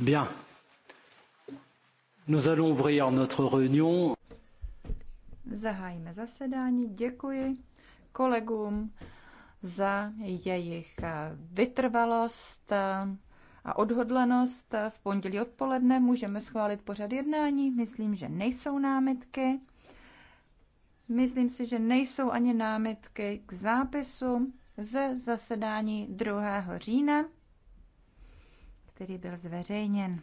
Bien. Nous allons ouvrir notre réunion. Zahájíme zasedání. Děkuji kolegům za jejich eh, vytrvalost eh, a odhodlanost. V pondělí odpoledne můžeme schválit pořad jednání. Myslím, že nejsou námitky. Myslím si, že nejsou ani námitky k zápisu ze zasedání 2. října který byl zveřejněn.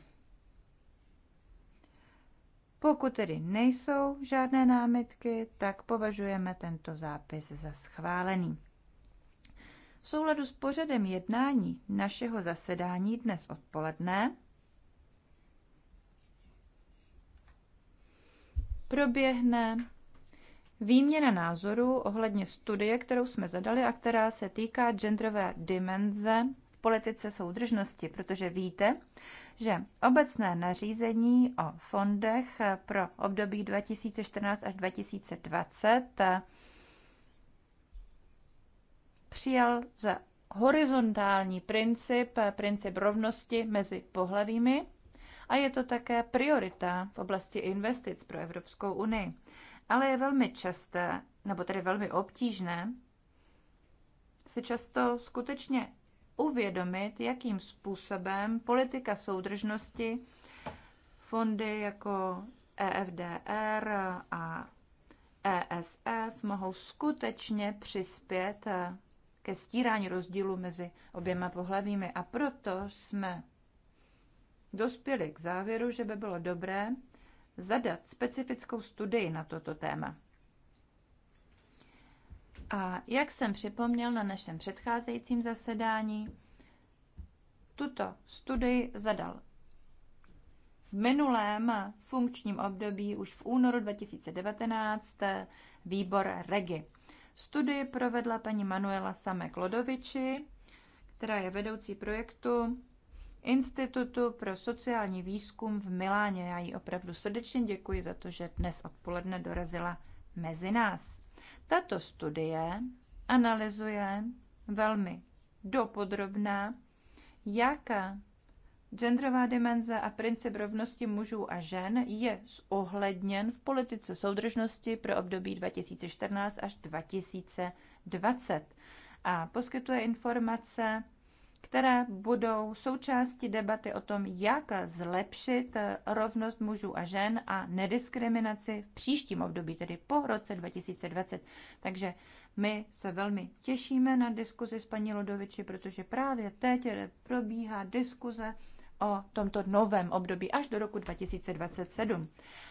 Pokud tedy nejsou žádné námitky, tak považujeme tento zápis za schválený. V souladu s pořadem jednání našeho zasedání dnes odpoledne proběhne výměna názorů ohledně studie, kterou jsme zadali a která se týká genderové dimenze politice soudržnosti, protože víte, že obecné nařízení o fondech pro období 2014 až 2020 přijal za horizontální princip, princip rovnosti mezi pohlavími a je to také priorita v oblasti investic pro Evropskou unii. Ale je velmi časté, nebo tedy velmi obtížné, si často skutečně uvědomit, jakým způsobem politika soudržnosti, fondy jako EFDR a ESF mohou skutečně přispět ke stírání rozdílu mezi oběma pohlavími. A proto jsme dospěli k závěru, že by bylo dobré zadat specifickou studii na toto téma. A jak jsem připomněl na našem předcházejícím zasedání, tuto studii zadal v minulém funkčním období už v únoru 2019 výbor REGI. Studii provedla paní Manuela Samek Lodoviči, která je vedoucí projektu Institutu pro sociální výzkum v Miláně. Já jí opravdu srdečně děkuji za to, že dnes odpoledne dorazila mezi nás. Tato studie analyzuje velmi dopodrobná, jaká genderová dimenze a princip rovnosti mužů a žen je zohledněn v politice soudržnosti pro období 2014 až 2020 a poskytuje informace které budou součástí debaty o tom, jak zlepšit rovnost mužů a žen a nediskriminaci v příštím období, tedy po roce 2020. Takže my se velmi těšíme na diskuzi s paní Lodoviči, protože právě teď probíhá diskuze o tomto novém období až do roku 2027.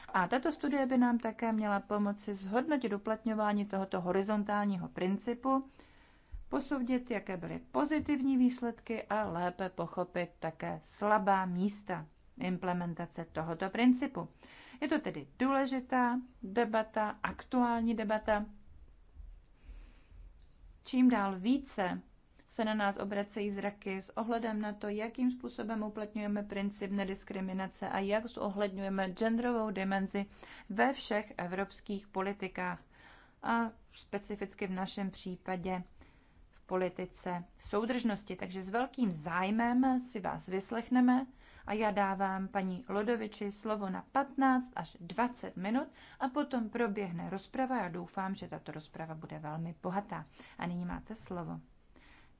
A tato studie by nám také měla pomoci zhodnotit uplatňování tohoto horizontálního principu, posoudit, jaké byly pozitivní výsledky a lépe pochopit také slabá místa implementace tohoto principu. Je to tedy důležitá debata, aktuální debata. Čím dál více se na nás obracejí zraky s ohledem na to, jakým způsobem uplatňujeme princip nediskriminace a jak zohledňujeme genderovou dimenzi ve všech evropských politikách a specificky v našem případě politice soudržnosti. Takže s velkým zájmem si vás vyslechneme a já dávám paní Lodoviči slovo na 15 až 20 minut a potom proběhne rozprava. Já doufám, že tato rozprava bude velmi bohatá. A nyní máte slovo.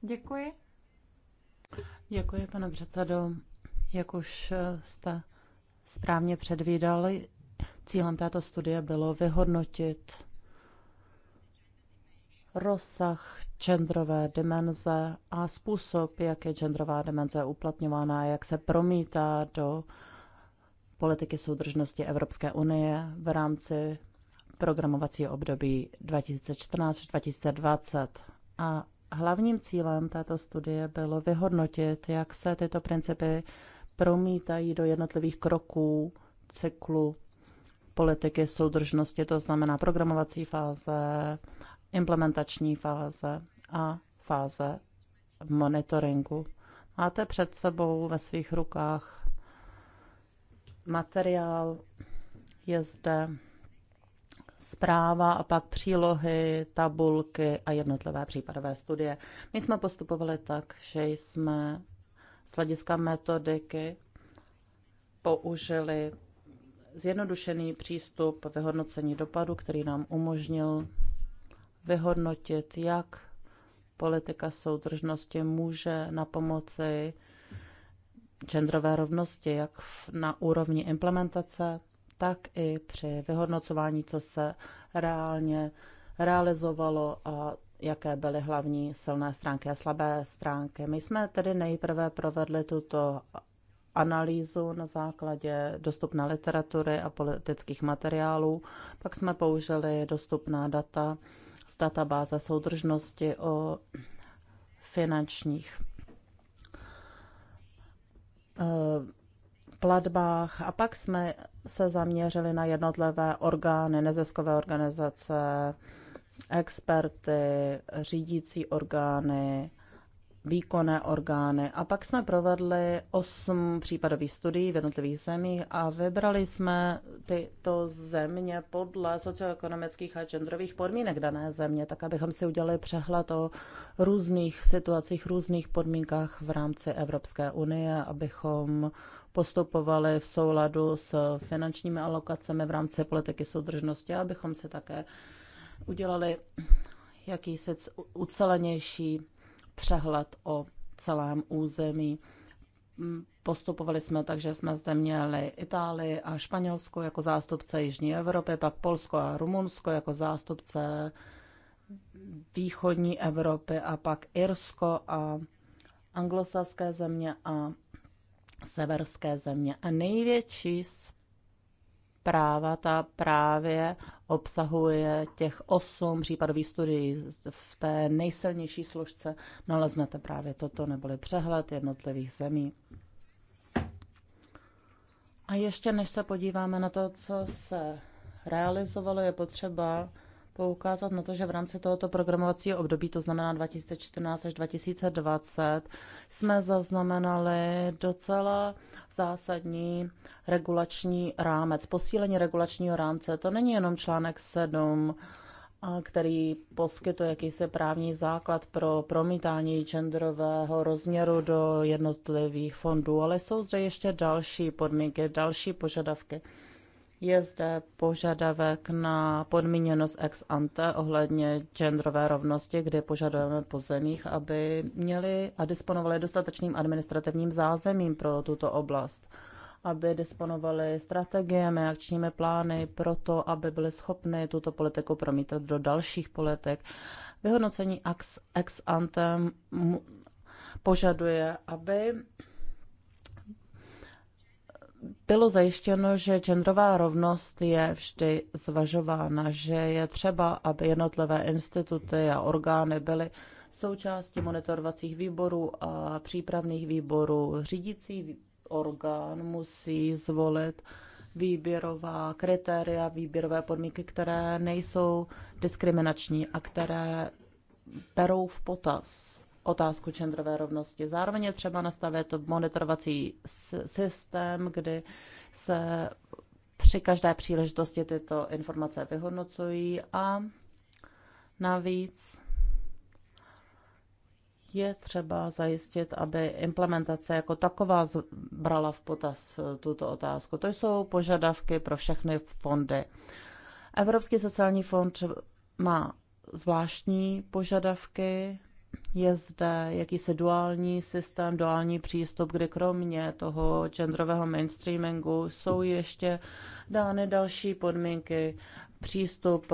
Děkuji. Děkuji, pane předsedo. Jak už eh, jste správně předvídali, cílem této studie bylo vyhodnotit rozsah genderové dimenze a způsob, jak je genderová dimenze uplatňována, jak se promítá do politiky soudržnosti Evropské unie v rámci programovacího období 2014-2020. A hlavním cílem této studie bylo vyhodnotit, jak se tyto principy promítají do jednotlivých kroků cyklu politiky soudržnosti, to znamená programovací fáze, implementační fáze a fáze monitoringu. Máte před sebou ve svých rukách materiál, je zde zpráva a pak přílohy, tabulky a jednotlivé případové studie. My jsme postupovali tak, že jsme z hlediska metodiky použili zjednodušený přístup vyhodnocení dopadu, který nám umožnil vyhodnotit, jak politika soudržnosti může na pomoci genderové rovnosti, jak na úrovni implementace, tak i při vyhodnocování, co se reálně realizovalo a jaké byly hlavní silné stránky a slabé stránky. My jsme tedy nejprve provedli tuto analýzu na základě dostupné literatury a politických materiálů. Pak jsme použili dostupná data z databáze soudržnosti o finančních eh, platbách a pak jsme se zaměřili na jednotlivé orgány, neziskové organizace, experty, řídící orgány, výkonné orgány. A pak jsme provedli osm případových studií v jednotlivých zemích a vybrali jsme tyto země podle socioekonomických a genderových podmínek dané země, tak abychom si udělali přehled o různých situacích, různých podmínkách v rámci Evropské unie, abychom postupovali v souladu s finančními alokacemi v rámci politiky soudržnosti, abychom si také udělali jakýsi ucelenější přehled o celém území. Mm, postupovali jsme tak, že jsme zde měli Itálii a Španělsko jako zástupce Jižní Evropy, pak Polsko a Rumunsko jako zástupce východní Evropy a pak Irsko a anglosaské země a severské země. A největší zpráva ta právě obsahuje těch osm případových studií. V té nejsilnější složce naleznete právě toto, neboli přehled jednotlivých zemí. A ještě než se podíváme na to, co se realizovalo, je potřeba poukázat na to, že v rámci tohoto programovacího období, to znamená 2014 až 2020, jsme zaznamenali docela zásadní regulační rámec, posílení regulačního rámce. To není jenom článek 7, který poskytuje jakýsi právní základ pro promítání genderového rozměru do jednotlivých fondů, ale jsou zde ještě další podmínky, další požadavky. Je zde požadavek na podmíněnost ex ante ohledně genderové rovnosti, kdy požadujeme po zemích, aby měli a disponovali dostatečným administrativním zázemím pro tuto oblast, aby disponovali strategiemi, akčními plány pro to, aby byli schopni tuto politiku promítat do dalších politik. Vyhodnocení ex, ex ante požaduje, aby bylo zajištěno, že genderová rovnost je vždy zvažována, že je třeba, aby jednotlivé instituty a orgány byly součástí monitorovacích výborů a přípravných výborů. Řídící orgán musí zvolit výběrová kritéria, výběrové podmínky, které nejsou diskriminační a které berou v potaz otázku genderové rovnosti. Zároveň je třeba nastavit monitorovací systém, kdy se při každé příležitosti tyto informace vyhodnocují a navíc je třeba zajistit, aby implementace jako taková brala v potaz tuto otázku. To jsou požadavky pro všechny fondy. Evropský sociální fond má zvláštní požadavky je zde jakýsi duální systém, duální přístup, kde kromě toho genderového mainstreamingu jsou ještě dány další podmínky, přístup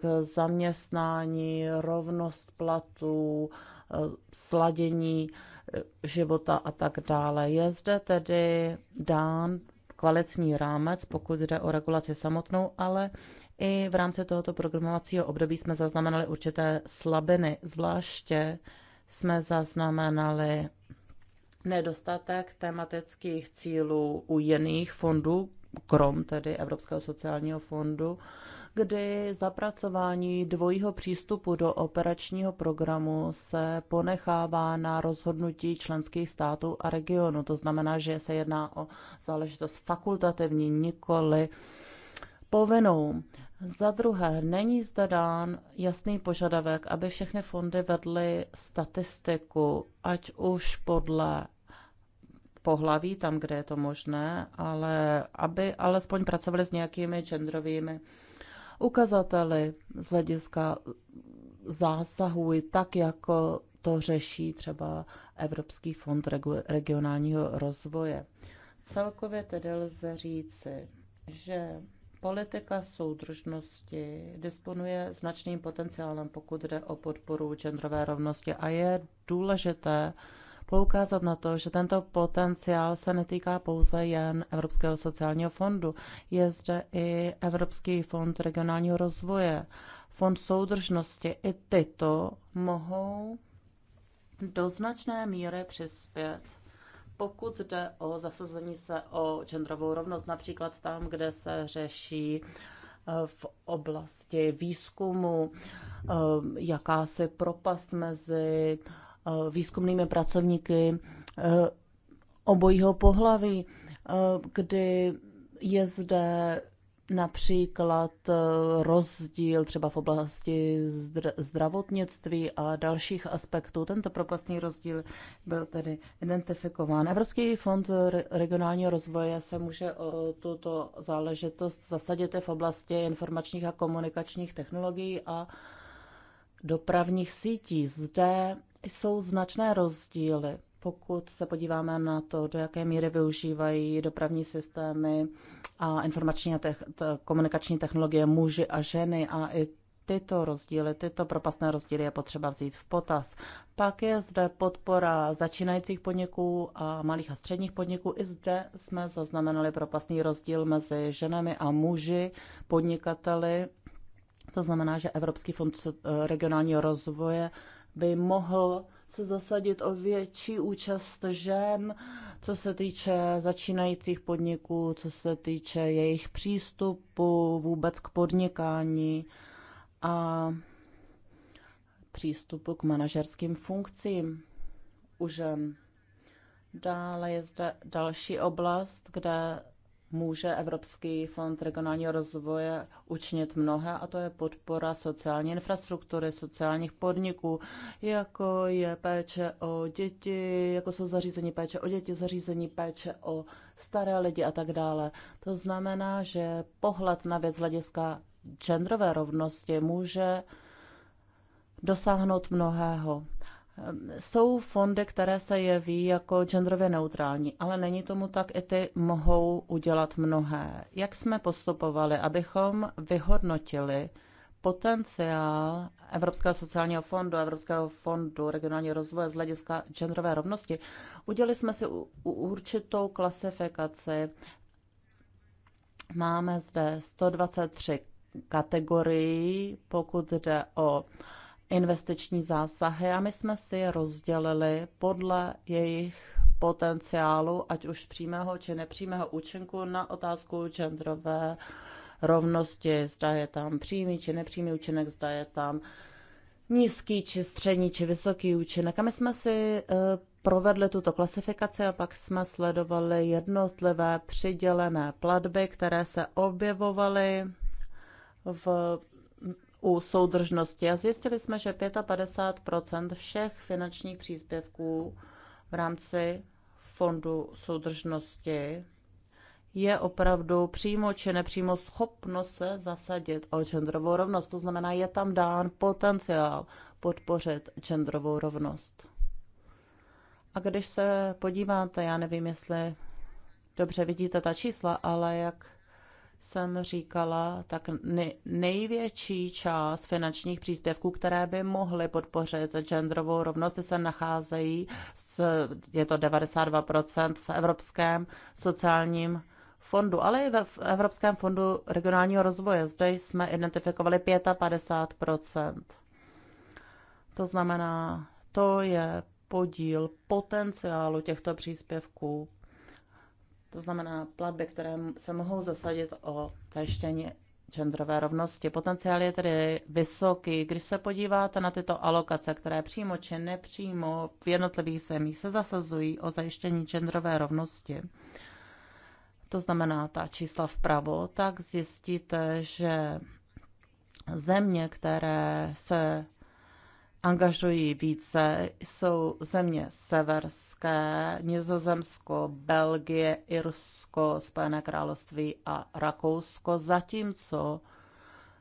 k zaměstnání, rovnost platů, sladění života a tak dále. Je zde tedy dán kvalitní rámec, pokud jde o regulaci samotnou, ale i v rámci tohoto programovacího období jsme zaznamenali určité slabiny, zvláště jsme zaznamenali nedostatek tematických cílů u jiných fondů, krom tedy Evropského sociálního fondu, kdy zapracování dvojího přístupu do operačního programu se ponechává na rozhodnutí členských států a regionu. To znamená, že se jedná o záležitost fakultativní, nikoli povinnou. Za druhé, není zde dán jasný požadavek, aby všechny fondy vedly statistiku, ať už podle pohlaví, tam, kde je to možné, ale aby alespoň pracovali s nějakými genderovými ukazateli z hlediska zásahů, tak jako to řeší třeba Evropský fond regionálního rozvoje. Celkově tedy lze říci, že Politika soudržnosti disponuje značným potenciálem, pokud jde o podporu genderové rovnosti a je důležité poukázat na to, že tento potenciál se netýká pouze jen Evropského sociálního fondu. Je zde i Evropský fond regionálního rozvoje, fond soudržnosti. I tyto mohou do značné míry přispět pokud jde o zasazení se o genderovou rovnost, například tam, kde se řeší eh, v oblasti výzkumu eh, jakási propast mezi eh, výzkumnými pracovníky obojího pohlaví, kdy je zde například eh, rozdíl třeba v oblasti zdravotnictví a dalších aspektů. Tento propastný rozdíl byl tedy identifikován. Evropský fond regionálního rozvoje se může o tuto záležitost zasadit v oblasti informačních a komunikačních technologií a dopravních sítí. Zde jsou značné rozdíly pokud se podíváme na to, do jaké míry využívají dopravní systémy a informační a te- komunikační technologie muži a ženy a i tyto rozdíly, tyto propastné rozdíly je potřeba vzít v potaz. Pak je zde podpora začínajících podniků a malých a středních podniků. I zde jsme zaznamenali propastný rozdíl mezi ženami a muži, podnikateli. To znamená, že Evropský fond regionálního rozvoje by mohl se zasadit o větší účast žen, co se týče začínajících podniků, co se týče jejich přístupu vůbec k podnikání a přístupu k manažerským funkcím u žen. Dále je zde další oblast, kde může Evropský fond regionálního rozvoje učinit mnohé a to je podpora sociální infrastruktury, sociálních podniků, jako je péče o děti, jako jsou zařízení péče o děti, zařízení péče o staré lidi a tak dále. To znamená, že pohled na věc hlediska genderové rovnosti může dosáhnout mnohého. Jsou fondy, které se jeví jako genderově neutrální, ale není tomu tak, i ty mohou udělat mnohé. Jak jsme postupovali, abychom vyhodnotili potenciál Evropského sociálního fondu, Evropského fondu regionálního rozvoje z hlediska genderové rovnosti, udělali jsme si určitou klasifikaci. Máme zde 123 kategorií, pokud jde o uh, investiční zásahy a my jsme si je rozdělili podle jejich potenciálu, ať už přímého či nepřímého účinku na otázku genderové rovnosti, zda je tam přímý či nepřímý účinek, zda je tam nízký či střední či vysoký účinek. A my jsme si eh, provedli tuto klasifikaci a pak jsme sledovali jednotlivé přidělené platby, které se objevovaly v u soudržnosti a zjistili jsme, že 55 všech finančních příspěvků v rámci fondu soudržnosti je opravdu přímo či nepřímo schopno se zasadit o genderovou rovnost. To znamená, je tam dán potenciál podpořit genderovou rovnost. A když se podíváte, já nevím, jestli dobře vidíte ta čísla, ale jak jsem říkala, tak největší část finančních příspěvků, které by mohly podpořit genderovou rovnost, se nacházejí, s, je to 92% v Evropském sociálním fondu, ale i v Evropském fondu regionálního rozvoje. Zde jsme identifikovali 55%. To znamená, to je podíl potenciálu těchto příspěvků to znamená platby, které se mohou zasadit o zajištění genderové rovnosti. Potenciál je tedy vysoký. Když se podíváte na tyto alokace, které přímo či nepřímo v jednotlivých zemích se zasazují o zajištění genderové rovnosti, to znamená ta čísla vpravo, tak zjistíte, že země, které se angažují více, jsou země severské, Nizozemsko, Belgie, Irsko, Spojené království a Rakousko, zatímco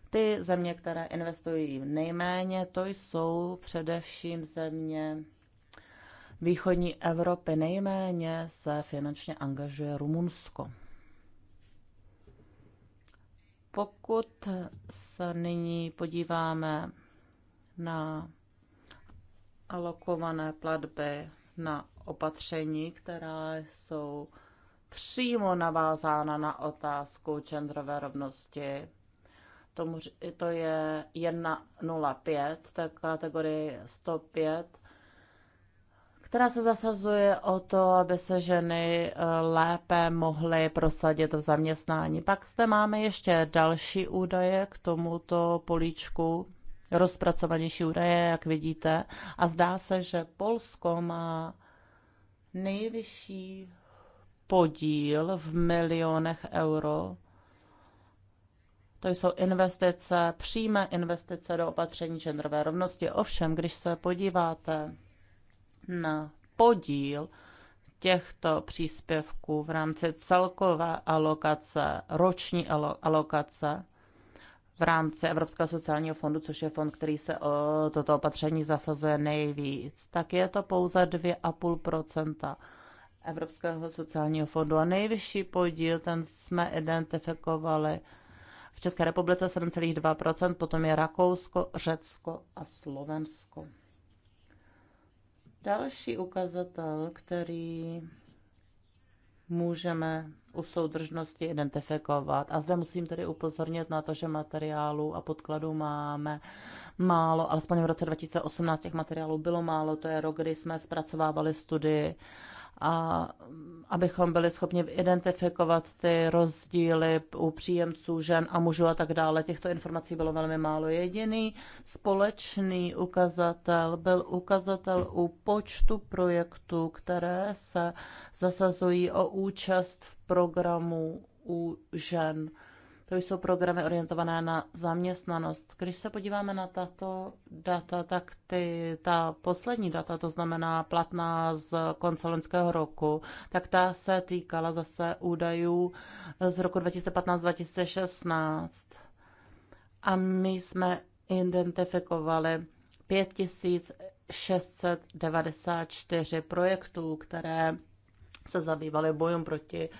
ty země, které investují nejméně, to jsou především země východní Evropy. Nejméně se finančně angažuje Rumunsko. Pokud se nyní podíváme na alokované platby na opatření, která jsou přímo navázána na otázku genderové rovnosti. Tomu, to je 105, tak kategorie 105, která se zasazuje o to, aby se ženy eh, lépe mohly prosadit v zaměstnání. Pak zde máme ještě další údaje k tomuto políčku rozpracovanější údaje, jak vidíte. A zdá se, že Polsko má nejvyšší podíl v milionech euro. To jsou investice, přímé investice do opatření genderové rovnosti. Ovšem, když se podíváte na podíl těchto příspěvků v rámci celkové alokace, roční alokace, v rámci Evropského sociálního fondu, což je fond, který se o toto opatření zasazuje nejvíc, tak je to pouze 2,5 Evropského sociálního fondu. A nejvyšší podíl, ten jsme identifikovali v České republice 7,2%, potom je Rakousko, Řecko a Slovensko. Další ukazatel, který můžeme u soudržnosti identifikovat. A zde musím tedy upozornit na to, že materiálů a podkladů máme málo, alespoň v roce 2018 těch materiálů bylo málo, to je rok, kdy jsme zpracovávali studii a abychom byli schopni identifikovat ty rozdíly u příjemců žen a mužů a tak dále. Těchto informací bylo velmi málo. Jediný společný ukazatel byl ukazatel u počtu projektů, které se zasazují o účast v programu u žen. To jsou programy orientované na zaměstnanost. Když se podíváme na tato data, tak ty, ta poslední data, to znamená platná z konce loňského roku, tak ta se týkala zase údajů z roku 2015-2016. A my jsme identifikovali 5694 projektů, které se zabývaly bojem proti uh,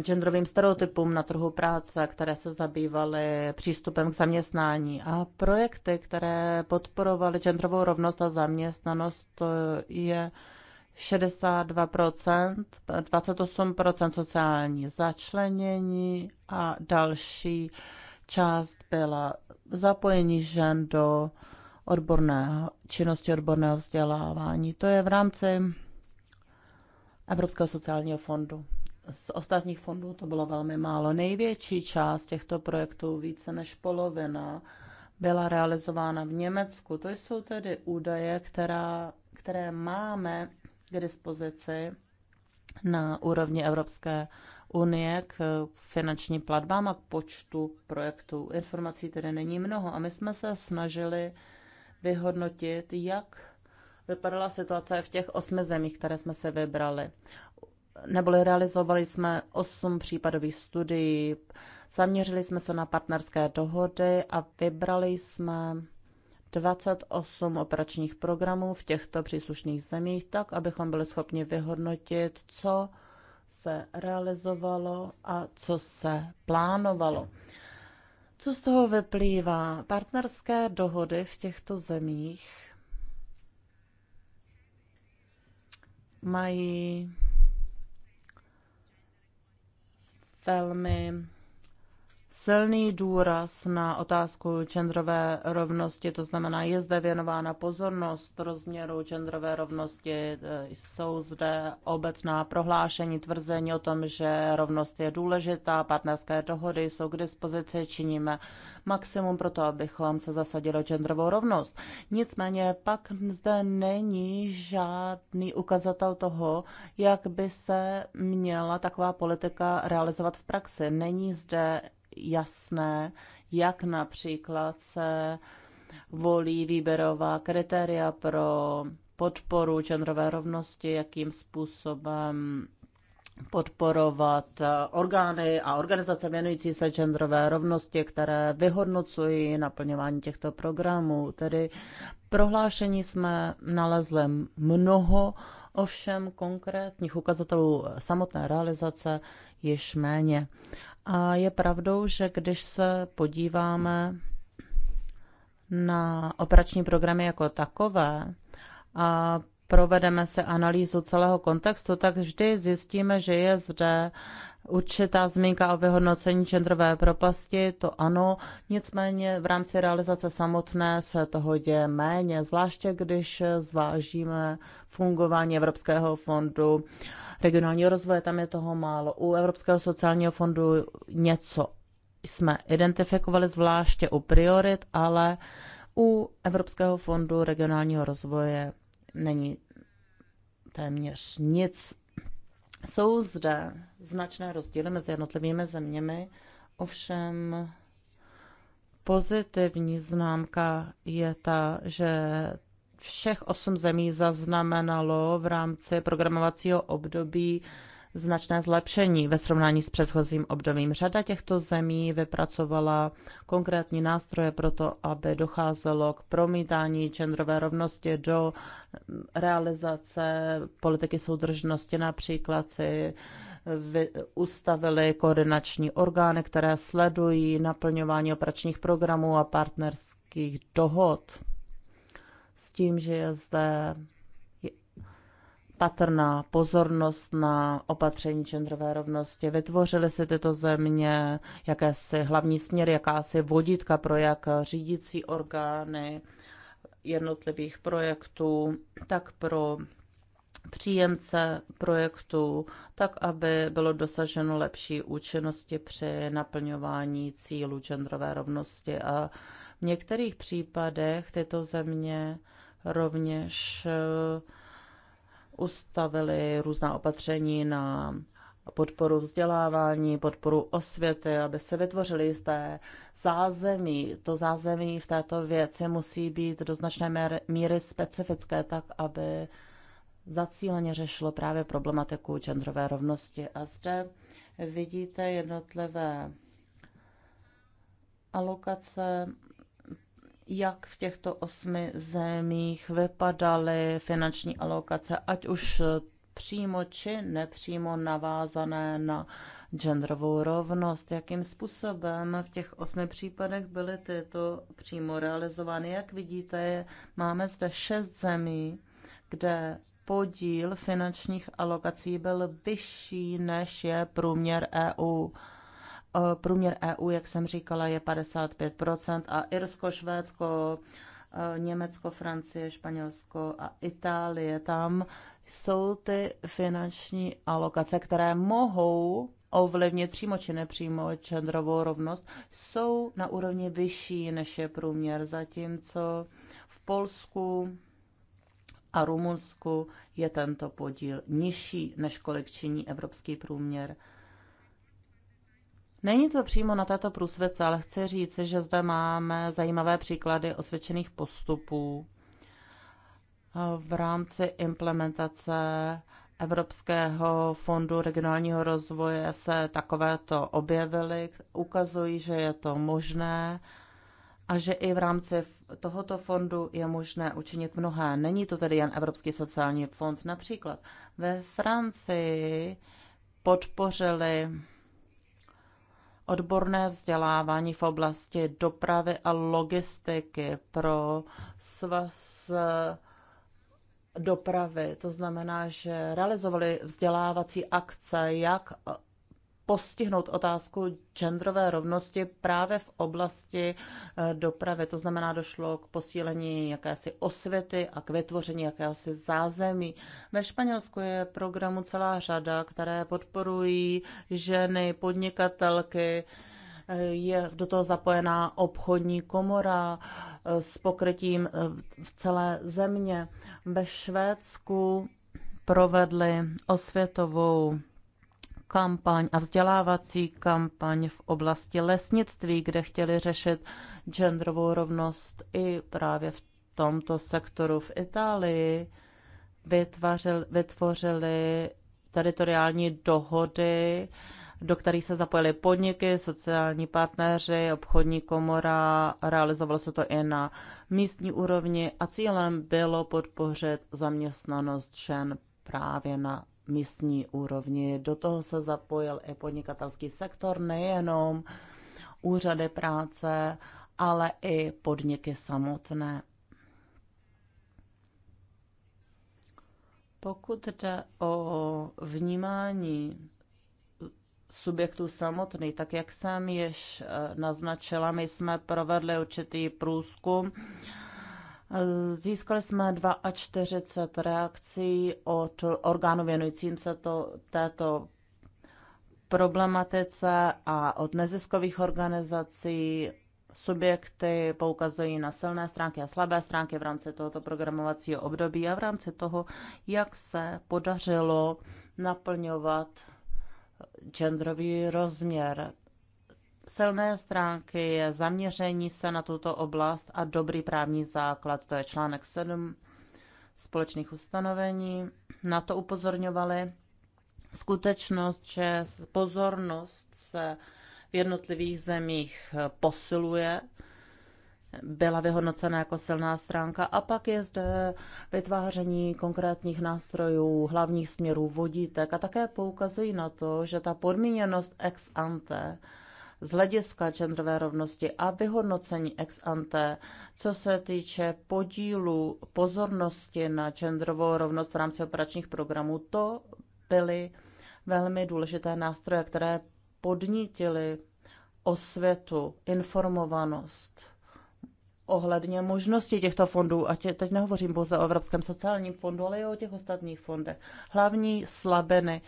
genderovým stereotypům na trhu práce, které se zabývaly přístupem k zaměstnání a projekty, které podporovaly genderovou rovnost a zaměstnanost, to je 62%, 28% sociální začlenění a další část byla zapojení žen do odborného, činnosti odborného vzdělávání. To je v rámci Evropského sociálního fondu z ostatních fondů to bylo velmi málo. Největší část těchto projektů, více než polovina, byla realizována v Německu. To jsou tedy údaje, která, které máme k dispozici na úrovni Evropské unie k finančním platbám a k počtu projektů. Informací tedy není mnoho a my jsme se snažili vyhodnotit, jak vypadala situace v těch osmi zemích, které jsme se vybrali neboli realizovali jsme osm případových studií, zaměřili jsme se na partnerské dohody a vybrali jsme 28 operačních programů v těchto příslušných zemích, tak abychom byli schopni vyhodnotit, co se realizovalo a co se plánovalo. Co z toho vyplývá? Partnerské dohody v těchto zemích mají velmi silný důraz na otázku genderové rovnosti, to znamená, je zde věnována pozornost rozměru genderové rovnosti, jsou zde obecná prohlášení, tvrzení o tom, že rovnost je důležitá, partnerské dohody jsou k dispozici, činíme maximum pro to, abychom se zasadili o genderovou rovnost. Nicméně pak zde není žádný ukazatel toho, jak by se měla taková politika realizovat v praxi. Není zde jasné, jak například se volí výběrová kritéria pro podporu genderové rovnosti, jakým způsobem podporovat eh, orgány a organizace věnující se genderové rovnosti, které vyhodnocují naplňování těchto programů. Tedy prohlášení jsme nalezli mnoho, ovšem konkrétních ukazatelů samotné realizace již méně. A je pravdou, že když se podíváme na operační programy jako takové a provedeme se analýzu celého kontextu, tak vždy zjistíme, že je zde určitá zmínka o vyhodnocení genderové propasti, to ano, nicméně v rámci realizace samotné se toho děje méně, zvláště když zvážíme fungování Evropského fondu regionálního rozvoje, tam je toho málo. U Evropského sociálního fondu něco jsme identifikovali zvláště u priorit, ale u Evropského fondu regionálního rozvoje není téměř nic. Jsou zde značné rozdíly mezi jednotlivými zeměmi, ovšem pozitivní známka je ta, že všech osm zemí zaznamenalo v rámci programovacího období značné zlepšení ve srovnání s předchozím obdobím. Řada těchto zemí vypracovala konkrétní nástroje pro to, aby docházelo k promítání genderové rovnosti do realizace politiky soudržnosti. Například si ustavili koordinační orgány, které sledují naplňování operačních programů a partnerských dohod s tím, že je zde patrná pozornost na opatření genderové rovnosti. Vytvořily se tyto země jakési hlavní směr, jakási vodítka pro jak řídící orgány jednotlivých projektů, tak pro příjemce projektu, tak aby bylo dosaženo lepší účinnosti při naplňování cílů genderové rovnosti. A v některých případech tyto země rovněž uh, ustavili různá opatření na podporu vzdělávání, podporu osvěty, aby se vytvořily jisté zázemí. To zázemí v této věci musí být do značné míry specifické, tak aby zacíleně řešilo právě problematiku genderové rovnosti. A zde vidíte jednotlivé alokace jak v těchto osmi zemích vypadaly finanční alokace, ať už přímo či nepřímo navázané na genderovou rovnost. Jakým způsobem v těch osmi případech byly tyto přímo realizovány? Jak vidíte, máme zde šest zemí, kde podíl finančních alokací byl vyšší, než je průměr EU. Eh, průměr EU, jak jsem říkala, je 55% a Irsko, Švédsko, eh, Německo, Francie, Španělsko a Itálie. Tam jsou ty finanční alokace, které mohou ovlivnit přímo či nepřímo čendrovou rovnost, jsou na úrovni vyšší než je průměr, zatímco v Polsku a Rumunsku je tento podíl nižší, než kolik činí evropský průměr. Není to přímo na této průsvědce, ale chci říct, že zde máme zajímavé příklady osvědčených postupů v rámci implementace Evropského fondu regionálního rozvoje se takovéto objevily, ukazují, že je to možné a že i v rámci tohoto fondu je možné učinit mnohé. Není to tedy jen Evropský sociální fond. Například ve Francii podpořili odborné vzdělávání v oblasti dopravy a logistiky pro svaz eh, dopravy. To znamená, že realizovali vzdělávací akce jak postihnout otázku genderové rovnosti právě v oblasti eh, dopravy. To znamená, došlo k posílení jakési osvěty a k vytvoření jakéhosi zázemí. Ve Španělsku je programu celá řada, které podporují ženy, podnikatelky, eh, je do toho zapojená obchodní komora eh, s pokrytím v celé země. Ve Švédsku provedli osvětovou kampaň a vzdělávací kampaň v oblasti lesnictví, kde chtěli řešit genderovou rovnost i právě v tomto sektoru v Itálii. vytvořili, vytvořili teritoriální dohody, do kterých se zapojili podniky, sociální partneři, obchodní komora, realizovalo se to i na místní úrovni a cílem bylo podpořit zaměstnanost žen právě na místní úrovni. Do toho se zapojil i podnikatelský sektor, nejenom úřady práce, ale i podniky samotné. Pokud jde o vnímání subjektů samotných, tak jak jsem již eh, naznačila, my jsme provedli určitý průzkum Získali jsme 42 reakcí od orgánů věnujícím se to, této problematice a od neziskových organizací subjekty poukazují na silné stránky a slabé stránky v rámci tohoto programovacího období a v rámci toho, jak se podařilo naplňovat genderový rozměr silné stránky je zaměření se na tuto oblast a dobrý právní základ, to je článek 7 společných ustanovení. Na to upozorňovali skutečnost, že pozornost se v jednotlivých zemích posiluje, byla vyhodnocena jako silná stránka a pak je zde vytváření konkrétních nástrojů, hlavních směrů, vodítek a také poukazují na to, že ta podmíněnost ex ante z hlediska genderové rovnosti a vyhodnocení ex ante, co se týče podílu pozornosti na genderovou rovnost v rámci operačních programů, to byly velmi důležité nástroje, které podnítily osvětu, informovanost ohledně možnosti těchto fondů, a tě, teď nehovořím pouze o Evropském sociálním fondu, ale i o těch ostatních fondech. Hlavní slabiny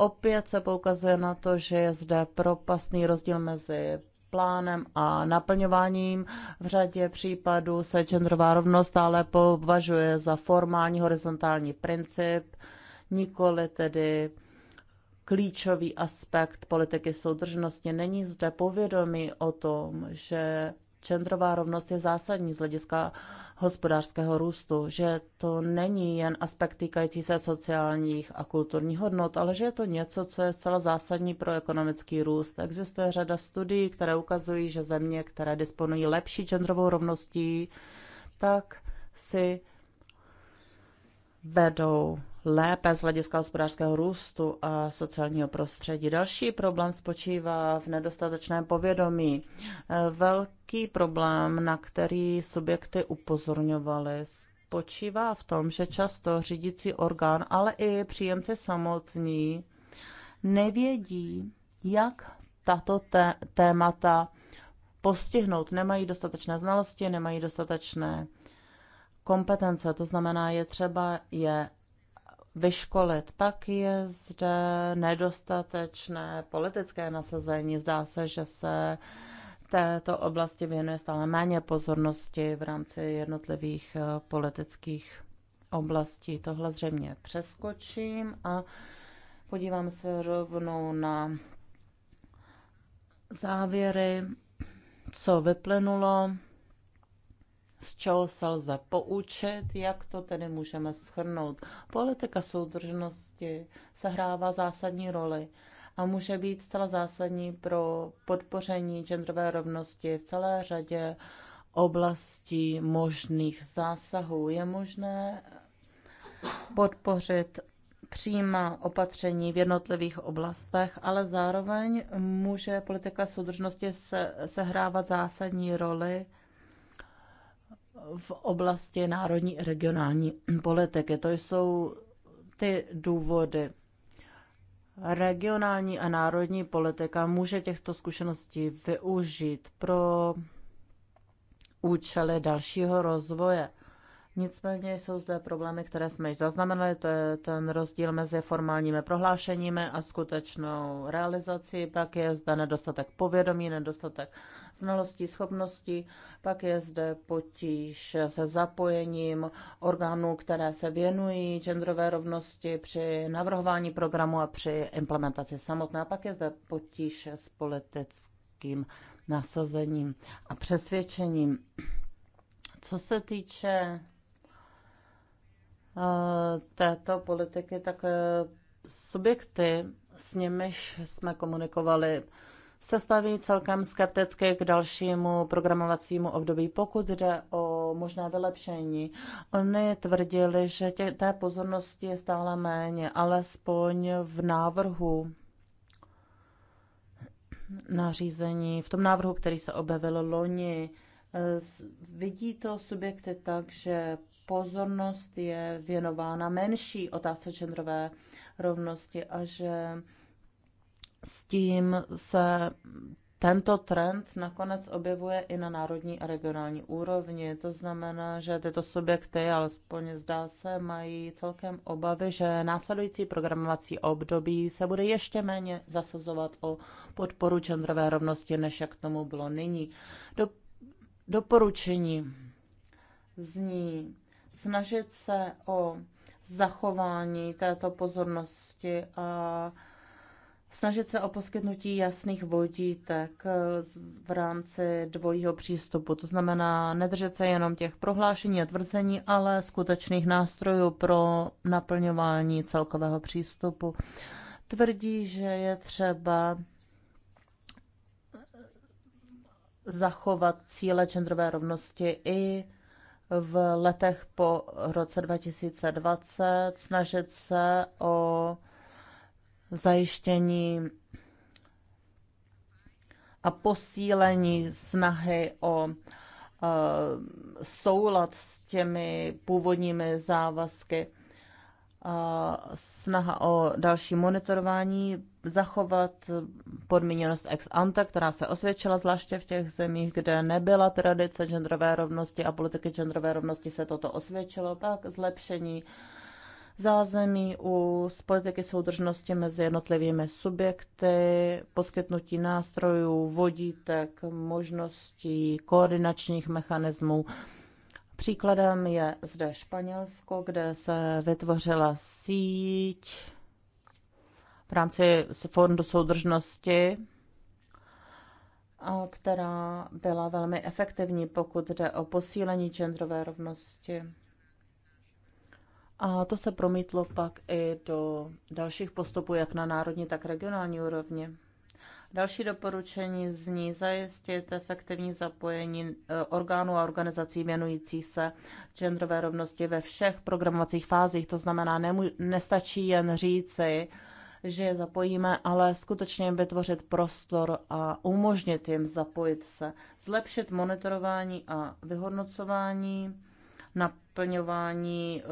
Opět se poukazuje na to, že je zde propastný rozdíl mezi plánem a naplňováním. V řadě případů se genderová rovnost ale považuje za formální horizontální princip, nikoli tedy klíčový aspekt politiky soudržnosti. Není zde povědomí o tom, že genderová rovnost je zásadní z hlediska hospodářského růstu, že to není jen aspekt týkající se sociálních a kulturních hodnot, ale že je to něco, co je zcela zásadní pro ekonomický růst. Existuje řada studií, které ukazují, že země, které disponují lepší genderovou rovností, tak si vedou lépe z hlediska hospodářského růstu a sociálního prostředí. Další problém spočívá v nedostatečném povědomí. Velký problém, na který subjekty upozorňovaly, spočívá v tom, že často řídící orgán, ale i příjemci samotní nevědí, jak tato té- témata postihnout. Nemají dostatečné znalosti, nemají dostatečné kompetence, to znamená, je třeba je vyškolit. Pak je zde nedostatečné politické nasazení. Zdá se, že se této oblasti věnuje stále méně pozornosti v rámci jednotlivých eh, politických oblastí. Tohle zřejmě přeskočím a podívám se rovnou na závěry, co vyplynulo z čeho se lze poučit, jak to tedy můžeme schrnout. Politika soudržnosti sehrává zásadní roli a může být zcela zásadní pro podpoření genderové rovnosti v celé řadě oblastí možných zásahů. Je možné podpořit přijímá opatření v jednotlivých oblastech, ale zároveň může politika soudržnosti se, sehrávat zásadní roli v oblasti národní i regionální politiky. To jsou ty důvody. Regionální a národní politika může těchto zkušeností využít pro účely dalšího rozvoje. Nicméně jsou zde problémy, které jsme již zaznamenali, to je ten rozdíl mezi formálními prohlášeními a skutečnou realizací, pak je zde nedostatek povědomí, nedostatek znalostí, schopností, pak je zde potíž se zapojením orgánů, které se věnují genderové rovnosti při navrhování programu a při implementaci samotné, a pak je zde potíž s politickým nasazením a přesvědčením. Co se týče Eh, této politiky, tak eh, subjekty, s nimiž jsme komunikovali, se staví celkem skepticky k dalšímu programovacímu období, pokud jde o možná vylepšení. Oni tvrdili, že tě, té pozornosti je stále méně, alespoň v návrhu nařízení, v tom návrhu, který se objevil loni, eh, vidí to subjekty tak, že pozornost je věnována menší otázce genderové rovnosti a že s tím se tento trend nakonec objevuje i na národní a regionální úrovni. To znamená, že tyto subjekty, alespoň zdá se, mají celkem obavy, že následující programovací období se bude ještě méně zasazovat o podporu genderové rovnosti, než jak tomu bylo nyní. Do, doporučení zní snažit se o zachování této pozornosti a snažit se o poskytnutí jasných vodítek v rámci dvojího přístupu. To znamená nedržet se jenom těch prohlášení a tvrzení, ale skutečných nástrojů pro naplňování celkového přístupu. Tvrdí, že je třeba zachovat cíle genderové rovnosti i v letech po roce 2020 snažit se o zajištění a posílení snahy o eh, soulad s těmi původními závazky snaha o další monitorování, zachovat podmíněnost ex ante, která se osvědčila zvláště v těch zemích, kde nebyla tradice genderové rovnosti a politiky genderové rovnosti se toto osvědčilo, pak zlepšení zázemí u z politiky soudržnosti mezi jednotlivými subjekty, poskytnutí nástrojů, vodítek, možností, koordinačních mechanismů, Příkladem je zde Španělsko, kde se vytvořila síť v rámci Fondu soudržnosti, která byla velmi efektivní, pokud jde o posílení genderové rovnosti. A to se promítlo pak i do dalších postupů, jak na národní, tak regionální úrovni. Další doporučení zní zajistit efektivní zapojení e, orgánů a organizací věnující se genderové rovnosti ve všech programovacích fázích. To znamená, nemů- nestačí jen říci, že je zapojíme, ale skutečně jim vytvořit prostor a umožnit jim zapojit se, zlepšit monitorování a vyhodnocování, naplňování e,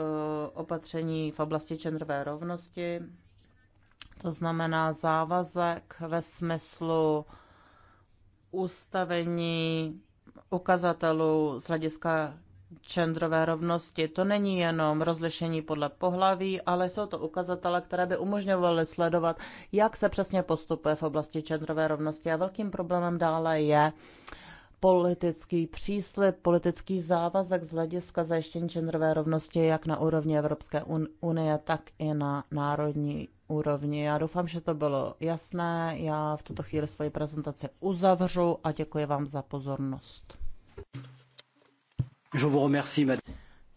opatření v oblasti genderové rovnosti, to znamená závazek ve smyslu ustavení ukazatelů z hlediska genderové rovnosti. To není jenom rozlišení podle pohlaví, ale jsou to ukazatele, které by umožňovaly sledovat, jak se přesně postupuje v oblasti genderové rovnosti. A velkým problémem dále je politický příslip, politický závazek z hlediska zajištění genderové rovnosti jak na úrovni Evropské unie, tak i na národní úrovni. Já doufám, že to bylo jasné. Já v tuto chvíli svoji prezentaci uzavřu a děkuji vám za pozornost. Je vous remercie,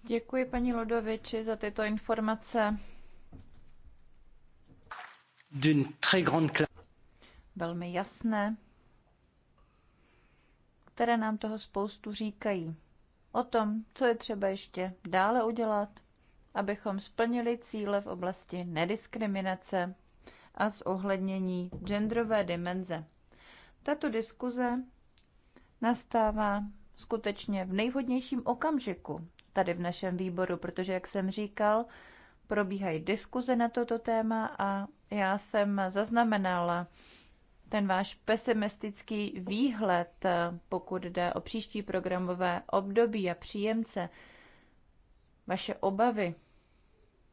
Děkuji paní Lodoviči za tyto informace. Velmi jasné které nám toho spoustu říkají. O tom, co je třeba ještě dále udělat, abychom splnili cíle v oblasti nediskriminace a zohlednění genderové dimenze. Tato diskuze nastává skutečně v nejhodnějším okamžiku tady v našem výboru, protože, jak jsem říkal, probíhají diskuze na toto téma a já jsem zaznamenala ten váš pesimistický výhled, eh, pokud jde o příští programové období a příjemce, vaše obavy,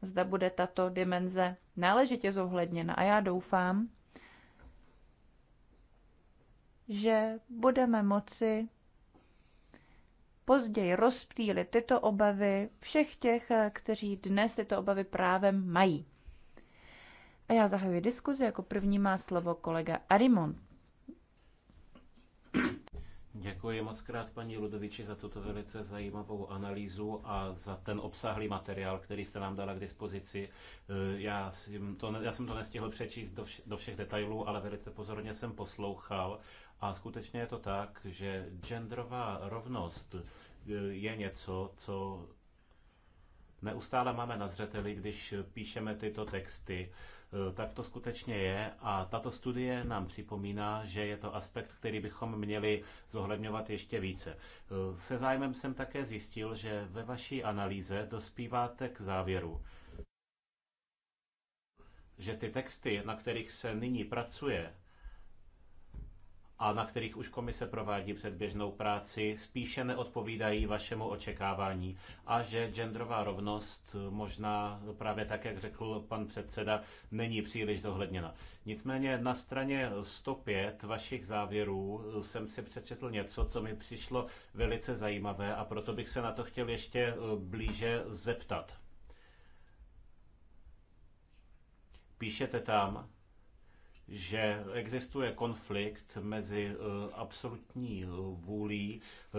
zda bude tato dimenze náležitě zohledněna. A já doufám, že budeme moci později rozptýlit tyto obavy všech těch, eh, kteří dnes tyto obavy právem mají. A já zahajuji diskuzi. Jako první má slovo kolega Arimon. Děkuji moc krát paní Ludoviči za tuto velice zajímavou analýzu a za ten obsahlý materiál, který jste nám dala k dispozici. Eh, já jsem to, já jsem to nestihl přečíst do, vš- do všech detailů, ale velice pozorně jsem poslouchal a skutečně je to tak, že genderová rovnost eh, je něco, co neustále máme na zřeteli, když píšeme tyto texty Eh, tak to skutečně je a tato studie nám připomíná, že je to aspekt, který bychom měli zohledňovat ještě více. Eh, se zájmem jsem také zjistil, že ve vaší analýze dospíváte k závěru, že ty texty, na kterých se nyní pracuje, a na kterých už komise provádí předběžnou práci, spíše neodpovídají vašemu očekávání a že genderová rovnost eh, možná právě tak, jak řekl pan předseda, není příliš zohledněna. Nicméně na straně 105 vašich závěrů eh, jsem si přečetl něco, co mi přišlo velice zajímavé a proto bych se na to chtěl ještě eh, blíže zeptat. Píšete tam, že existuje konflikt mezi eh, absolutní eh, vůlí eh,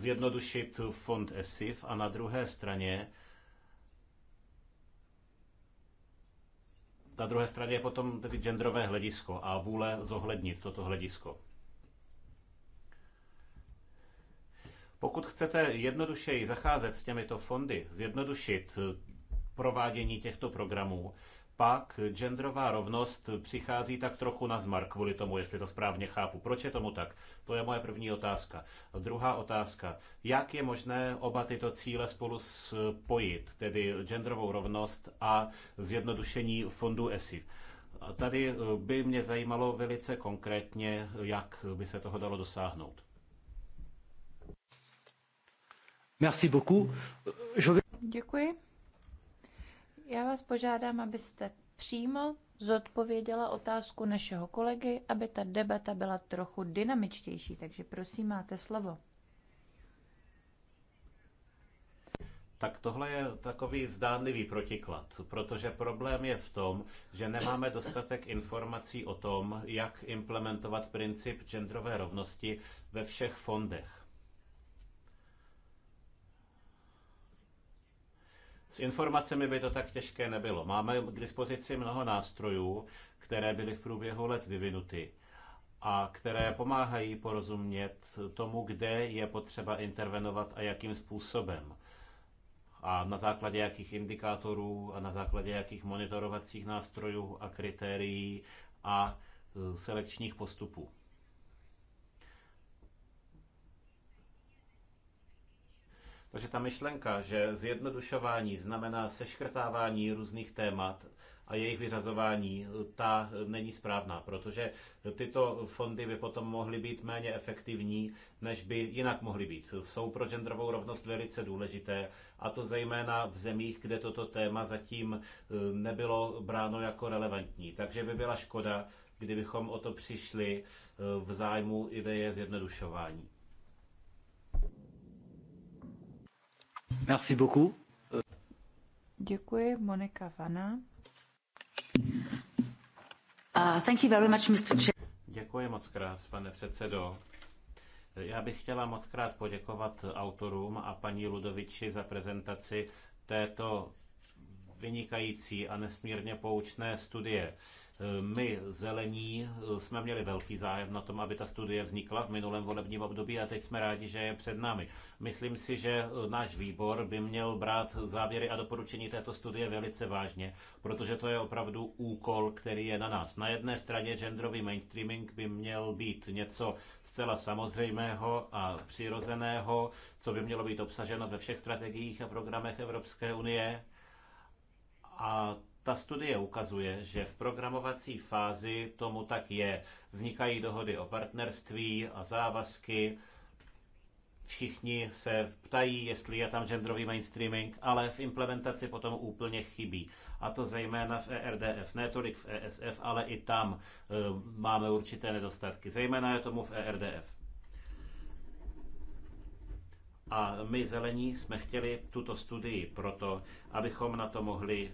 zjednodušit fond ESIF a na druhé straně na druhé straně je potom tedy genderové hledisko a vůle zohlednit toto hledisko. Pokud chcete jednodušeji zacházet s těmito fondy, zjednodušit provádění těchto programů, pak genderová rovnost přichází tak trochu na zmar kvůli tomu, jestli to správně chápu. Proč je tomu tak? To je moje první otázka. A druhá otázka. Jak je možné oba tyto cíle spolu spojit, tedy genderovou rovnost a zjednodušení fondu ESIF? Tady eh, by mě zajímalo velice konkrétně, jak by se toho dalo dosáhnout. Merci beaucoup. Děkuji. Já vás požádám, abyste přímo zodpověděla otázku našeho kolegy, aby ta debata byla trochu dynamičtější, takže prosím, máte slovo. Tak tohle je takový zdánlivý protiklad, protože problém je v tom, že nemáme dostatek informací o tom, jak implementovat princip genderové rovnosti ve všech fondech. S informacemi by to tak těžké nebylo. Máme k dispozici mnoho nástrojů, které byly v průběhu let vyvinuty a které pomáhají porozumět tomu, kde je potřeba intervenovat a jakým způsobem. A na základě jakých indikátorů a na základě jakých monitorovacích nástrojů a kritérií a e, selekčních postupů. Takže ta myšlenka, že zjednodušování znamená seškrtávání různých témat a jejich vyřazování, ta není správná, protože tyto fondy by potom mohly být méně efektivní, než by jinak mohly být. Jsou pro genderovou rovnost velice důležité, a to zejména v zemích, kde toto téma zatím e, nebylo bráno jako relevantní. Takže by byla škoda, kdybychom o to přišli e, v zájmu ideje zjednodušování. Merci beaucoup. Děkuji, Monika Vana. Uh, thank you very much, Mr. Ch Děkuji moc krát, pane předsedo. Já bych chtěla moc krát poděkovat autorům a paní Ludoviči za prezentaci této vynikající a nesmírně poučné studie. My zelení eh, jsme měli velký zájem na tom, aby ta studie vznikla v minulém volebním období a teď jsme rádi, že je před námi. Myslím si, že eh, náš výbor by měl brát závěry a doporučení této studie velice vážně, protože to je opravdu úkol, který je na nás. Na jedné straně genderový mainstreaming by měl být něco zcela samozřejmého a přirozeného, co by mělo být obsaženo ve všech strategiích a programech Evropské unie. A ta studie ukazuje, že v programovací fázi tomu tak je. Vznikají dohody o partnerství a závazky. Všichni se ptají, jestli je tam genderový mainstreaming, ale v implementaci potom úplně chybí. A to zejména v ERDF, ne tolik v ESF, ale i tam e, máme určité nedostatky. Zejména je tomu v ERDF. A my zelení jsme chtěli tuto studii proto, abychom na to mohli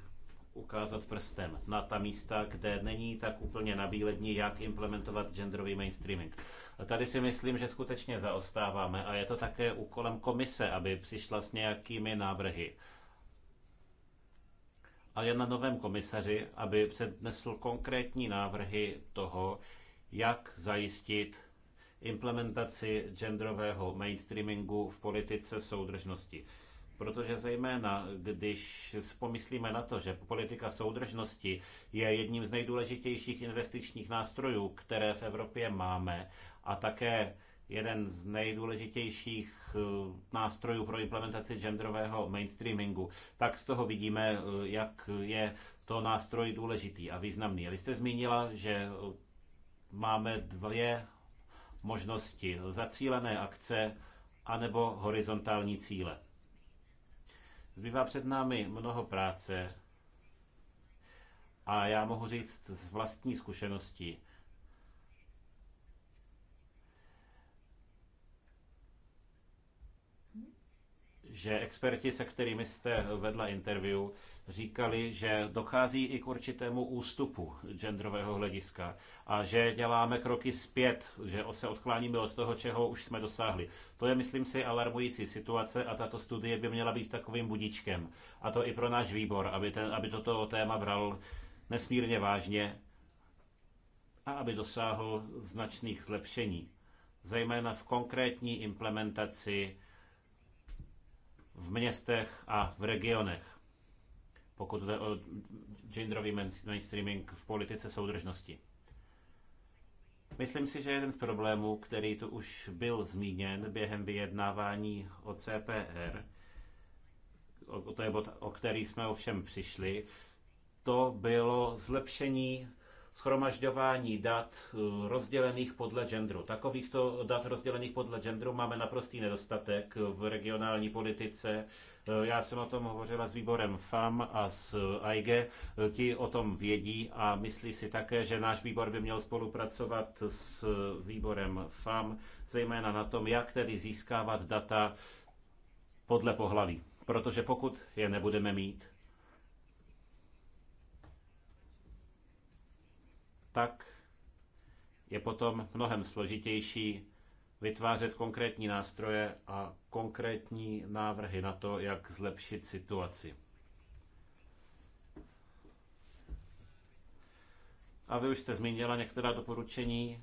ukázat prstem na ta místa, kde není tak úplně nabílední, jak implementovat genderový mainstreaming. A tady si myslím, že skutečně zaostáváme a je to také úkolem komise, aby přišla s nějakými návrhy. A je na novém komisaři, aby přednesl konkrétní návrhy toho, jak zajistit implementaci genderového mainstreamingu v politice soudržnosti. Protože zejména, když pomyslíme na to, že politika soudržnosti je jedním z nejdůležitějších investičních nástrojů, které v Evropě máme, a také jeden z nejdůležitějších eh, nástrojů pro implementaci genderového mainstreamingu, tak z toho vidíme, eh, jak je to nástroj důležitý a významný. vy jste zmínila, že eh, máme dvě možnosti. Zacílené akce anebo horizontální cíle. Zbývá před námi mnoho práce a já mohu říct z vlastní zkušenosti, že experti, se kterými jste vedla interview, říkali, že dochází i k určitému ústupu genderového hlediska a že děláme kroky zpět, že se odkláníme od toho, čeho už jsme dosáhli. To je, myslím si, alarmující situace a tato studie by měla být takovým budičkem. A to i pro náš výbor, aby, ten, aby toto téma bral nesmírně vážně a aby dosáhl značných zlepšení, zejména v konkrétní implementaci v městech a v regionech, pokud jde o genderový mainstreaming v politice soudržnosti. Myslím si, že jeden z problémů, který tu už byl zmíněn během vyjednávání o CPR, o, to je bod, o který jsme ovšem přišli, to bylo zlepšení schromažďování dat eh, rozdělených podle genderu. Takovýchto dat rozdělených podle genderu máme naprostý nedostatek v regionální politice. Eh, já jsem o tom hovořila s výborem FAM a s eh, AIGE. Ti o tom vědí a myslí si také, že náš výbor by měl spolupracovat s výborem FAM, zejména na tom, jak tedy získávat data podle pohlaví. Protože pokud je nebudeme mít, tak je potom mnohem složitější vytvářet konkrétní nástroje a konkrétní návrhy na to, jak zlepšit situaci. A vy už jste zmínila některá doporučení.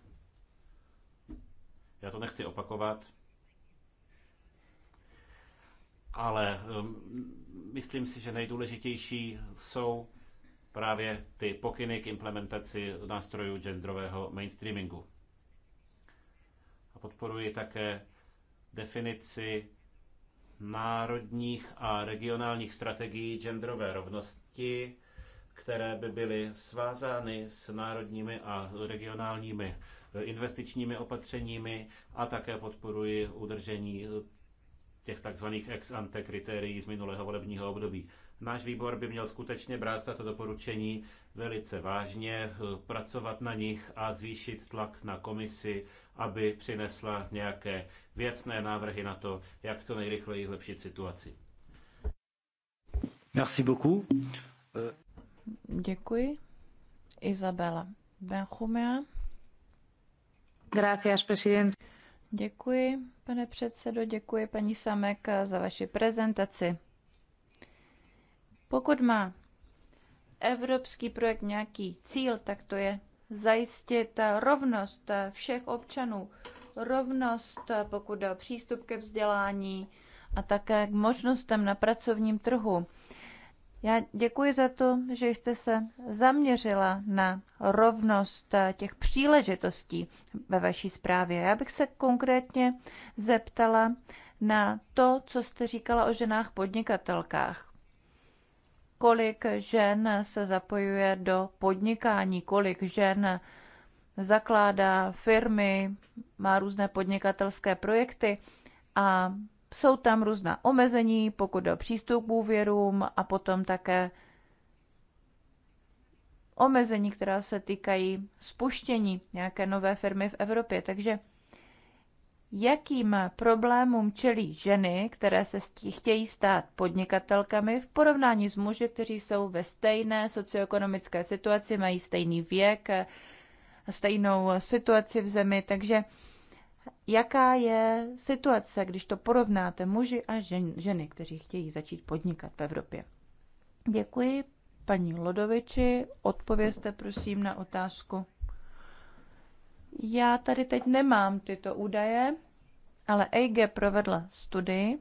Já to nechci opakovat. Ale um, myslím si, že nejdůležitější jsou právě ty pokyny k implementaci nástrojů genderového mainstreamingu. A podporuji také definici národních a regionálních strategií genderové rovnosti, které by byly svázány s národními a regionálními eh, investičními opatřeními a také podporuji udržení těch takzvaných ex ante kritérií z minulého volebního období. Náš výbor by měl skutečně brát tato doporučení velice vážně, pracovat na nich a zvýšit tlak na komisi, aby přinesla nějaké věcné návrhy na to, jak co nejrychleji zlepšit situaci. Merci beaucoup. Euh, děkuji. Izabela Benchumea. Gracias, president. Děkuji, pane předsedo, děkuji paní Samek za vaši prezentaci. Pokud má evropský projekt nějaký cíl, tak to je zajistit rovnost všech občanů, rovnost pokud jde o přístup ke vzdělání a také k možnostem na pracovním trhu. Já děkuji za to, že jste se zaměřila na rovnost těch příležitostí ve vaší zprávě. Já bych se konkrétně zeptala na to, co jste říkala o ženách podnikatelkách kolik žen se zapojuje do podnikání, kolik žen zakládá firmy, má různé podnikatelské projekty a jsou tam různá omezení, pokud do o přístup k úvěrům a potom také omezení, která se týkají spuštění nějaké nové firmy v Evropě. Takže jakým problémům čelí ženy, které se chtějí stát podnikatelkami v porovnání s muži, kteří jsou ve stejné socioekonomické situaci, mají stejný věk, stejnou situaci v zemi. Takže jaká je situace, když to porovnáte muži a žen, ženy, kteří chtějí začít podnikat v Evropě? Děkuji. Paní Lodoviči, odpovězte prosím na otázku já tady teď nemám tyto údaje, ale EIG provedla studii,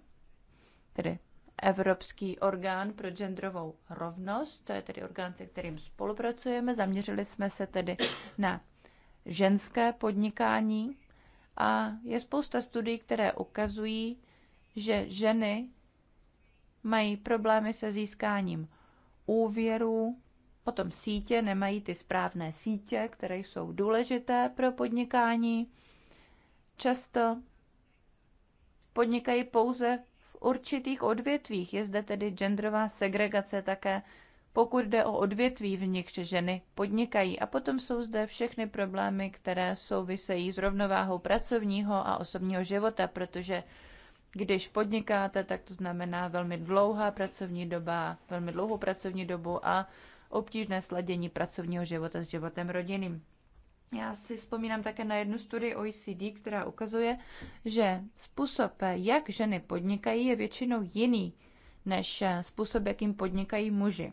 tedy Evropský orgán pro genderovou rovnost, to je tedy orgán, se kterým spolupracujeme. Zaměřili jsme se tedy na ženské podnikání a je spousta studií, které ukazují, že ženy mají problémy se získáním úvěrů Potom sítě nemají ty správné sítě, které jsou důležité pro podnikání. Často podnikají pouze v určitých odvětvích. Je zde tedy genderová segregace také, pokud jde o odvětví, v nichž ženy podnikají. A potom jsou zde všechny problémy, které souvisejí s rovnováhou pracovního a osobního života, protože když podnikáte, tak to znamená velmi dlouhá pracovní doba, velmi dlouhou pracovní dobu a obtížné sladění pracovního života s životem rodinným. Já si vzpomínám také na jednu studii OECD, která ukazuje, že způsob, jak ženy podnikají, je většinou jiný než způsob, jakým podnikají muži.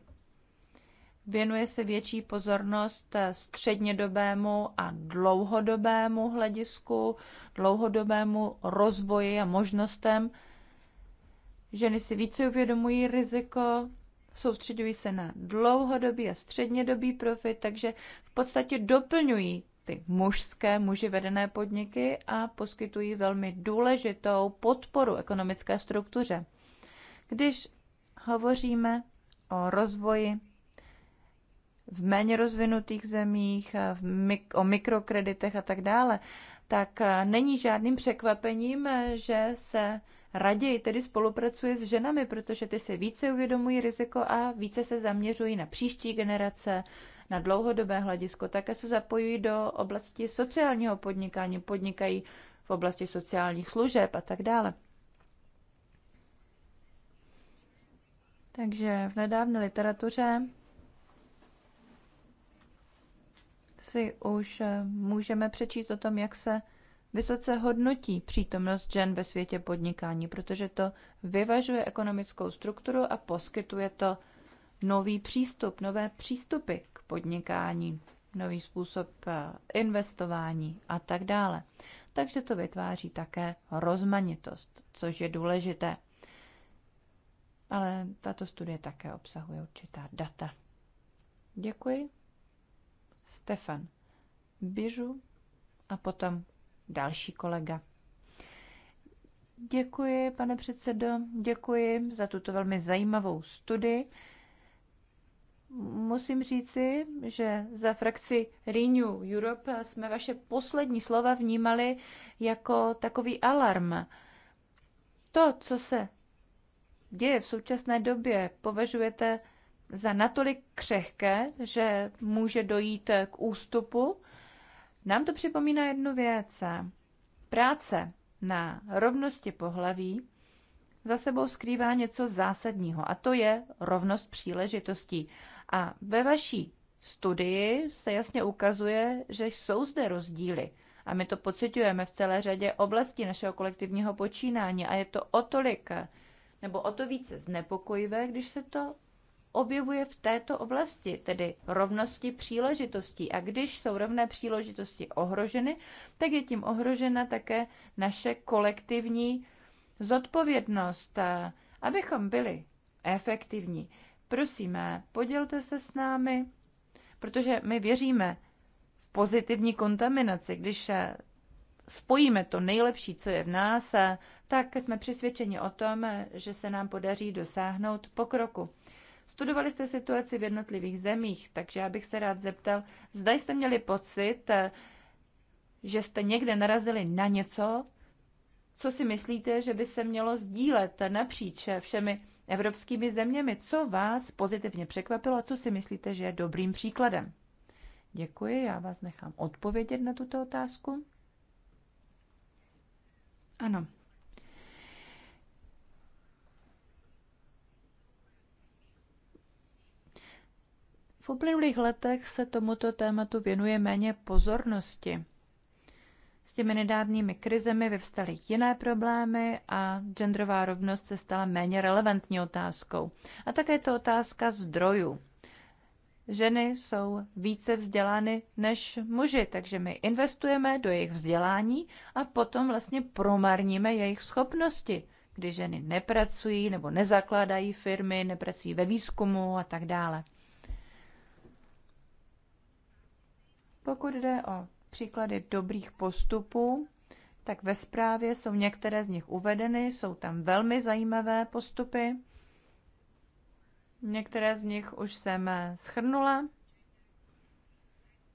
Věnuje se větší pozornost střednědobému a dlouhodobému hledisku, dlouhodobému rozvoji a možnostem. Ženy si více uvědomují riziko, soustředují se na dlouhodobý a střednědobý profit, takže v podstatě doplňují ty mužské, muži vedené podniky a poskytují velmi důležitou podporu ekonomické struktuře. Když hovoříme o rozvoji v méně rozvinutých zemích, o mikrokreditech a tak dále, tak eh, není žádným překvapením, eh, že se raději tedy spolupracuje s ženami, protože ty se více uvědomují riziko a více se zaměřují na příští generace, na dlouhodobé hledisko. Také se zapojují do oblasti sociálního podnikání, podnikají v oblasti sociálních služeb a tak dále. Takže v nedávné literatuře si už můžeme přečíst o tom, jak se vysoce hodnotí přítomnost žen ve světě podnikání, protože to vyvažuje ekonomickou strukturu a poskytuje to nový přístup, nové přístupy k podnikání, nový způsob eh, investování a tak dále. Takže to vytváří také rozmanitost, což je důležité. Ale tato studie také obsahuje určitá data. Děkuji. Stefan běžu a potom další kolega. Děkuji, pane předsedo, děkuji za tuto velmi zajímavou studii. Musím říci, že za frakci Renew Europe jsme vaše poslední slova vnímali jako takový alarm. To, co se děje v současné době, považujete za natolik křehké, že může dojít k ústupu nám to připomíná jednu věc. Práce na rovnosti pohlaví za sebou skrývá něco zásadního a to je rovnost příležitostí. A ve vaší studii se jasně ukazuje, že jsou zde rozdíly. A my to pociťujeme v celé řadě oblastí našeho kolektivního počínání a je to o tolik nebo o to více znepokojivé, když se to objevuje v této oblasti, tedy rovnosti příležitostí. A když jsou rovné příležitosti ohroženy, tak je tím ohrožena také naše kolektivní zodpovědnost, abychom byli efektivní. Prosím, podělte se s námi, protože my věříme v pozitivní kontaminaci. Když spojíme to nejlepší, co je v nás, tak jsme přesvědčeni o tom, že se nám podaří dosáhnout pokroku. Studovali jste situaci v jednotlivých zemích, takže já bych se rád zeptal, zda jste měli pocit, eh, že jste někde narazili na něco, co si myslíte, že by se mělo sdílet napříč všemi evropskými zeměmi? Co vás pozitivně překvapilo a co si myslíte, že je dobrým příkladem? Děkuji, já vás nechám odpovědět na tuto otázku. Ano, uplynulých letech se tomuto tématu věnuje méně pozornosti. S těmi nedávnými krizemi vyvstaly jiné problémy a genderová rovnost se stala méně relevantní otázkou. A také je to otázka zdrojů. Ženy jsou více vzdělány než muži, takže my investujeme do jejich vzdělání a potom vlastně promarníme jejich schopnosti, kdy ženy nepracují nebo nezakládají firmy, nepracují ve výzkumu a tak dále. Pokud jde o příklady dobrých postupů, tak ve zprávě jsou některé z nich uvedeny, jsou tam velmi zajímavé postupy. Některé z nich už jsem schrnula.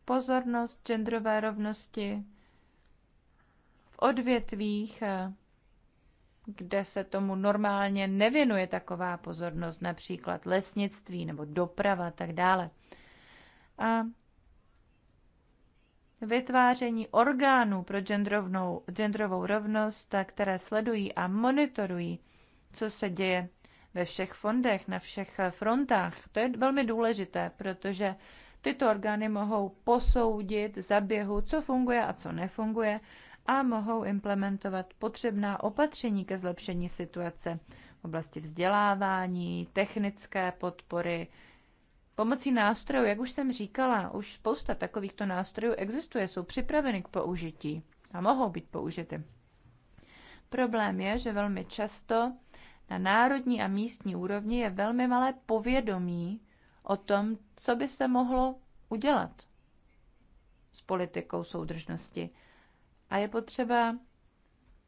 Pozornost genderové rovnosti v odvětvích, kde se tomu normálně nevěnuje taková pozornost, například lesnictví nebo doprava a tak dále. A vytváření orgánů pro genderovnou, genderovou rovnost, které sledují a monitorují, co se děje ve všech fondech, na všech frontách. To je velmi důležité, protože tyto orgány mohou posoudit za co funguje a co nefunguje a mohou implementovat potřebná opatření ke zlepšení situace v oblasti vzdělávání, technické podpory, pomocí nástrojů, jak už jsem říkala, už spousta takovýchto nástrojů existuje, jsou připraveny k použití a mohou být použity. Problém je, že velmi často na národní a místní úrovni je velmi malé povědomí o tom, co by se mohlo udělat s politikou soudržnosti. A je potřeba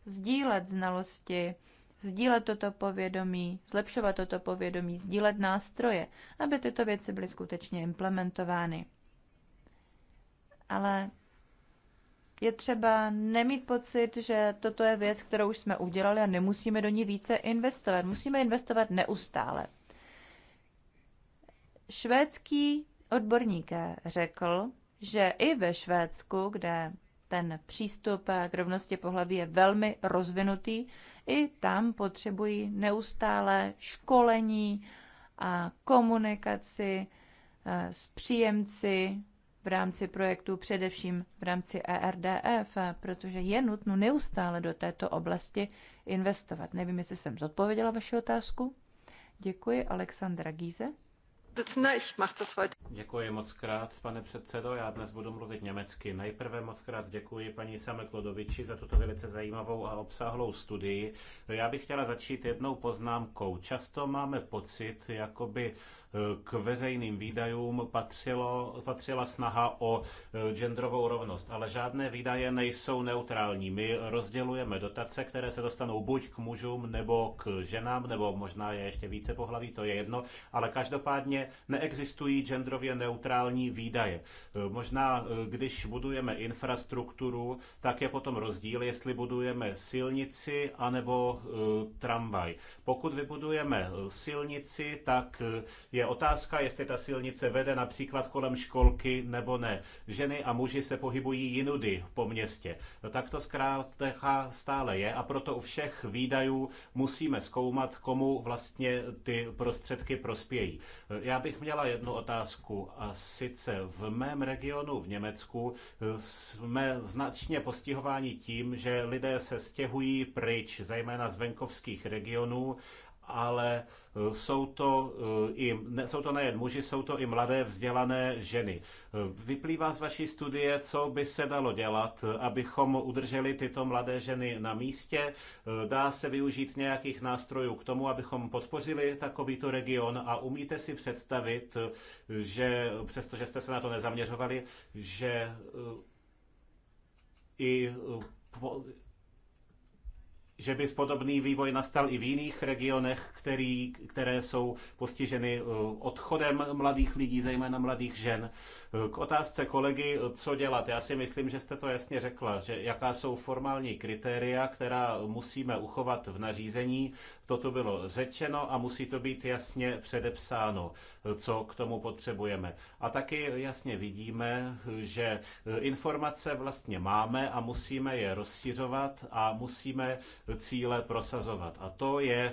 sdílet znalosti, sdílet toto povědomí, zlepšovat toto povědomí, sdílet nástroje, aby tyto věci byly skutečně implementovány. Ale je třeba nemít pocit, že toto je věc, kterou už jsme udělali a nemusíme do ní více investovat. Musíme investovat neustále. Švédský odborník řekl, že i ve Švédsku, kde ten přístup eh, k rovnosti pohlaví je velmi rozvinutý. I tam potřebují neustále školení a komunikaci eh, s příjemci v rámci projektu především v rámci ERDF, eh, protože je nutno neustále do této oblasti investovat. Nevím, jestli jsem zodpověděla vaši otázku. Děkuji, Alexandra Gíze. Děkuji moc krát, pane předsedo. Já dnes budu mluvit německy. Nejprve moc krát děkuji paní Same Klodoviči za tuto velice zajímavou a obsáhlou studii. Já bych chtěla začít jednou poznámkou. Často máme pocit, jakoby k veřejným výdajům patřilo, patřila snaha o e, genderovou rovnost, ale žádné výdaje nejsou neutrální. My rozdělujeme dotace, které se dostanou buď k mužům nebo k ženám, nebo možná je ještě více pohlaví, to je jedno, ale každopádně neexistují genderově neutrální výdaje. E, možná, e, když budujeme infrastrukturu, tak je potom rozdíl, jestli budujeme silnici anebo tramvaj. Pokud vybudujeme silnici, tak je je otázka, jestli ta silnice vede například kolem školky nebo ne. Ženy a muži se pohybují jinudy po městě. Tak to zkrátka stále je a proto u všech výdajů musíme zkoumat, komu vlastně ty prostředky prospějí. Já bych měla jednu otázku a sice v mém regionu v Německu jsme značně postihováni tím, že lidé se stěhují pryč, zejména z venkovských regionů ale e, jsou to, e, i, ne, jsou to nejen muži, jsou to i mladé vzdělané ženy. E, vyplývá z vaší studie, co by se dalo dělat, abychom udrželi tyto mladé ženy na místě? Dá se využít nějakých nástrojů k tomu, abychom podpořili takovýto region a umíte si představit, že přestože jste se na to nezaměřovali, že i že by podobný vývoj nastal i v jiných regionech, který, které jsou postiženy uh, odchodem mladých lidí, zejména mladých žen. K otázce kolegy, co dělat. Já si myslím, že jste to jasně řekla, že jaká jsou formální kritéria, která musíme uchovat v nařízení. Toto bylo řečeno a musí to být jasně předepsáno, co k tomu potřebujeme. A taky jasně vidíme, že informace vlastně máme a musíme je rozšiřovat a musíme cíle prosazovat. A to je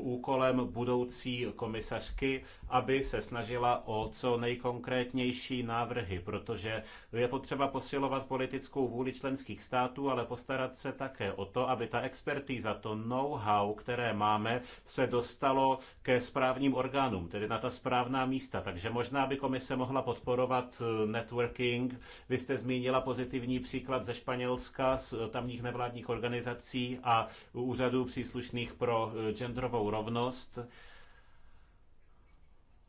úkolem budoucí komisařky, aby se snažila o co nejkonkrétnější na návrhy, protože je potřeba posilovat politickou vůli členských států, ale postarat se také o to, aby ta expertíza, to know-how, které máme, se dostalo ke správným orgánům, tedy na ta správná místa. Takže možná by komise mohla podporovat eh, networking. Vy jste zmínila pozitivní příklad ze Španělska, z eh, tamních nevládních organizací a úřadů příslušných pro eh, genderovou rovnost.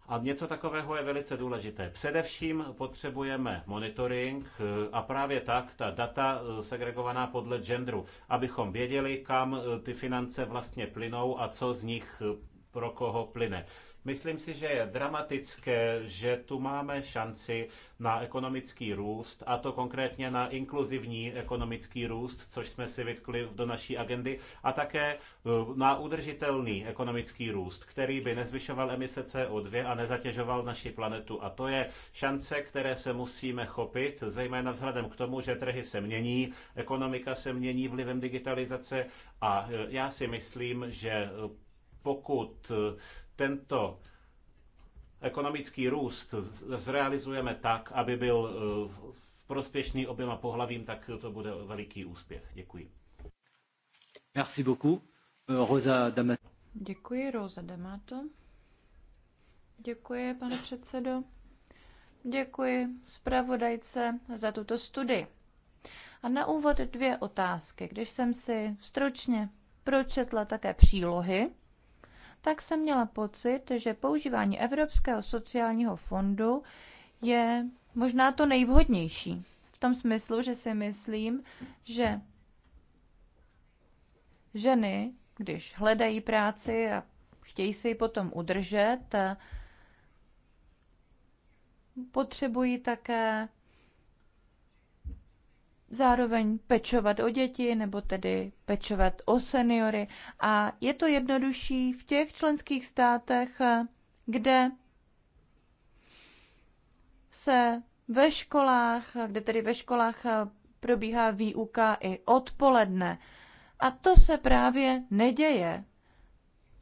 A něco takového je velice důležité. Především potřebujeme monitoring eh, a právě tak ta data eh, segregovaná podle genderu, abychom věděli, kam eh, ty finance vlastně plynou a co z nich pro koho plyne. Myslím si, že je dramatické, že tu máme šanci na ekonomický růst, a to konkrétně na inkluzivní ekonomický růst, což jsme si vytkli do naší agendy, a také eh, na udržitelný ekonomický růst, který by nezvyšoval emise CO2 a nezatěžoval naši planetu. A to je šance, které se musíme chopit, zejména vzhledem k tomu, že trhy se mění, ekonomika se mění vlivem digitalizace a eh, já si myslím, že eh, pokud eh, tento ekonomický růst zrealizujeme tak, aby byl eh, prospěšný oběma pohlavím, tak to bude veliký úspěch. Děkuji. Merci beaucoup. Euh, Rosa D'Amato. Děkuji, Rosa D'Amato. Děkuji, pane předsedo. Děkuji zpravodajce za tuto studii. A na úvod dvě otázky. Když jsem si stručně pročetla také přílohy, tak jsem měla pocit, že používání Evropského sociálního fondu je možná to nejvhodnější. V tom smyslu, že si myslím, že ženy, když hledají práci a chtějí si ji potom udržet, potřebují také zároveň pečovat o děti nebo tedy pečovat o seniory. A je to jednodušší v těch členských státech, kde se ve školách, kde tedy ve školách probíhá výuka i odpoledne. A to se právě neděje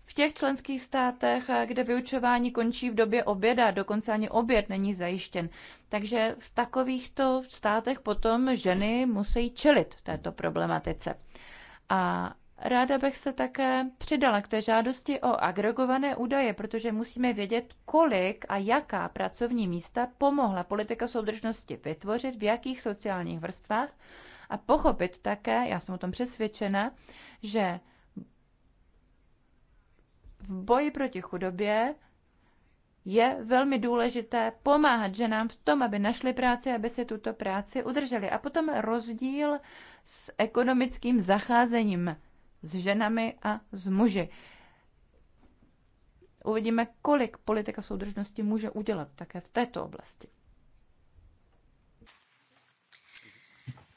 v těch členských státech, eh, kde vyučování končí v době oběda, dokonce ani oběd není zajištěn. Takže v takovýchto státech potom ženy musí čelit této problematice. A ráda bych se také přidala k té žádosti o agregované údaje, protože musíme vědět, kolik a jaká pracovní místa pomohla politika soudržnosti vytvořit, v jakých sociálních vrstvách a pochopit také, já jsem o tom přesvědčena, že v boji proti chudobě je velmi důležité pomáhat ženám v tom, aby našli práci, aby se tuto práci udrželi. A potom rozdíl s ekonomickým zacházením s ženami a s muži. Uvidíme, kolik politika soudržnosti může udělat také v této oblasti.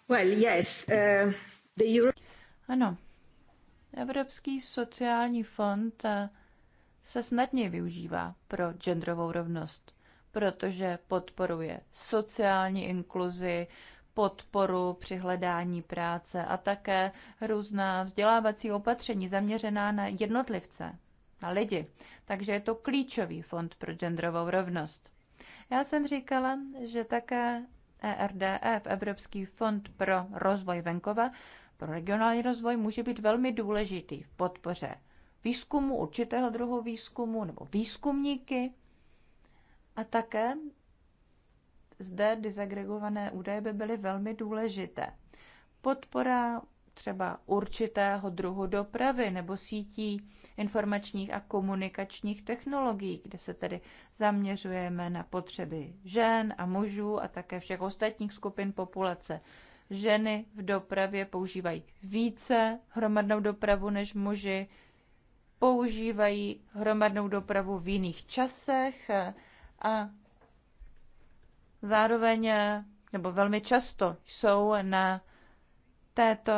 Well, yes, uh, the Euro- ano, Evropský sociální fond eh, se snadně využívá pro genderovou rovnost, protože podporuje sociální inkluzi, podporu při hledání práce a také různá vzdělávací opatření zaměřená na jednotlivce, na lidi. Takže je to klíčový fond pro genderovou rovnost. Já jsem říkala, že také ERDF, e, Evropský fond pro rozvoj venkova, pro regionální rozvoj může být velmi důležitý v podpoře výzkumu, určitého druhu výzkumu nebo výzkumníky. A také zde disagregované údaje by byly velmi důležité. Podpora třeba určitého druhu dopravy nebo sítí informačních a komunikačních technologií, kde se tedy zaměřujeme na potřeby žen a mužů a také všech ostatních skupin populace. Ženy v dopravě používají více hromadnou dopravu než muži, používají hromadnou dopravu v jiných časech a zároveň nebo velmi často jsou na této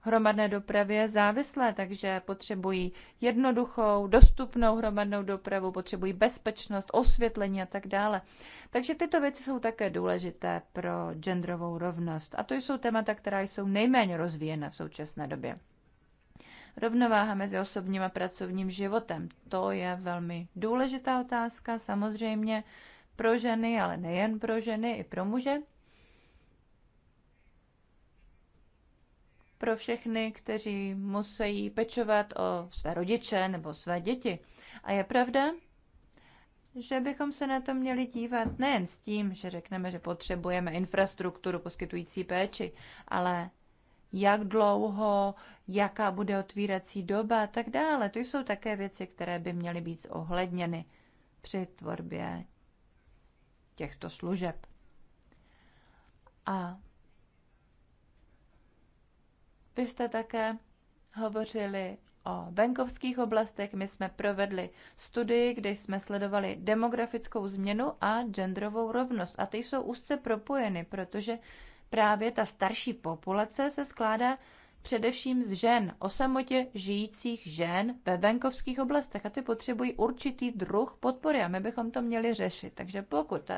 hromadné dopravě závislé, takže potřebují jednoduchou, dostupnou hromadnou dopravu, potřebují bezpečnost, osvětlení a tak dále. Takže tyto věci jsou také důležité pro genderovou rovnost. A to jsou témata, která jsou nejméně rozvíjena v současné době rovnováha mezi osobním a pracovním životem. To je velmi důležitá otázka, samozřejmě pro ženy, ale nejen pro ženy, i pro muže. Pro všechny, kteří musí pečovat o své rodiče nebo své děti. A je pravda, že bychom se na to měli dívat nejen s tím, že řekneme, že potřebujeme infrastrukturu poskytující péči, ale jak dlouho, jaká bude otvírací doba a tak dále. To jsou také věci, které by měly být zohledněny při tvorbě těchto služeb. A vy jste také hovořili o venkovských oblastech. My jsme provedli studii, kde jsme sledovali demografickou změnu a genderovou rovnost. A ty jsou úzce propojeny, protože právě ta starší populace se skládá především z žen, o samotě žijících žen ve venkovských oblastech a ty potřebují určitý druh podpory a my bychom to měli řešit. Takže pokud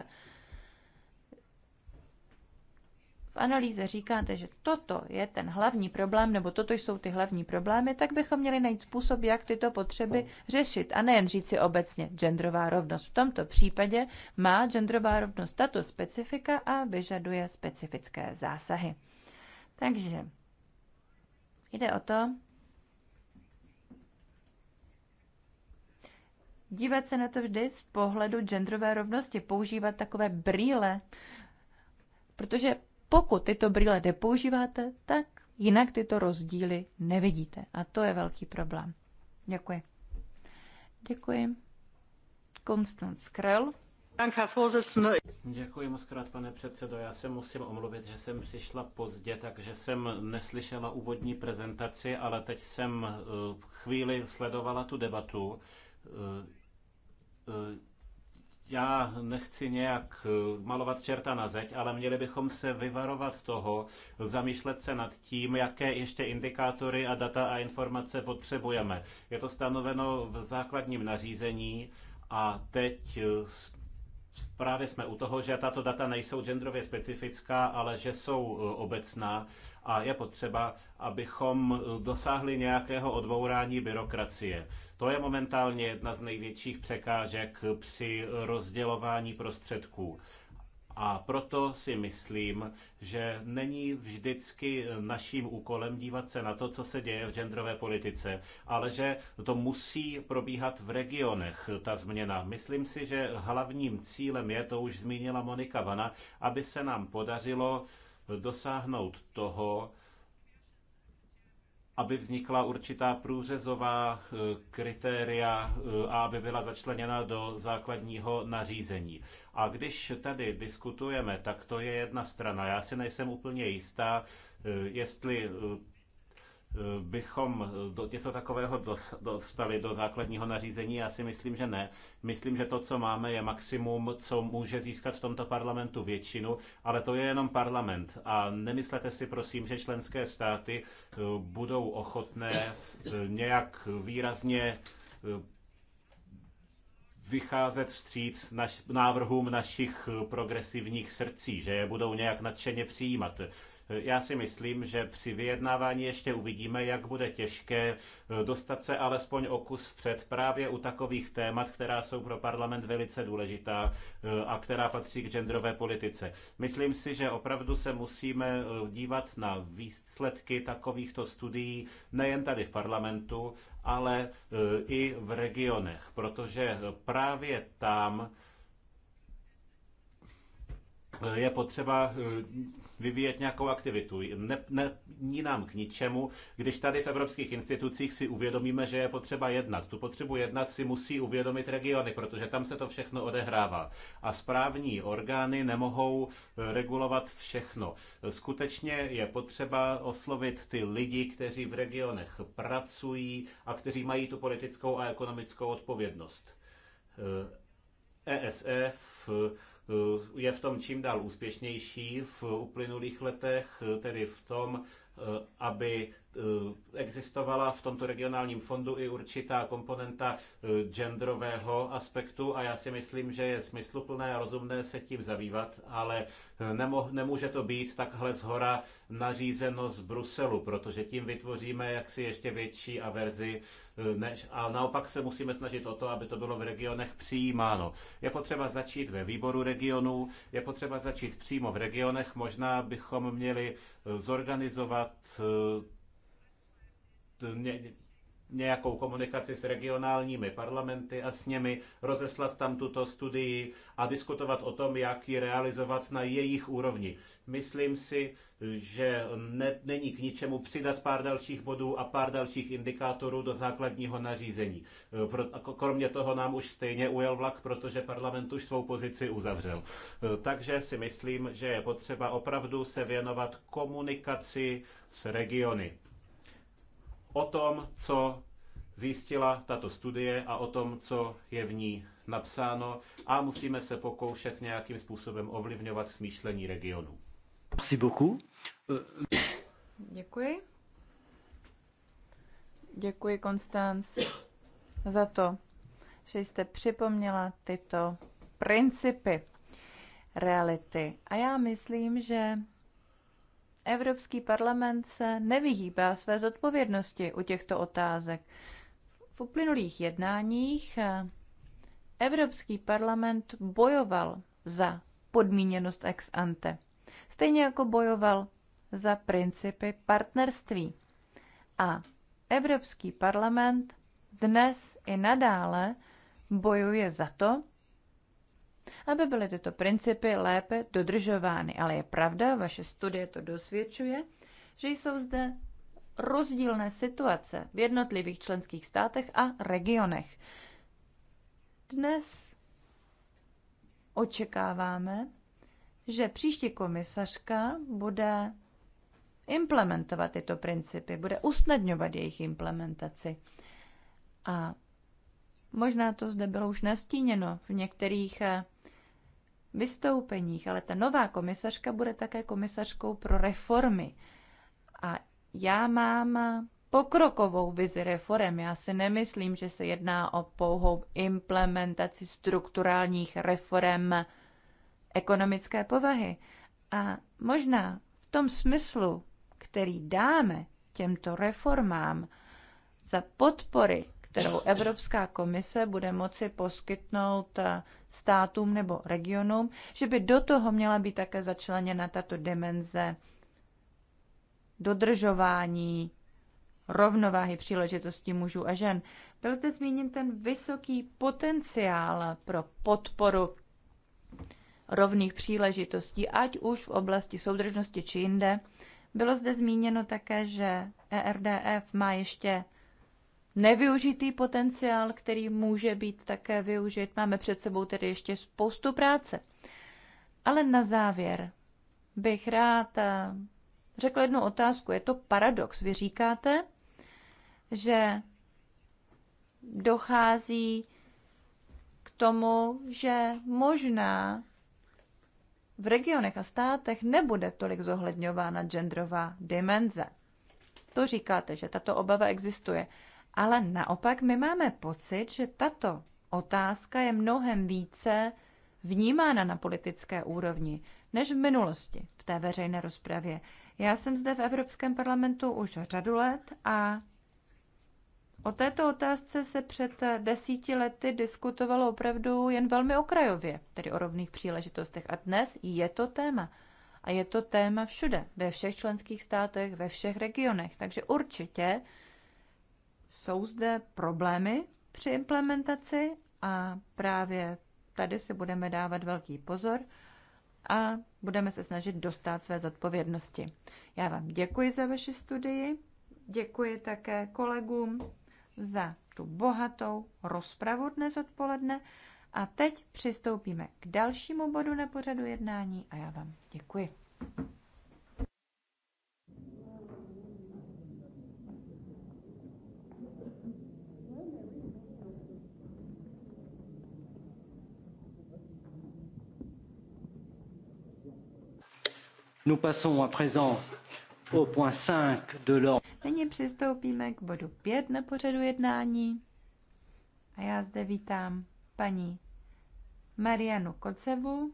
v analýze říkáte, že toto je ten hlavní problém, nebo toto jsou ty hlavní problémy, tak bychom měli najít způsob, jak tyto potřeby řešit. A nejen říci obecně genderová rovnost. V tomto případě má genderová rovnost tato specifika a vyžaduje specifické zásahy. Takže jde o to, dívat se na to vždy z pohledu genderové rovnosti, používat takové brýle, protože pokud tyto brýle nepoužíváte, tak jinak tyto rozdíly nevidíte. A to je velký problém. Děkuji. Děkuji. Konstanc Krell. Děkuji moc krát, pane předsedo. Já se musím omluvit, že jsem přišla pozdě, takže jsem neslyšela úvodní prezentaci, ale teď jsem eh, chvíli sledovala tu debatu eh, eh, já nechci nějak eh, malovat čerta na zeď, ale měli bychom se vyvarovat toho, zamýšlet se nad tím, jaké ještě indikátory a data a informace potřebujeme. Je to stanoveno v základním nařízení a teď eh, právě jsme u toho, že tato data nejsou genderově specifická, ale že jsou eh, obecná a je potřeba, abychom dosáhli nějakého odbourání byrokracie. To je momentálně jedna z největších překážek při rozdělování prostředků. A proto si myslím, že není vždycky naším úkolem dívat se na to, co se děje v genderové politice, ale že to musí probíhat v regionech, ta změna. Myslím si, že hlavním cílem je, to už zmínila Monika Vana, aby se nám podařilo dosáhnout toho, aby vznikla určitá průřezová eh, kritéria eh, a aby byla začleněna do základního nařízení. A když tady diskutujeme, tak to je jedna strana. Já si nejsem úplně jistá, eh, jestli bychom eh, do něco takového dostali do základního nařízení? Já si myslím, že ne. Myslím, že to, co máme, je maximum, co může získat v tomto parlamentu většinu, ale to je jenom parlament. A nemyslete si, prosím, že členské státy eh, budou ochotné eh, nějak výrazně vycházet vstříc naš, návrhům našich progresivních srdcí, že je budou nějak nadšeně přijímat. Já si myslím, že při vyjednávání ještě uvidíme, jak bude těžké eh, dostat se alespoň o kus vpřed právě u takových témat, která jsou pro parlament velice důležitá eh, a která patří k genderové politice. Myslím si, že opravdu se musíme eh, dívat na výsledky takovýchto studií nejen tady v parlamentu, ale i v regionech, protože právě tam je potřeba vyvíjet nějakou aktivitu. Ne, ne, ní nám k ničemu, když tady v evropských institucích si uvědomíme, že je potřeba jednat. Tu potřebu jednat si musí uvědomit regiony, protože tam se to všechno odehrává. A správní orgány nemohou eh, regulovat všechno. Skutečně je potřeba oslovit ty lidi, kteří v regionech pracují a kteří mají tu politickou a ekonomickou odpovědnost. ESF, eh, e Eh, je v tom čím dál úspěšnější v uplynulých letech, eh, tedy v tom, eh, aby Eh, existovala v tomto regionálním fondu i určitá komponenta eh, genderového aspektu a já si myslím, že je smysluplné a rozumné se tím zabývat, ale eh, nemo, nemůže to být takhle zhora nařízeno z Bruselu, protože tím vytvoříme jaksi ještě větší averzi než, a naopak se musíme snažit o to, aby to bylo v regionech přijímáno. Je potřeba začít ve výboru regionů, je potřeba začít přímo v regionech, možná bychom měli zorganizovat nějakou komunikaci s regionálními parlamenty a s nimi, rozeslat tam tuto studii a diskutovat o tom, jak ji realizovat na jejich úrovni. Myslím si, že ne, není k ničemu přidat pár dalších bodů a pár dalších indikátorů do základního nařízení. Pro, kromě toho nám už stejně ujel vlak, protože parlament už svou pozici uzavřel. Takže si myslím, že je potřeba opravdu se věnovat komunikaci s regiony o tom, co zjistila tato studie a o tom, co je v ní napsáno a musíme se pokoušet nějakým způsobem ovlivňovat smýšlení regionu. Merci beaucoup. Děkuji. Děkuji, Konstanc, za to, že jste připomněla tyto principy reality. A já myslím, že Evropský parlament se nevyhýbá své zodpovědnosti u těchto otázek. V uplynulých jednáních eh, Evropský parlament bojoval za podmíněnost ex ante, stejně jako bojoval za principy partnerství. A Evropský parlament dnes i nadále bojuje za to, aby byly tyto principy lépe dodržovány. Ale je pravda, vaše studie to dosvědčuje, že jsou zde rozdílné situace v jednotlivých členských státech a regionech. Dnes očekáváme, že příští komisařka bude implementovat tyto principy, bude usnadňovat jejich implementaci. A Možná to zde bylo už nastíněno v některých eh, vystoupeních, ale ta nová komisařka bude také komisařkou pro reformy. A já mám pokrokovou vizi reform. Já si nemyslím, že se jedná o pouhou implementaci strukturálních reform ekonomické povahy. A možná v tom smyslu, který dáme těmto reformám za podpory kterou Evropská komise bude moci poskytnout eh, státům nebo regionům, že by do toho měla být také začleněna tato dimenze dodržování rovnováhy příležitostí mužů a žen. Byl zde zmíněn ten vysoký potenciál pro podporu rovných příležitostí, ať už v oblasti soudržnosti či jinde. Bylo zde zmíněno také, že ERDF má ještě nevyužitý potenciál, který může být také využit. Máme před sebou tedy ještě spoustu práce. Ale na závěr bych rád eh, řekl jednu otázku. Je to paradox. Vy říkáte, že dochází k tomu, že možná v regionech a státech nebude tolik zohledňována genderová dimenze. To říkáte, že tato obava existuje ale naopak my máme pocit, že tato otázka je mnohem více vnímána na politické úrovni než v minulosti v té veřejné rozpravě. Já jsem zde v Evropském parlamentu už řadu let a o této otázce se před desíti lety diskutovalo opravdu jen velmi okrajově, tedy o rovných příležitostech. A dnes je to téma. A je to téma všude, ve všech členských státech, ve všech regionech. Takže určitě jsou zde problémy při implementaci a právě tady si budeme dávat velký pozor a budeme se snažit dostat své zodpovědnosti. Já vám děkuji za vaši studii, děkuji také kolegům za tu bohatou rozpravu dnes odpoledne a teď přistoupíme k dalšímu bodu na pořadu jednání a já vám děkuji. Nous passons à présent au point 5 de l'ordre. Nyní přistoupíme k bodu 5 na pořadu jednání. A já zde vítám paní Marianu Kocevu.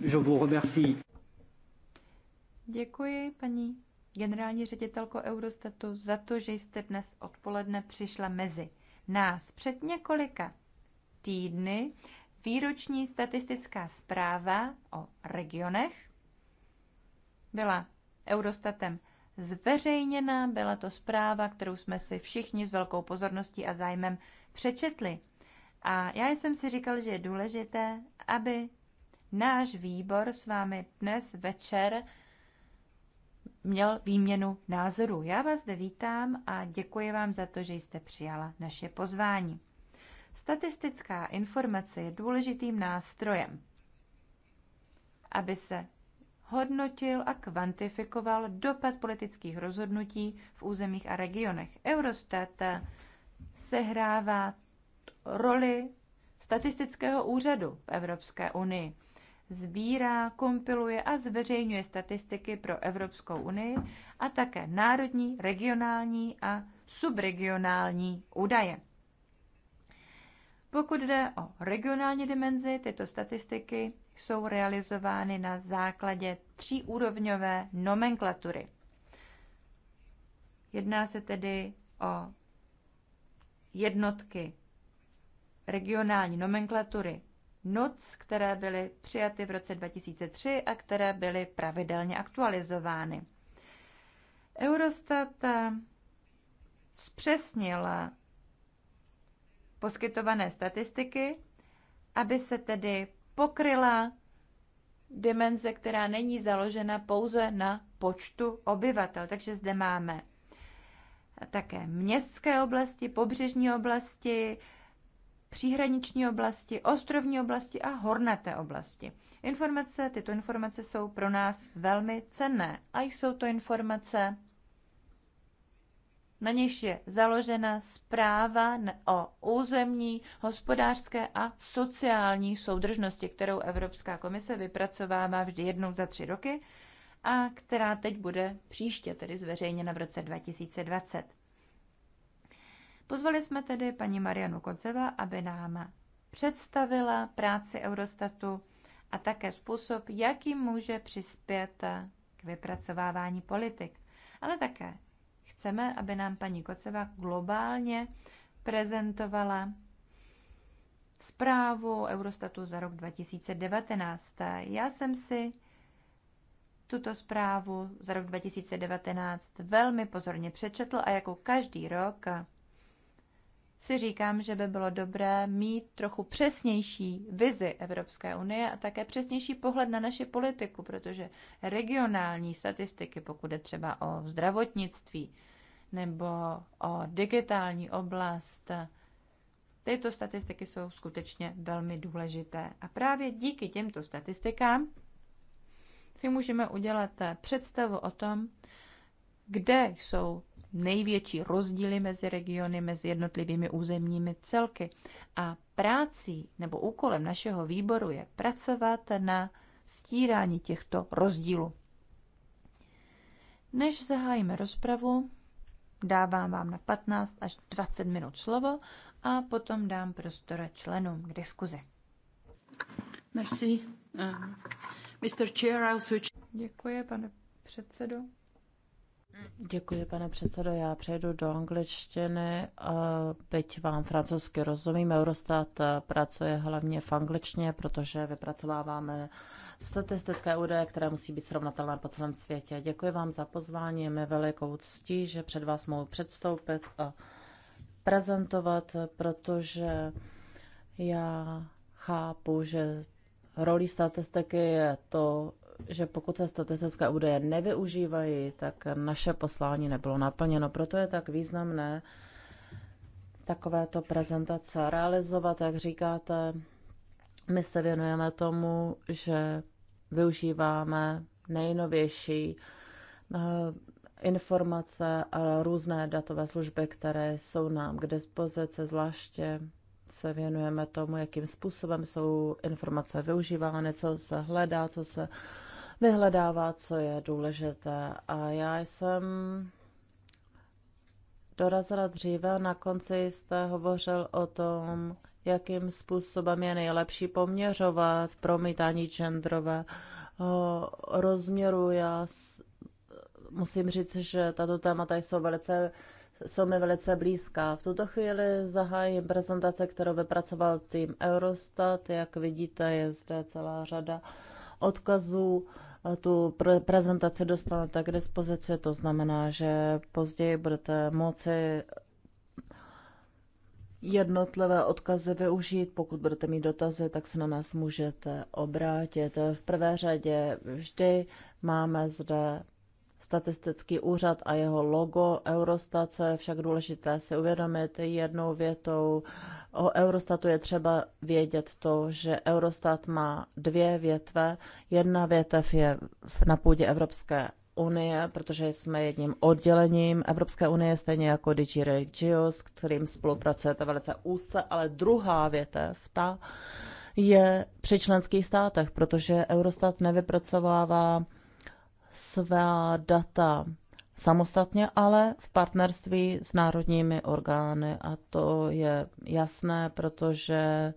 Je vous remercie. Děkuji, paní generální ředitelko Eurostatu, za to, že jste dnes odpoledne přišla mezi nás. Před několika týdny výroční statistická zpráva o regionech byla Eurostatem zveřejněna. Byla to zpráva, kterou jsme si všichni s velkou pozorností a zájmem přečetli. A já jsem si říkal, že je důležité, aby náš výbor s vámi dnes večer měl výměnu názorů. Já vás zde vítám a děkuji vám za to, že jste přijala naše pozvání. Statistická informace je důležitým nástrojem, aby se hodnotil a kvantifikoval dopad politických rozhodnutí v územích a regionech. Eurostat sehrává roli statistického úřadu v Evropské unii sbírá, kompiluje a zveřejňuje statistiky pro Evropskou unii a také národní, regionální a subregionální údaje. Pokud jde o regionální dimenzi, tyto statistiky jsou realizovány na základě tříúrovňové nomenklatury. Jedná se tedy o jednotky regionální nomenklatury NUC, které byly přijaty v roce 2003 a které byly pravidelně aktualizovány. Eurostat eh, zpřesnil eh, poskytované statistiky, aby se tedy pokryla dimenze, která není založena pouze na počtu obyvatel. Takže zde máme také městské oblasti, pobřežní oblasti, příhraniční oblasti, ostrovní oblasti a hornaté oblasti. Informace, tyto informace jsou pro nás velmi cenné a jsou to informace, na něž je založena zpráva o územní, hospodářské a sociální soudržnosti, kterou Evropská komise vypracovává vždy jednou za tři roky a která teď bude příště, tedy zveřejněna v roce 2020. Pozvali jsme tedy paní Marianu Kodzeva, aby nám představila práci Eurostatu a také způsob, jakým může přispět k vypracovávání politik. Ale také chceme, aby nám paní Koceva globálně prezentovala zprávu Eurostatu za rok 2019. Já jsem si tuto zprávu za rok 2019 velmi pozorně přečetl a jako každý rok si říkám, že by bylo dobré mít trochu přesnější vizi Evropské unie a také přesnější pohled na naši politiku, protože regionální statistiky, pokud je třeba o zdravotnictví nebo o digitální oblast, tyto statistiky jsou skutečně velmi důležité. A právě díky těmto statistikám si můžeme udělat představu o tom, kde jsou největší rozdíly mezi regiony, mezi jednotlivými územními celky. A práci nebo úkolem našeho výboru je pracovat na stírání těchto rozdílů. Než zahájíme rozpravu, dávám vám na 15 až 20 minut slovo a potom dám prostor členům k diskuzi. Merci. Uh, um, Mr. Chair, I'll switch. Děkuji, pane předsedo. Děkuji, pane předsedo. Já přejdu do angličtiny. Byť vám francouzsky rozumím, Eurostat pracuje hlavně v angličtině, protože vypracováváme statistické údaje, které musí být srovnatelné po celém světě. Děkuji vám za pozvání. Je mi velikou ctí, že před vás mohu předstoupit a prezentovat, protože já chápu, že rolí statistiky je to, že pokud se statistické údaje nevyužívají, tak naše poslání nebylo naplněno. Proto je tak významné takovéto prezentace realizovat, jak říkáte. My se věnujeme tomu, že využíváme nejnovější eh, informace a různé datové služby, které jsou nám k dispozici, zvláště se věnujeme tomu, jakým způsobem jsou informace využívány, co se hledá, co se vyhledává, co je důležité. A já jsem dorazila dříve, na konci jste hovořil o tom, jakým způsobem je nejlepší poměřovat promítání genderové rozměru. Já musím říct, že tato témata jsou velice jsou mi velice blízká. V tuto chvíli zahájím prezentace, kterou vypracoval tým Eurostat. Jak vidíte, je zde celá řada odkazů. Tu prezentaci dostanete k dispozici, to znamená, že později budete moci jednotlivé odkazy využít. Pokud budete mít dotazy, tak se na nás můžete obrátit. V prvé řadě vždy máme zde statistický úřad a jeho logo Eurostat, co je však důležité si uvědomit jednou větou. O Eurostatu je třeba vědět to, že Eurostat má dvě větve. Jedna větev je na půdě Evropské unie, protože jsme jedním oddělením Evropské unie, stejně jako DG Regio, s kterým spolupracujete velice úzce, ale druhá větev, ta je při členských státech, protože Eurostat nevypracovává svá data samostatně, ale v partnerství s národními orgány. A to je jasné, protože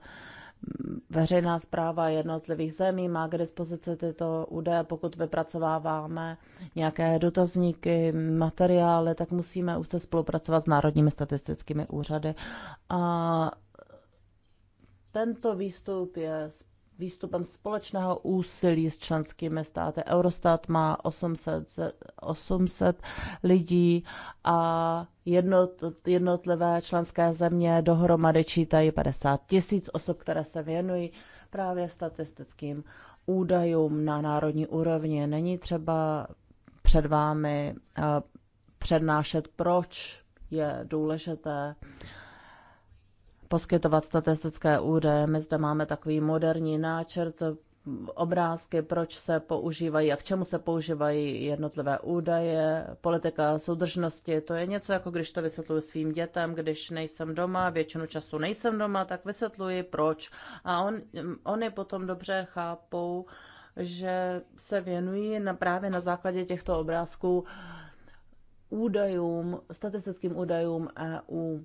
veřejná zpráva jednotlivých zemí má k dispozici tyto údaje. Pokud vypracováváme nějaké dotazníky, materiály, tak musíme už se spolupracovat s národními statistickými úřady. A tento výstup je výstupem společného úsilí s členskými státy. Eurostat má 800, 800 lidí a jednot, jednotlivé členské země dohromady čítají 50 tisíc osob, které se věnují právě statistickým údajům na národní úrovni. Není třeba před vámi eh, přednášet, proč je důležité uh, poskytovat statistické údaje. My zde máme takový moderní náčrt, obrázky, proč se používají a k čemu se používají jednotlivé údaje, politika soudržnosti. To je něco, jako když to vysvětluji svým dětem, když nejsem doma, většinu času nejsem doma, tak vysvětluji proč. A on, oni potom dobře chápou, že se věnují na, právě na základě těchto obrázků údajům, statistickým údajům EU.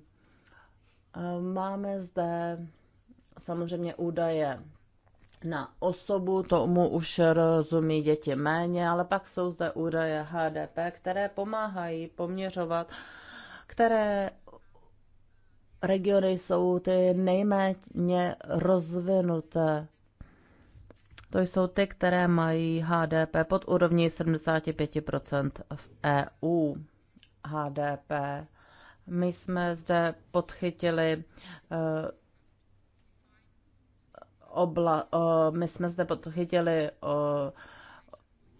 Máme zde samozřejmě údaje na osobu, tomu už rozumí děti méně, ale pak jsou zde údaje HDP, které pomáhají poměřovat, které regiony jsou ty nejméně rozvinuté. To jsou ty, které mají HDP pod úrovní 75 v EU. HDP my jsme zde podchytili eh, obla, my jsme zde podchytili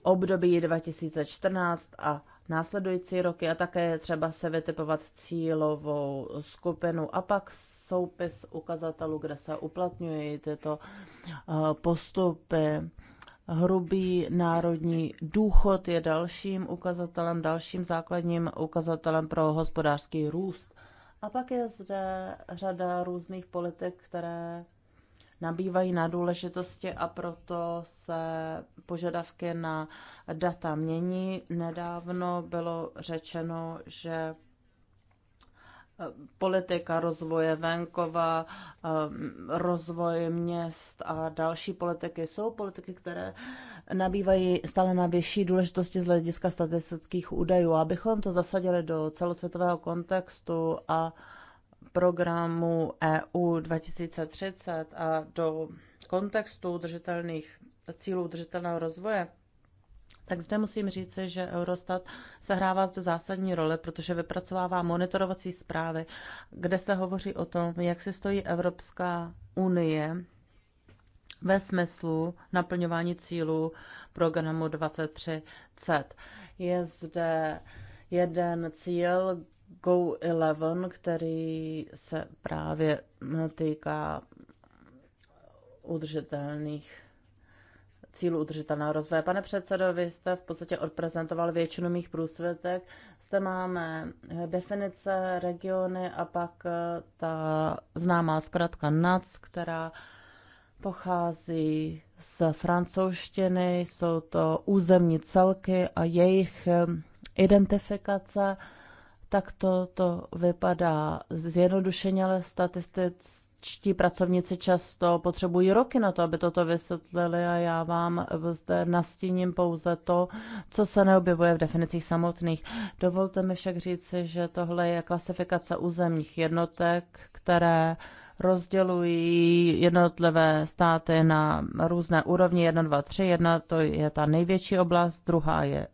období 2014 a následující roky a také třeba se vytipovat cílovou skupinu a pak soupis ukazatelů, kde se uplatňují tyto eh, postupy. Hrubý národní důchod je dalším ukazatelem, dalším základním ukazatelem pro hospodářský růst. A pak je zde řada různých politik, které nabývají na důležitosti a proto se požadavky na data mění. Nedávno bylo řečeno, že politika rozvoje venkova, eh, rozvoj měst a další politiky jsou politiky, které nabývají stále na vyšší důležitosti z hlediska statistických údajů. Abychom to zasadili do celosvětového kontextu a programu EU 2030 a do kontextu udržitelných cílů udržitelného rozvoje, tak zde musím říct, že Eurostat sehrává zde zásadní roli, protože vypracovává monitorovací zprávy, kde se hovoří o tom, jak se stojí Evropská unie ve smyslu naplňování cílů programu 23C. Je zde jeden cíl Go 11, který se právě týká udržitelných cílu udržitelného rozvoje. Pane předsedo, vy jste v podstatě odprezentoval většinu mých průsvětek. Zde máme eh, definice, regiony a pak eh, ta známá zkrátka NAC, která pochází z francouzštiny. Jsou to územní celky a jejich eh, identifikace. Tak to, to vypadá zjednodušeně, ale statisticky čtí pracovníci často potřebují roky na to, aby toto vysvětlili a já vám zde nastíním pouze to, co se neobjevuje v definicích samotných. Dovolte mi však říci, že tohle je klasifikace územních jednotek, které rozdělují jednotlivé státy na různé úrovni 1, 2, 3. Jedna to je ta největší oblast, druhá je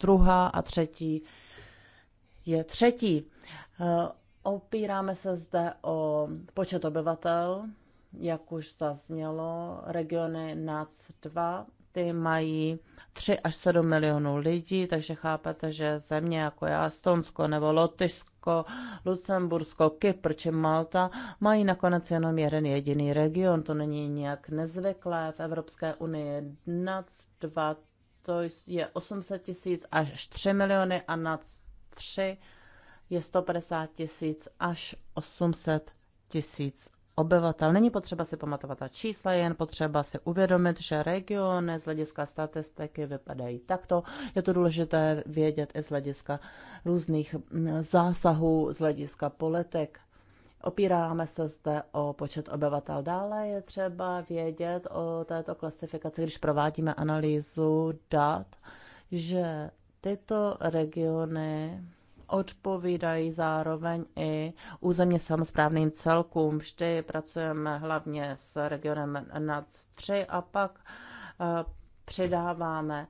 druhá a třetí je třetí. Opíráme se zde o počet obyvatel, jak už zaznělo, regiony NAC 2, ty mají 3 až 7 milionů lidí, takže chápete, že země jako já, Estonsko nebo Lotyšsko, Lucembursko, Kypr či Malta mají nakonec jenom jeden jediný region. To není nějak nezvyklé v Evropské unii. NAC 2 to je 800 tisíc až 3 miliony a NAC 3 je 150 tisíc až 800 tisíc obyvatel. Není potřeba si pamatovat ta čísla, jen potřeba si uvědomit, že regiony z hlediska statistiky vypadají takto. Je to důležité vědět i z hlediska různých mm, zásahů, z hlediska politik. Opíráme se zde o počet obyvatel. Dále je třeba vědět o této klasifikaci, když provádíme analýzu dat, že tyto regiony odpovídají zároveň i územně samozprávným celkům. Vždy pracujeme hlavně s regionem nad 3 a pak eh, přidáváme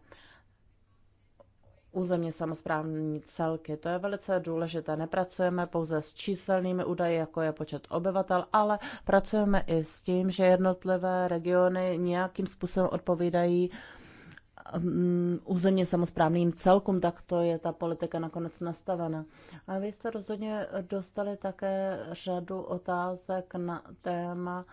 územně samozprávní celky. To je velice důležité. Nepracujeme pouze s číselnými údaji, jako je počet obyvatel, ale pracujeme i s tím, že jednotlivé regiony nějakým způsobem odpovídají uh, Mm, územně samozprávným celkům, tak to je ta politika nakonec nastavena. A vy jste rozhodně dostali také řadu otázek na téma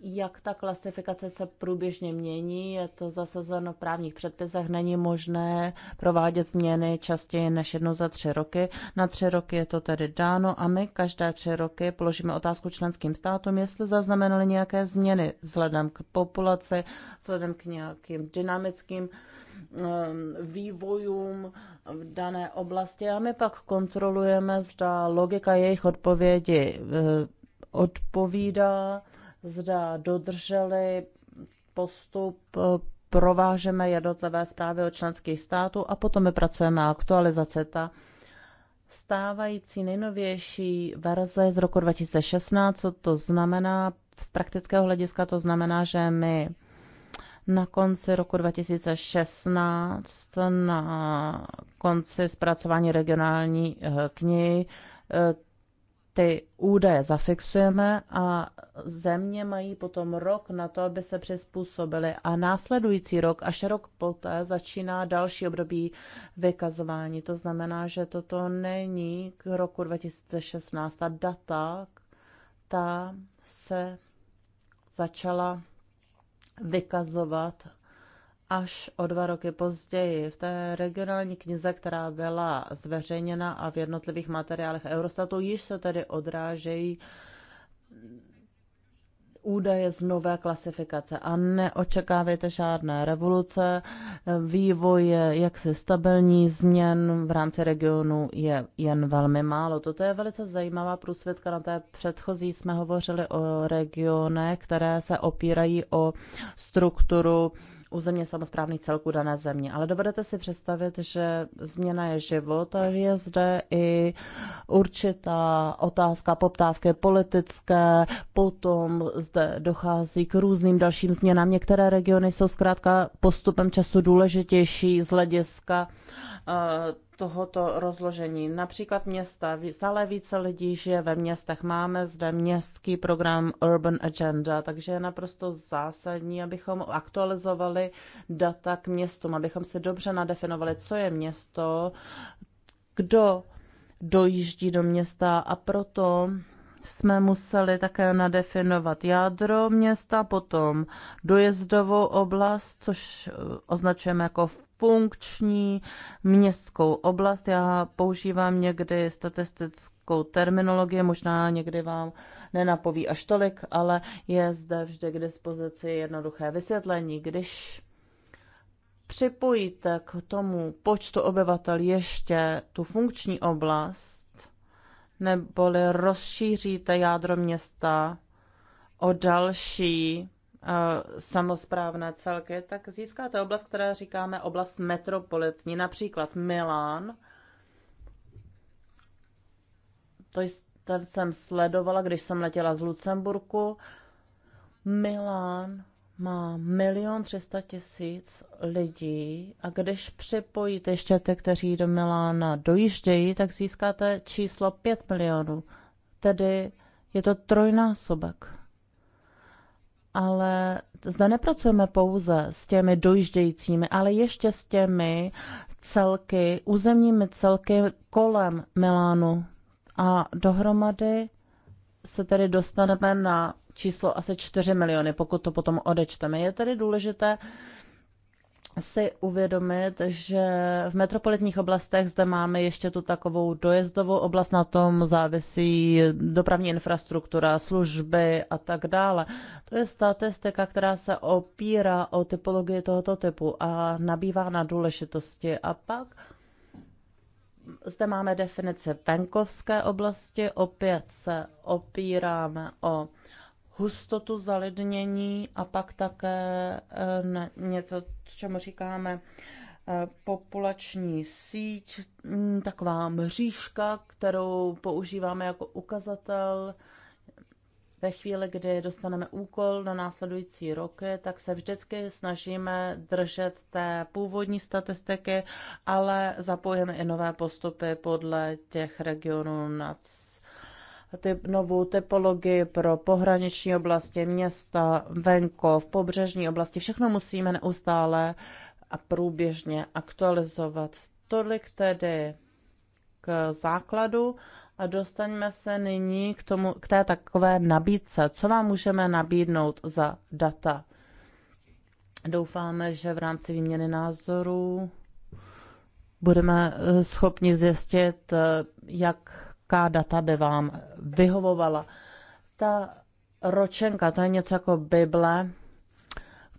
jak ta klasifikace se průběžně mění, je to zasazeno v právních předpisech, není možné provádět změny častěji než jednou za tři roky. Na tři roky je to tedy dáno a my každé tři roky položíme otázku členským státům, jestli zaznamenali nějaké změny vzhledem k populaci, vzhledem k nějakým dynamickým um, vývojům v dané oblasti a my pak kontrolujeme, zda logika jejich odpovědi uh, odpovídá zda dodrželi postup, eh, provážeme jednotlivé zprávy od členských států a potom my pracujeme na aktualizace. Ta stávající nejnovější verze z roku 2016, co to znamená? Z praktického hlediska to znamená, že my na konci roku 2016 na konci zpracování regionální eh, knihy eh, ty údaje zafixujeme a země mají potom rok na to, aby se přizpůsobily a následující rok až rok poté začíná další období vykazování. To znamená, že toto není k roku 2016. Ta data, ta se začala vykazovat až o dva roky později v té regionální knize, která byla zveřejněna a v jednotlivých materiálech Eurostatu, již se tedy odrážejí údaje z nové klasifikace a neočekávejte žádné revoluce. Vývoj je jaksi stabilní, změn v rámci regionu je jen velmi málo. Toto je velice zajímavá průsvědka. Na té předchozí jsme hovořili o regionech, které se opírají o strukturu územně samozprávných celků dané země. Ale dovedete si představit, že změna je život a je zde i určitá otázka poptávky politické, potom zde dochází k různým dalším změnám. Některé regiony jsou zkrátka postupem času důležitější z hlediska uh, tohoto rozložení. Například města. Stále více lidí žije ve městech. Máme zde městský program Urban Agenda, takže je naprosto zásadní, abychom aktualizovali data k městům, abychom si dobře nadefinovali, co je město, kdo dojíždí do města a proto jsme museli také nadefinovat jádro města, potom dojezdovou oblast, což eh, označujeme jako funkční městskou oblast. Já používám někdy statistickou terminologii, možná někdy vám nenapoví až tolik, ale je zde vždy k dispozici jednoduché vysvětlení. Když připojíte k tomu počtu obyvatel ještě tu funkční oblast, neboli rozšíříte jádro města o další Eh, samozprávné celky, tak získáte oblast, která říkáme oblast metropolitní, například Milán. To ten jsem sledovala, když jsem letěla z Lucemburku. Milán má milion třista tisíc lidí a když připojíte ještě ty, kteří do Milána dojíždějí, tak získáte číslo 5 milionů. Tedy je to trojnásobek ale zde nepracujeme pouze s těmi dojíždějícími, ale ještě s těmi celky, územními celky kolem Milánu. A dohromady se tedy dostaneme na číslo asi 4 miliony, pokud to potom odečteme. Je tedy důležité si uvědomit, že v metropolitních oblastech zde máme ještě tu takovou dojezdovou oblast, na tom závisí dopravní infrastruktura, služby a tak dále. To je statistika, která se opírá o typologii tohoto typu a nabývá na důležitosti. A pak zde máme definice venkovské oblasti, opět se opíráme o hustotu zalednění a pak také eh, ne, něco, čemu říkáme eh, populační síť, mm, taková mřížka, kterou používáme jako ukazatel. Ve chvíli, kdy dostaneme úkol na následující roky, tak se vždycky snažíme držet té původní statistiky, ale zapojíme i nové postupy podle těch regionů, nad typ, novou typologii pro pohraniční oblasti, města, venkov, pobřežní oblasti. Všechno musíme neustále a průběžně aktualizovat. Tolik tedy k základu a dostaňme se nyní k, tomu, k té takové nabídce. Co vám můžeme nabídnout za data? Doufáme, že v rámci výměny názorů budeme eh, schopni zjistit, eh, jak jaká data by vám vyhovovala. Ta ročenka, to je něco jako Bible,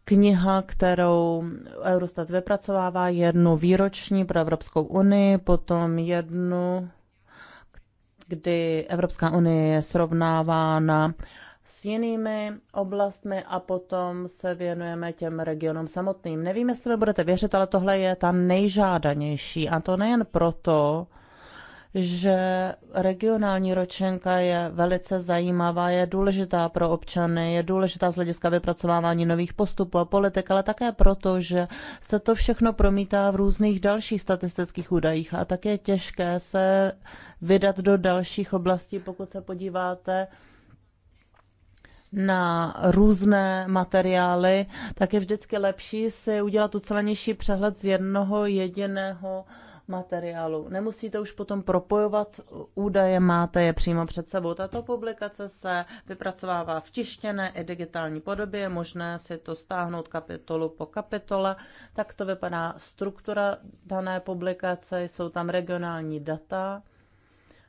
kniha, kterou Eurostat vypracovává, jednu výroční pro Evropskou unii, potom jednu, kdy Evropská unie je srovnávána s jinými oblastmi a potom se věnujeme těm regionům samotným. Nevím, jestli mi budete věřit, ale tohle je ta nejžádanější a to nejen proto, že regionální ročenka je velice zajímavá, je důležitá pro občany, je důležitá z hlediska vypracovávání nových postupů a politik, ale také proto, že se to všechno promítá v různých dalších statistických údajích a tak je těžké se vydat do dalších oblastí, pokud se podíváte na různé materiály, tak je vždycky lepší si udělat ucelenější přehled z jednoho jediného materiálu. Nemusíte už potom propojovat údaje, máte je přímo před sebou. Tato publikace se vypracovává v tištěné i digitální podobě, je možné si to stáhnout kapitolu po kapitole. Tak to vypadá struktura dané publikace, jsou tam regionální data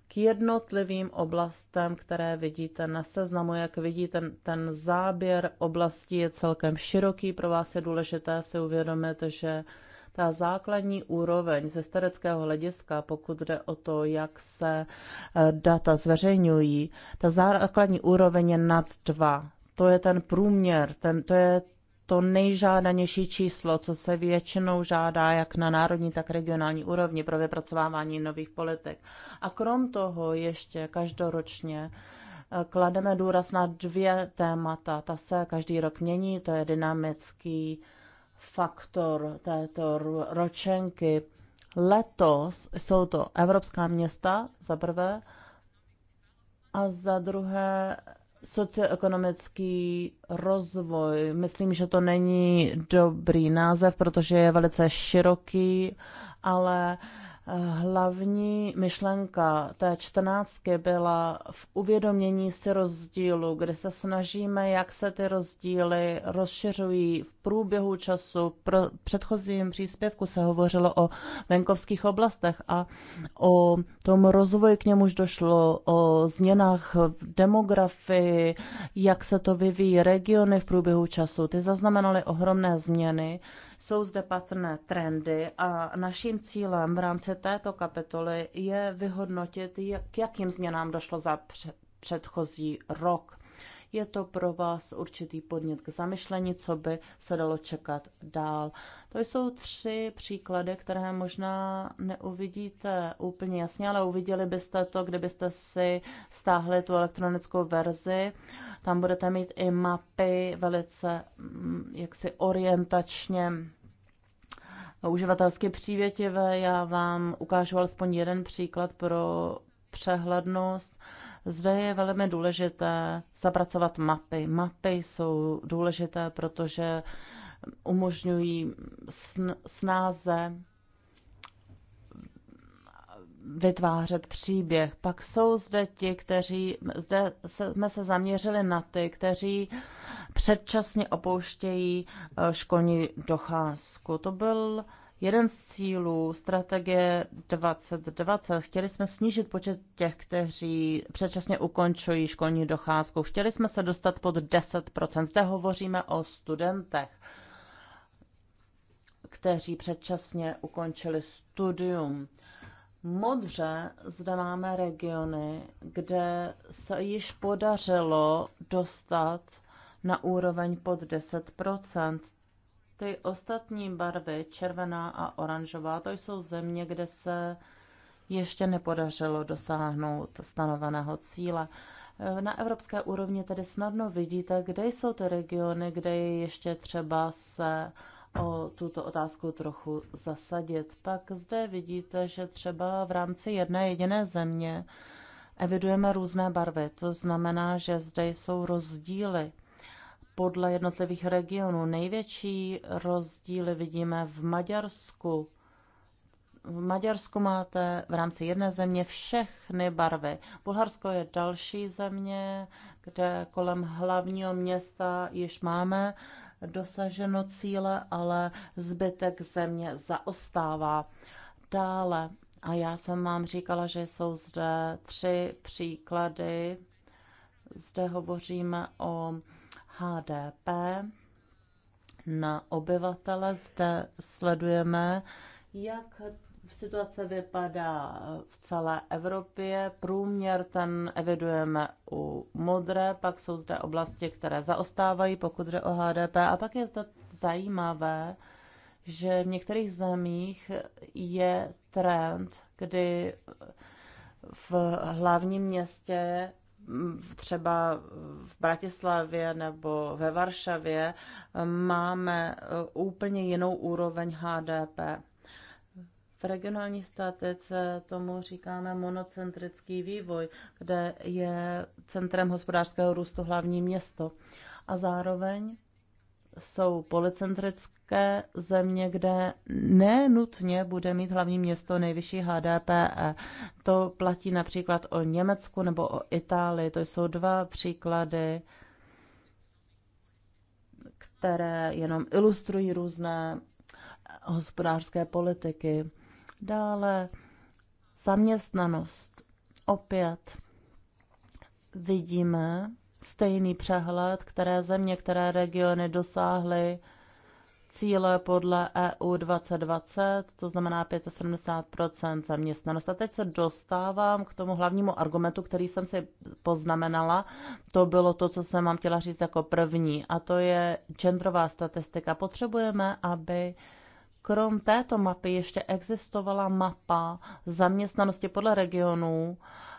k jednotlivým oblastem, které vidíte na seznamu. Jak vidíte, ten, ten záběr oblastí je celkem široký. Pro vás je důležité si uvědomit, že ta základní úroveň ze stareckého hlediska, pokud jde o to, jak se eh, data zveřejňují, ta základní úroveň je nad 2. To je ten průměr, ten, to je to nejžádanější číslo, co se většinou žádá jak na národní, tak regionální úrovni pro vypracovávání nových politik. A krom toho ještě každoročně eh, klademe důraz na dvě témata. Ta se každý rok mění, to je dynamický faktor této ročenky. Letos jsou to evropská města, za prvé, a za druhé socioekonomický rozvoj. Myslím, že to není dobrý název, protože je velice široký, ale Hlavní myšlenka té čtrnáctky byla v uvědomění si rozdílu, kde se snažíme, jak se ty rozdíly rozšiřují v průběhu času. Pro předchozím příspěvku se hovořilo o venkovských oblastech a o tom rozvoji k němuž došlo, o změnách v demografii, jak se to vyvíjí regiony v průběhu času. Ty zaznamenaly ohromné změny, jsou zde patrné trendy a naším cílem v rámci této kapitoly je vyhodnotit, k jakým změnám došlo za předchozí rok. Je to pro vás určitý podnět k zamyšlení, co by se dalo čekat dál. To jsou tři příklady, které možná neuvidíte úplně jasně, ale uviděli byste to, kdybyste si stáhli tu elektronickou verzi. Tam budete mít i mapy velice mm, jaksi orientačně uživatelsky přívětivé. Já vám ukážu alespoň jeden příklad pro přehlednost. Zde je velmi důležité zapracovat mapy. Mapy jsou důležité, protože umožňují snáze vytvářet příběh. Pak jsou zde ti, kteří, zde jsme se zaměřili na ty, kteří předčasně opouštějí eh, školní docházku. To byl jeden z cílů strategie 2020. Chtěli jsme snížit počet těch, kteří předčasně ukončují školní docházku. Chtěli jsme se dostat pod 10%. Zde hovoříme o studentech kteří předčasně ukončili studium. Modře zde máme regiony, kde se již podařilo dostat na úroveň pod 10 Ty ostatní barvy, červená a oranžová, to jsou země, kde se ještě nepodařilo dosáhnout stanoveného cíle. Na evropské úrovni tedy snadno vidíte, kde jsou ty regiony, kde je ještě třeba se uh, o tuto otázku trochu zasadit. Pak zde vidíte, že třeba v rámci jedné jediné země evidujeme různé barvy. To znamená, že zde jsou rozdíly podle jednotlivých regionů. Největší rozdíly vidíme v Maďarsku. V Maďarsku máte v rámci jedné země všechny barvy. Bulharsko je další země, kde kolem hlavního města již máme dosaženo cíle, ale zbytek země zaostává. Dále, a já jsem vám říkala, že jsou zde tři příklady. Zde hovoříme o HDP na obyvatele. Zde sledujeme, jak situace vypadá v celé Evropě. Průměr ten evidujeme u modré, pak jsou zde oblasti, které zaostávají, pokud jde o HDP. A pak je zde zajímavé, že v některých zemích je trend, kdy v hlavním městě třeba v Bratislavě nebo ve Varšavě máme úplně jinou úroveň HDP. V regionální statice tomu říkáme monocentrický vývoj, kde je centrem hospodářského růstu hlavní město. A zároveň jsou policentrické země, kde nenutně bude mít hlavní město nejvyšší HDP. To platí například o Německu nebo o Itálii. To jsou dva příklady, které jenom ilustrují různé hospodářské politiky. Dále zaměstnanost. Opět vidíme stejný přehled, které země, které regiony dosáhly cíle podle EU 2020, to znamená 75 zaměstnanost. A teď se dostávám k tomu hlavnímu argumentu, který jsem si poznamenala. To bylo to, co jsem vám chtěla říct jako první, a to je genderová statistika. Potřebujeme, aby krom této mapy ještě existovala mapa zaměstnanosti podle regionů,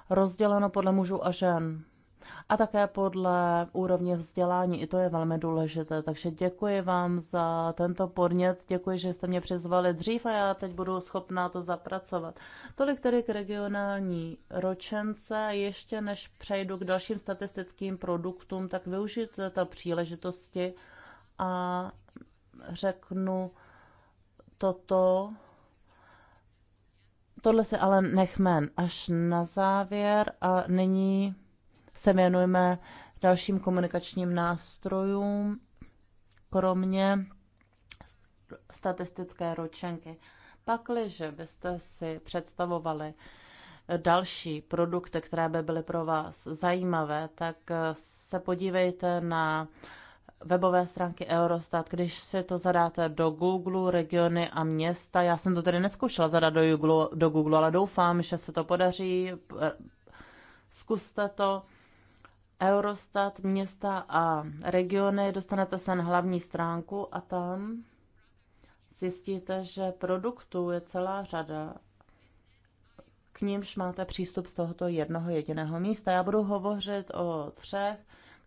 rozděleno podle mužů a žen. A také podle úrovně vzdělání, i to je velmi důležité. Takže děkuji vám za tento podnět, děkuji, že jste mě přizvali dřív a já teď budu schopná to zapracovat. Tolik tedy k regionální ročence. Ještě než přejdu k dalším statistickým produktům, tak využijte ta příležitosti a řeknu, toto Tohle si ale nechme až na závěr a nyní se věnujeme dalším komunikačním nástrojům, kromě statistické ročenky. Pakliže byste si představovali další produkty, které by byly pro vás zajímavé, tak se podívejte na webové stránky Eurostat, když si to zadáte do Google, regiony a města, já jsem to tedy neskoušela zadat do Google, do Google ale doufám, že se to podaří, zkuste to. Eurostat, města a regiony, dostanete se na hlavní stránku a tam zjistíte, že produktů je celá řada, k nímž máte přístup z tohoto jednoho jediného místa. Já budu hovořit o třech,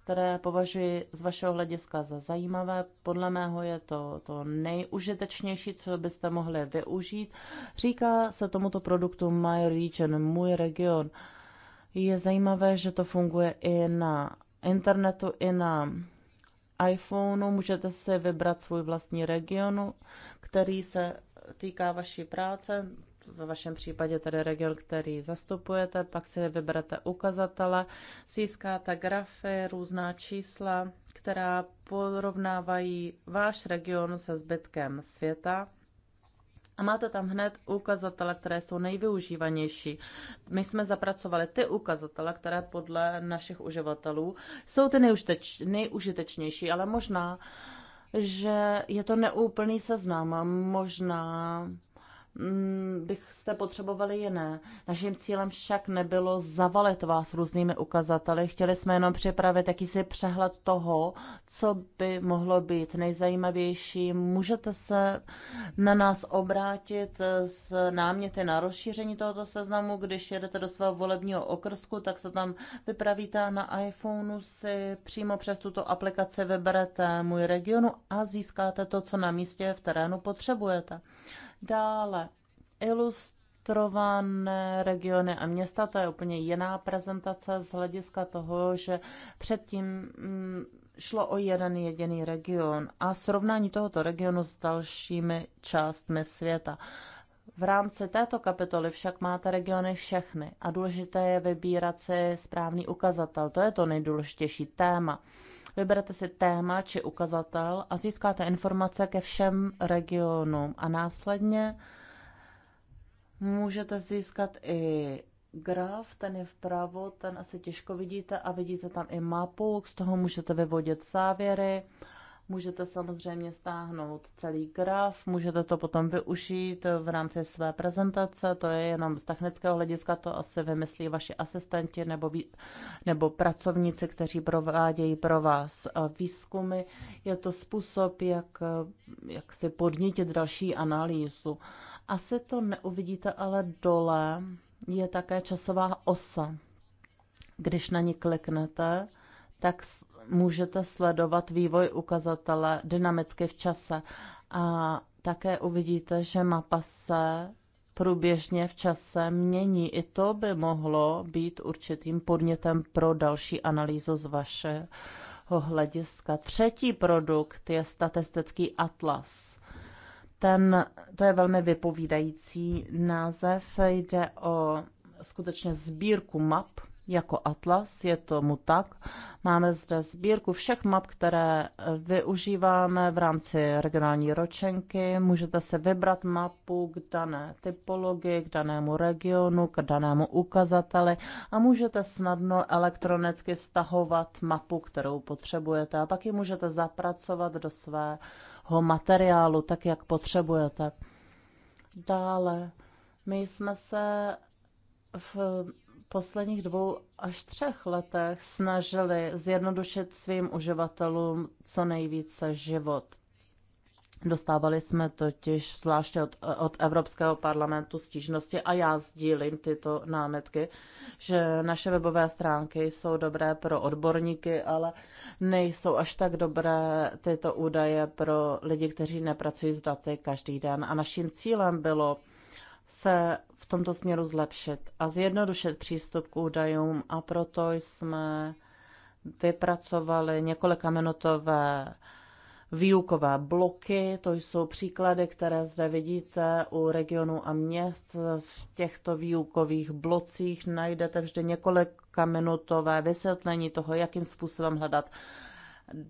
které považuji z vašeho hlediska za zajímavé. Podle mého je to to nejužitečnější, co byste mohli využít. Říká se tomuto produktu My Region, můj region. Je zajímavé, že to funguje i na internetu, i na iPhoneu. Můžete si vybrat svůj vlastní region, který se týká vaší práce ve vašem případě tedy region, který zastupujete, pak si vyberete ukazatele, získáte grafy, různá čísla, která porovnávají váš region se zbytkem světa. A máte tam hned ukazatele, které jsou nejvyužívanější. My jsme zapracovali ty ukazatele, které podle našich uživatelů jsou ty nejužiteč, nejužitečnější, ale možná, že je to neúplný seznam. Možná Mm, byste potřebovali jiné. Naším cílem však nebylo zavalit vás různými ukazateli, chtěli jsme jenom připravit jakýsi přehled toho, co by mohlo být nejzajímavější. Můžete se na nás obrátit s náměty na rozšíření tohoto seznamu, když jedete do svého volebního okrsku, tak se tam vypravíte na iPhoneu, si přímo přes tuto aplikaci vyberete můj regionu a získáte to, co na místě v terénu potřebujete. Dále ilustrované regiony a města, to je úplně jiná prezentace z hlediska toho, že předtím mm, šlo o jeden jediný region a srovnání tohoto regionu s dalšími částmi světa. V rámci této kapitoly však máte regiony všechny a důležité je vybírat si správný ukazatel. To je to nejdůležitější téma. Vyberete si téma či ukazatel a získáte informace ke všem regionům a následně můžete získat i graf, ten je vpravo, ten asi těžko vidíte a vidíte tam i mapu, z toho můžete vyvodit závěry Můžete samozřejmě stáhnout celý graf, můžete to potom využít v rámci své prezentace, to je jenom z technického hlediska, to asi vymyslí vaši asistenti nebo, vý, nebo pracovníci, kteří provádějí pro vás eh, výzkumy. Je to způsob, jak, eh, jak si podnítit další analýzu. Asi to neuvidíte, ale dole je také časová osa. Když na ní kliknete, tak můžete sledovat vývoj ukazatele dynamicky v čase a také uvidíte, že mapa se průběžně v čase mění. I to by mohlo být určitým podnětem pro další analýzu z vašeho hlediska. Třetí produkt je statistický atlas. Ten, to je velmi vypovídající název. Jde o skutečně sbírku map jako atlas, je tomu tak. Máme zde sbírku všech map, které eh, využíváme v rámci regionální ročenky. Můžete se vybrat mapu k dané typologii, k danému regionu, k danému ukazateli a můžete snadno elektronicky stahovat mapu, kterou potřebujete a pak ji můžete zapracovat do svého materiálu, tak jak potřebujete. Dále, my jsme se v posledních dvou až třech letech snažili zjednodušit svým uživatelům co nejvíce život. Dostávali jsme totiž zvláště od, od Evropského parlamentu stížnosti a já sdílím tyto námetky, že naše webové stránky jsou dobré pro odborníky, ale nejsou až tak dobré tyto údaje pro lidi, kteří nepracují s daty každý den. A naším cílem bylo se v tomto směru zlepšit a zjednodušit přístup k údajům a proto jsme vypracovali minutové výukové bloky. To jsou příklady, které zde vidíte u regionu a měst. V těchto výukových blocích najdete vždy minutové vysvětlení toho, jakým způsobem hledat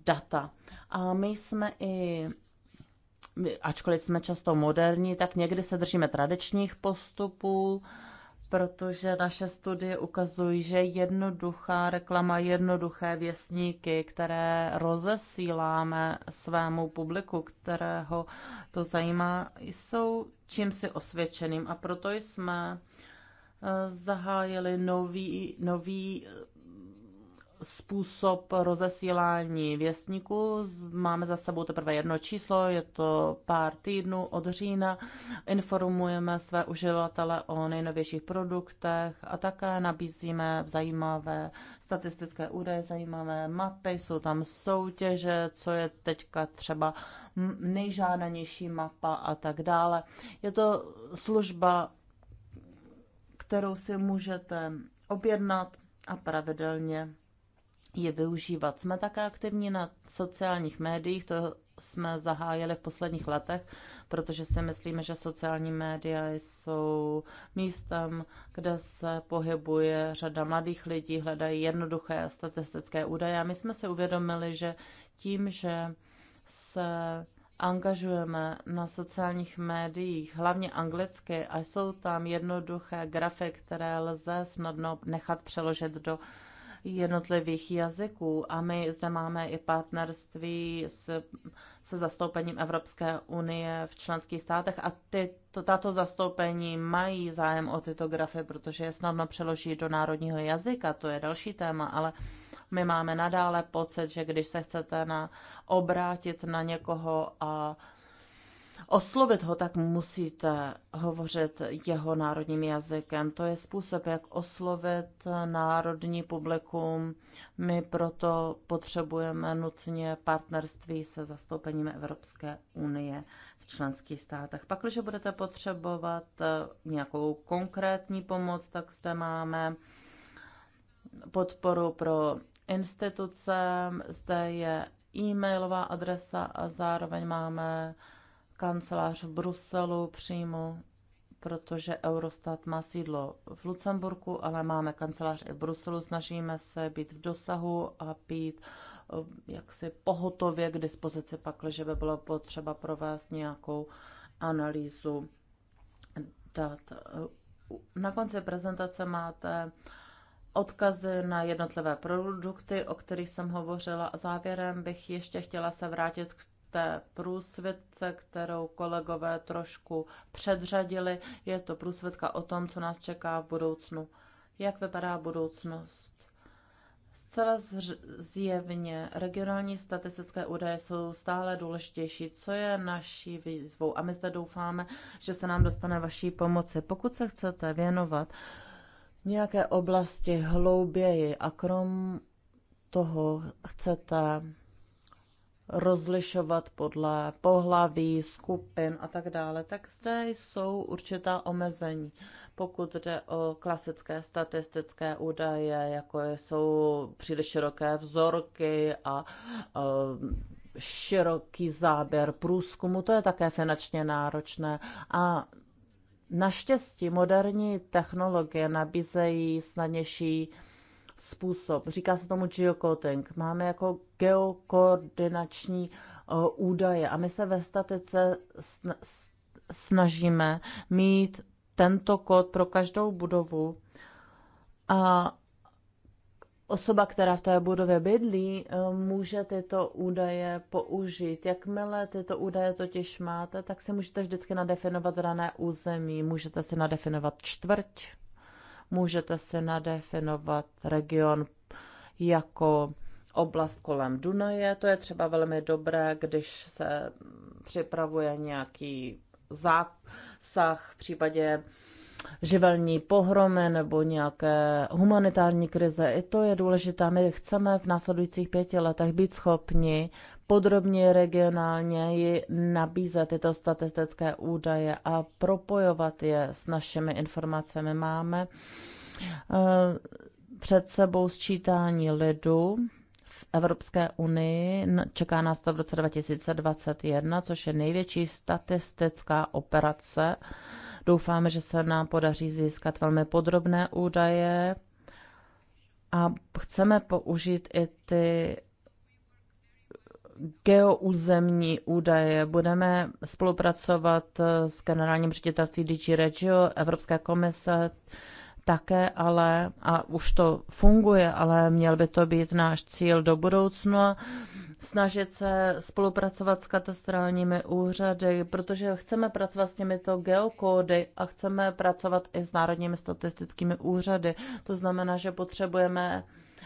data. A my jsme i ačkoliv jsme často moderní, tak někdy se držíme tradičních postupů, protože naše studie ukazují, že jednoduchá reklama, jednoduché věsníky, které rozesíláme svému publiku, kterého to zajímá, jsou čím si osvědčeným a proto jsme eh, zahájili nový, nový způsob rozesílání věstníků. Máme za sebou teprve jedno číslo, je to pár týdnů od října. Informujeme své uživatele o nejnovějších produktech a také nabízíme zajímavé statistické údaje, zajímavé mapy, jsou tam soutěže, co je teďka třeba nejžádanější mapa a tak dále. Je to služba, kterou si můžete objednat a pravidelně je využívat. Jsme také aktivní na sociálních médiích, to jsme zahájili v posledních letech, protože si myslíme, že sociální média jsou místem, kde se pohybuje řada mladých lidí, hledají jednoduché statistické údaje. A my jsme si uvědomili, že tím, že se angažujeme na sociálních médiích, hlavně anglicky, a jsou tam jednoduché grafy, které lze snadno nechat přeložit do jednotlivých jazyků a my zde máme i partnerství s, se zastoupením Evropské unie v členských státech a ty, to, tato zastoupení mají zájem o tyto grafy, protože je snadno přeložit do národního jazyka, to je další téma, ale my máme nadále pocit, že když se chcete na, obrátit na někoho a oslovit ho, tak musíte hovořit jeho národním jazykem. To je způsob, jak oslovit národní publikum. My proto potřebujeme nutně partnerství se zastoupením Evropské unie v členských státech. Pak, když budete potřebovat eh, nějakou konkrétní pomoc, tak zde máme podporu pro instituce, zde je e-mailová adresa a zároveň máme kancelář v Bruselu přímo, protože Eurostat má sídlo v Lucemburku, ale máme kancelář i v Bruselu. Snažíme se být v dosahu a být eh, jaksi pohotově k dispozici, že by bylo potřeba provést nějakou analýzu dat. Eh, na konci prezentace máte odkazy na jednotlivé produkty, o kterých jsem hovořila. závěrem bych ještě chtěla se vrátit k té průsvědce, kterou kolegové trošku předřadili. Je to průsvědka o tom, co nás čeká v budoucnu. Jak vypadá budoucnost? Zcela zjevně regionální statistické údaje jsou stále důležitější, co je naší výzvou. A my zde doufáme, že se nám dostane vaší pomoci. Pokud se chcete věnovat nějaké oblasti hlouběji a krom toho chcete rozlišovat podle pohlaví, skupin a tak dále, tak zde jsou určitá omezení. Pokud jde o klasické statistické údaje, jako jsou příliš široké vzorky a široký záběr průzkumu, to je také finančně náročné a Naštěstí moderní technologie nabízejí snadnější způsob. Říká se tomu geocoding. Máme jako geokoordinační uh, údaje a my se ve statice snažíme mít tento kód pro každou budovu a osoba, která v té budově bydlí, uh, může tyto údaje použít. Jakmile tyto údaje totiž máte, tak si můžete vždycky nadefinovat dané území. Můžete si nadefinovat čtvrť, Můžete si nadefinovat region jako oblast kolem Dunaje. To je třeba velmi dobré, když se připravuje nějaký zásah v případě živelní pohromy nebo nějaké humanitární krize. I to je důležité. My chceme v následujících pěti letech být schopni podrobně regionálně ji nabízet tyto statistické údaje a propojovat je s našimi informacemi. Máme eh, před sebou sčítání lidu v Evropské unii. Čeká nás to v roce 2021, což je největší statistická operace Doufáme, že se nám podaří získat velmi podrobné údaje a chceme použít i ty geoúzemní údaje. Budeme spolupracovat s generálním ředitelství DG Regio, Evropské komise, také ale, a už to funguje, ale měl by to být náš cíl do budoucna, snažit se spolupracovat s katastrálními úřady, protože chceme pracovat s těmito geokódy a chceme pracovat i s národními statistickými úřady. To znamená, že potřebujeme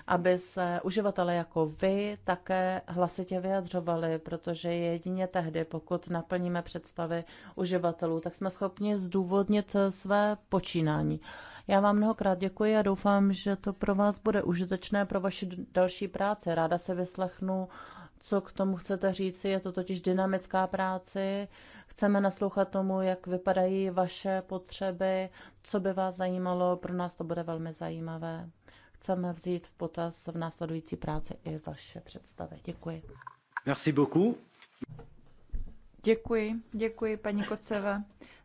aby se uživatelé jako vy také hlasitě vyjadřovali, protože jedině tehdy, pokud naplníme představy uživatelů, tak jsme schopni zdůvodnit své počínání. Já vám mnohokrát děkuji a doufám, že to pro vás bude užitečné pro vaši další práci. Ráda se vyslechnu co k tomu chcete říci, je to totiž dynamická práce, chceme naslouchat tomu, jak vypadají vaše potřeby, co by vás zajímalo, pro nás to bude velmi zajímavé chceme vzít v potaz v následující práci i vaše představy. Děkuji. Merci beaucoup. Děkuji, děkuji paní Koceva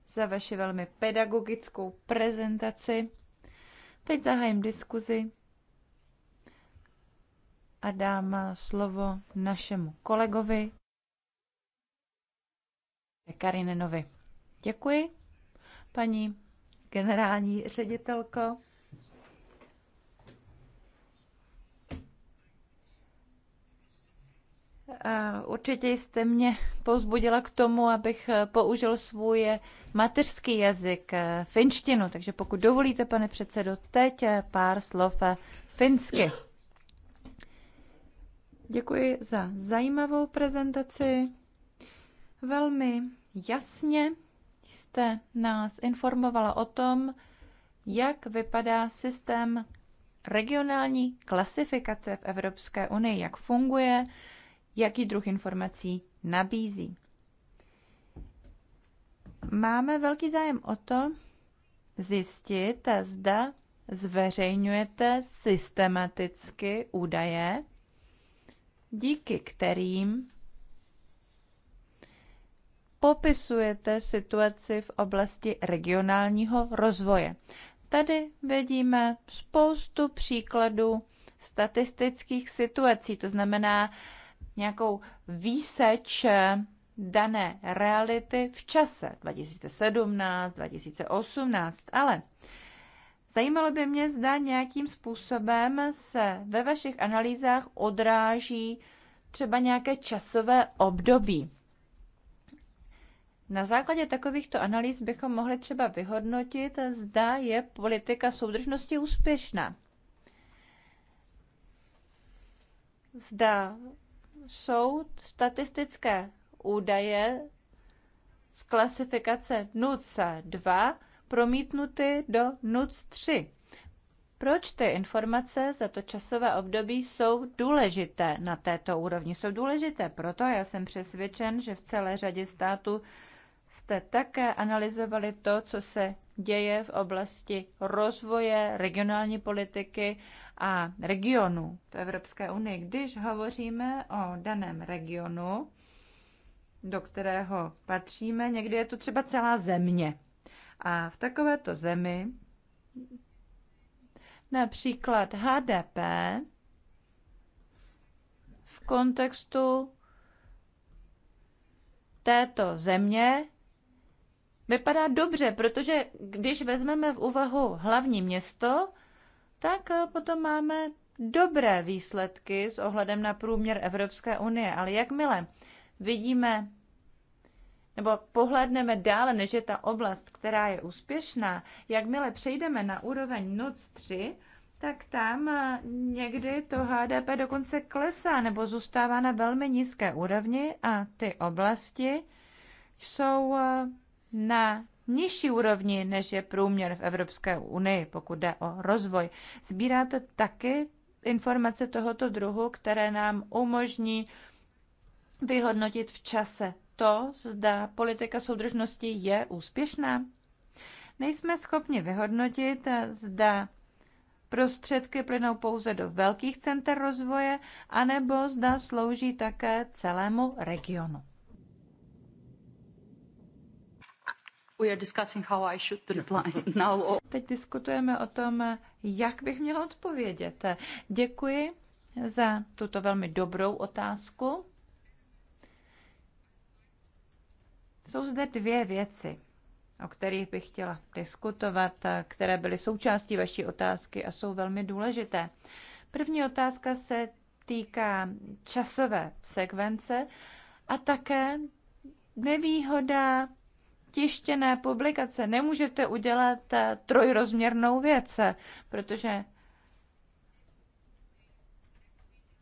za vaši velmi pedagogickou prezentaci. Teď zahájím diskuzi a dám slovo našemu kolegovi Karinenovi. Děkuji, paní generální ředitelko. Určitě jste mě pozbudila k tomu, abych použil svůj mateřský jazyk, eh, finštinu. Takže pokud dovolíte, pane předsedo, teď eh, pár slov eh, finsky. Děkuji za zajímavou prezentaci. Velmi jasně jste nás informovala o tom, jak vypadá systém regionální klasifikace v Evropské unii, jak funguje, jaký druh informací nabízí. Máme velký zájem o to zjistit, zda zveřejňujete systematicky údaje, díky kterým popisujete situaci v oblasti regionálního rozvoje. Tady vidíme spoustu příkladů statistických situací, to znamená nějakou výseč eh, dané reality v čase 2017, 2018, ale zajímalo by mě, zda nějakým způsobem se ve vašich analýzách odráží třeba nějaké časové období. Na základě takovýchto analýz bychom mohli třeba vyhodnotit, zda je politika soudržnosti úspěšná. Zda jsou statistické údaje z klasifikace NUC 2 promítnuty do NUC 3. Proč ty informace za to časové období jsou důležité na této úrovni? Jsou důležité proto, já jsem přesvědčen, že v celé řadě států jste také analyzovali to, co se děje v oblasti rozvoje regionální politiky a regionu v Evropské unii. Když hovoříme o daném regionu, do kterého patříme, někdy je to třeba celá země. A v takovéto zemi například HDP v kontextu této země vypadá dobře, protože když vezmeme v úvahu hlavní město, tak eh, potom máme dobré výsledky s ohledem na průměr Evropské unie. Ale jakmile vidíme nebo pohledneme dále, než je ta oblast, která je úspěšná, jakmile přejdeme na úroveň NOC 3, tak tam eh, někdy to HDP dokonce klesá nebo zůstává na velmi nízké úrovni a ty oblasti jsou eh, na nižší úrovni, než je průměr v Evropské unii, pokud jde o rozvoj. Sbíráte taky informace tohoto druhu, které nám umožní vyhodnotit v čase to, zda politika soudržnosti je úspěšná? Nejsme schopni vyhodnotit, zda prostředky plynou pouze do velkých center rozvoje, anebo zda slouží také celému regionu. Teď diskutujeme o tom, jak bych měla odpovědět. Děkuji za tuto velmi dobrou otázku. Jsou zde dvě věci, o kterých bych chtěla diskutovat, které byly součástí vaší otázky a jsou velmi důležité. První otázka se týká časové sekvence a také nevýhoda tištěné publikace. Nemůžete udělat eh, trojrozměrnou věc, eh, protože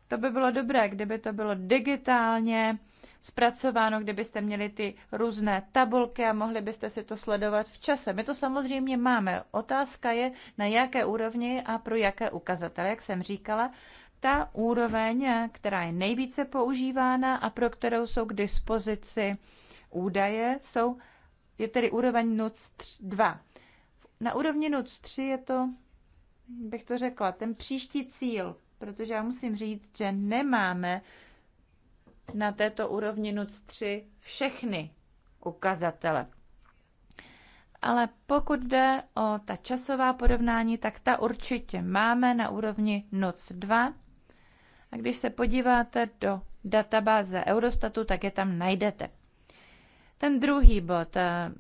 to by bylo dobré, kdyby to bylo digitálně zpracováno, kdybyste měli ty různé tabulky a mohli byste si to sledovat v čase. My to samozřejmě máme. Otázka je, na jaké úrovni a pro jaké ukazatele. Jak jsem říkala, ta úroveň, eh, která je nejvíce používána a pro kterou jsou k dispozici údaje, jsou je tedy úroveň noc 2. Na úrovni noc 3 je to, bych to řekla, ten příští cíl, protože já musím říct, že nemáme na této úrovni noc 3 všechny ukazatele. Ale pokud jde o ta časová porovnání, tak ta určitě máme na úrovni noc 2. A když se podíváte do databáze Eurostatu, tak je tam najdete. Ten druhý bod, eh,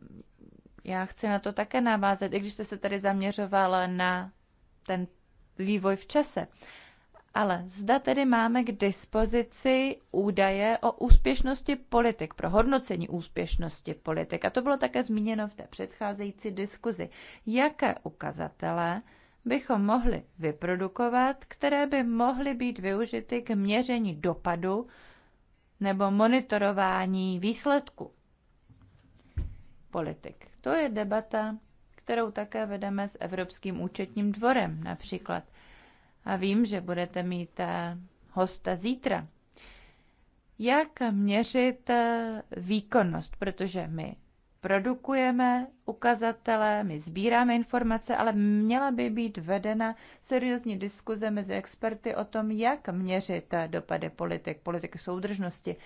já chci na to také navázat, i když jste se tady zaměřoval na ten vývoj v čase. Ale zda tedy máme k dispozici údaje o úspěšnosti politik, pro hodnocení úspěšnosti politik. A to bylo také zmíněno v té předcházející diskuzi. Jaké ukazatele bychom mohli vyprodukovat, které by mohly být využity k měření dopadu nebo monitorování výsledku politik. To je debata, kterou také vedeme s Evropským účetním dvorem například. A vím, že budete mít eh, hosta zítra. Jak měřit eh, výkonnost? Protože my produkujeme ukazatele, my sbíráme informace, ale měla by být vedena seriózní diskuze mezi experty o tom, jak měřit eh, dopady politik, politiky soudržnosti,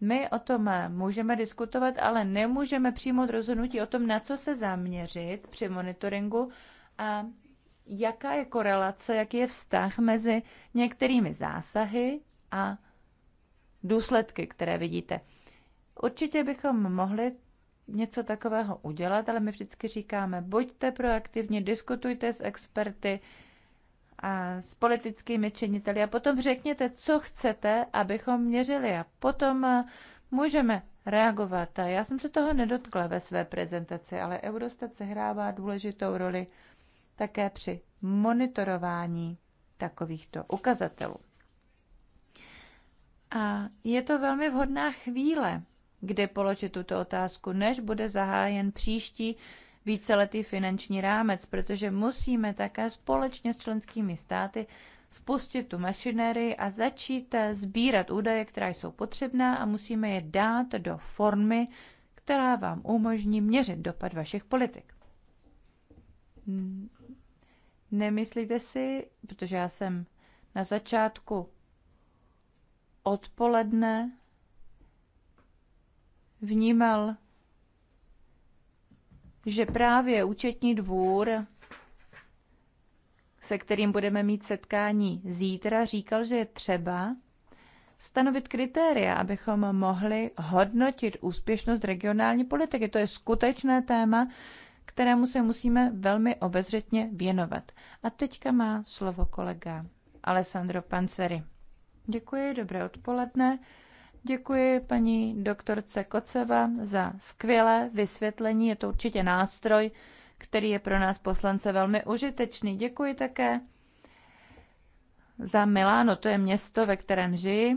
my o tom můžeme diskutovat, ale nemůžeme přijmout rozhodnutí o tom, na co se zaměřit při monitoringu a jaká je korelace, jaký je vztah mezi některými zásahy a důsledky, které vidíte. Určitě bychom mohli něco takového udělat, ale my vždycky říkáme, buďte proaktivní, diskutujte s experty, s politickými činiteli a potom řekněte, co chcete, abychom měřili a potom eh, můžeme reagovat. A já jsem se toho nedotkla ve své prezentaci, ale Eurostat hrává důležitou roli také při monitorování takovýchto ukazatelů. A je to velmi vhodná chvíle, kdy položit tuto otázku, než bude zahájen příští víceletý finanční rámec, protože musíme také společně s členskými státy spustit tu mašinérii a začít sbírat údaje, která jsou potřebná a musíme je dát do formy, která vám umožní měřit dopad vašich politik. Nemyslíte si, protože já jsem na začátku odpoledne vnímal že právě účetní dvůr, se kterým budeme mít setkání zítra, říkal, že je třeba stanovit kritéria, abychom mohli hodnotit úspěšnost regionální politiky. To je skutečné téma, kterému se musíme velmi obezřetně věnovat. A teďka má slovo kolega Alessandro Panceri. Děkuji, dobré odpoledne. Děkuji paní doktorce Koceva za skvělé vysvětlení. Je to určitě nástroj, který je pro nás poslance velmi užitečný. Děkuji také za Miláno, to je město, ve kterém žiji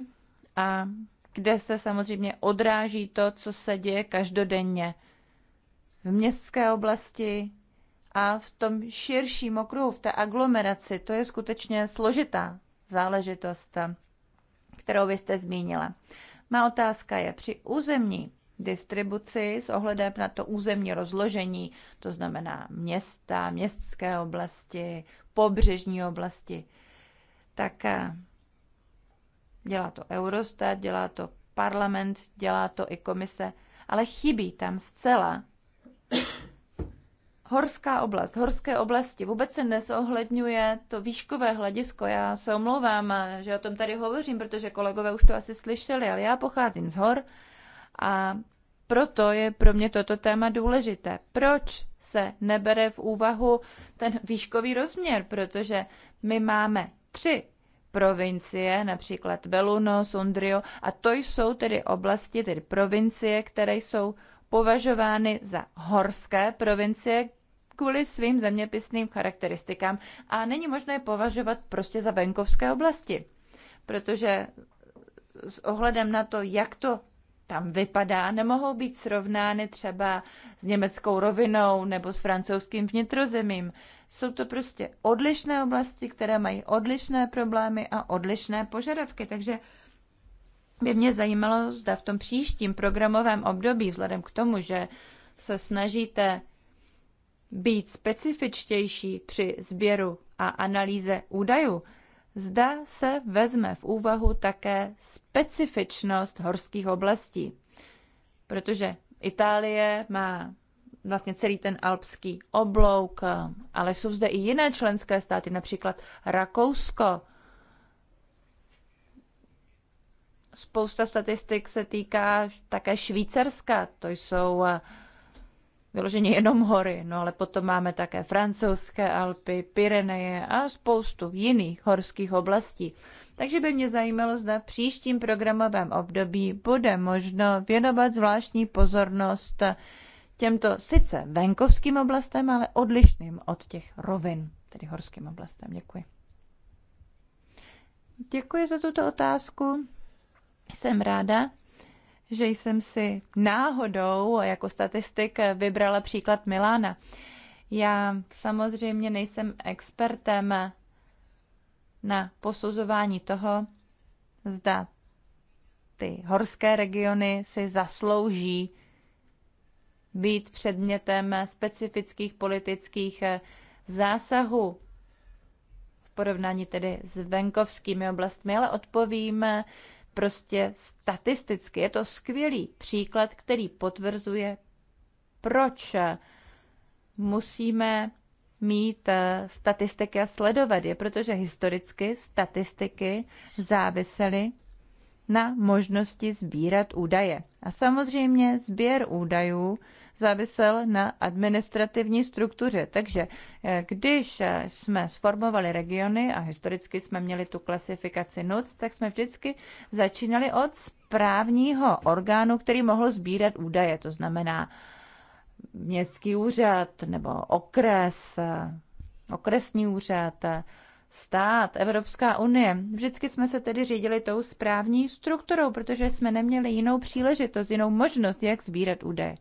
a kde se samozřejmě odráží to, co se děje každodenně v městské oblasti a v tom širším okruhu, v té aglomeraci. To je skutečně složitá záležitost, kterou vy jste zmínila. Má otázka je, při územní distribuci s ohledem na to územní rozložení, to znamená města, městské oblasti, pobřežní oblasti, tak eh, dělá to Eurostat, dělá to parlament, dělá to i komise, ale chybí tam zcela horská oblast, horské oblasti. Vůbec se nezohledňuje to výškové hledisko. Já se omlouvám, že o tom tady hovořím, protože kolegové už to asi slyšeli, ale já pocházím z hor a proto je pro mě toto téma důležité. Proč se nebere v úvahu ten výškový rozměr? Protože my máme tři provincie, například Beluno, Sondrio, a to jsou tedy oblasti, tedy provincie, které jsou považovány za horské provincie, kvůli svým zeměpisným charakteristikám a není možné je považovat prostě za venkovské oblasti. Protože s ohledem na to, jak to tam vypadá, nemohou být srovnány třeba s německou rovinou nebo s francouzským vnitrozemím. Jsou to prostě odlišné oblasti, které mají odlišné problémy a odlišné požadavky. Takže by mě zajímalo, zda v tom příštím programovém období, vzhledem k tomu, že se snažíte být specifičtější při sběru a analýze údajů, zda se vezme v úvahu také specifičnost horských oblastí. Protože Itálie má vlastně celý ten alpský oblouk, ale jsou zde i jiné členské státy, například Rakousko. Spousta statistik se týká také Švýcarska, to jsou vyloženě jenom hory, no ale potom máme také francouzské Alpy, Pyreneje a spoustu jiných horských oblastí. Takže by mě zajímalo, zda v příštím programovém období bude možno věnovat zvláštní pozornost těmto sice venkovským oblastem, ale odlišným od těch rovin, tedy horským oblastem. Děkuji. Děkuji za tuto otázku. Jsem ráda, že jsem si náhodou jako statistik vybrala příklad Milána. Já samozřejmě nejsem expertem na posuzování toho, zda ty horské regiony si zaslouží být předmětem specifických politických zásahů v porovnání tedy s venkovskými oblastmi, ale odpovím prostě statisticky. Je to skvělý příklad, který potvrzuje, proč musíme mít eh, statistiky a sledovat je, protože historicky statistiky závisely na možnosti sbírat údaje. A samozřejmě sběr údajů závisel na administrativní struktuře. Takže eh, když eh, jsme sformovali regiony a historicky jsme měli tu klasifikaci NUC, tak jsme vždycky začínali od správního orgánu, který mohl sbírat údaje, to znamená městský úřad nebo okres, eh, okresní úřad, stát, Evropská unie. Vždycky jsme se tedy řídili tou správní strukturou, protože jsme neměli jinou příležitost, jinou možnost, jak sbírat údaje.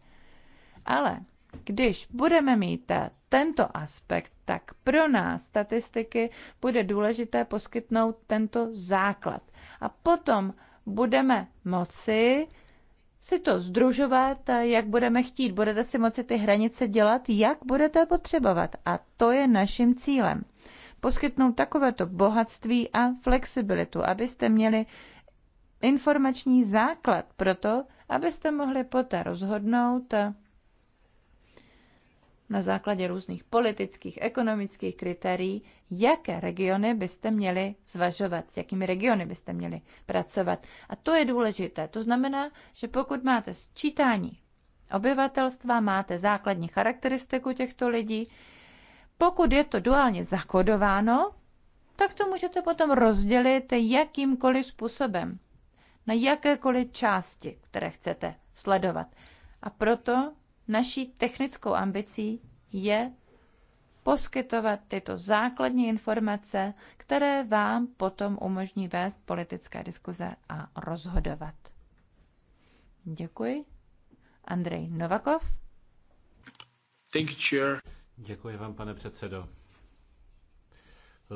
Ale když budeme mít tento aspekt, tak pro nás statistiky bude důležité poskytnout tento základ. A potom budeme moci si to združovat, jak budeme chtít. Budete si moci ty hranice dělat, jak budete potřebovat. A to je naším cílem. Poskytnout takovéto bohatství a flexibilitu, abyste měli informační základ pro to, abyste mohli poté rozhodnout, na základě různých politických, ekonomických kritérií, jaké regiony byste měli zvažovat, s jakými regiony byste měli pracovat. A to je důležité. To znamená, že pokud máte sčítání obyvatelstva, máte základní charakteristiku těchto lidí, pokud je to duálně zakodováno, tak to můžete potom rozdělit jakýmkoliv způsobem na jakékoliv části, které chcete sledovat. A proto Naší technickou ambicí je poskytovat tyto základní informace, které vám potom umožní vést politické diskuze a rozhodovat. Děkuji. Andrej Novakov. Thank you, chair. Děkuji vám, pane předsedo.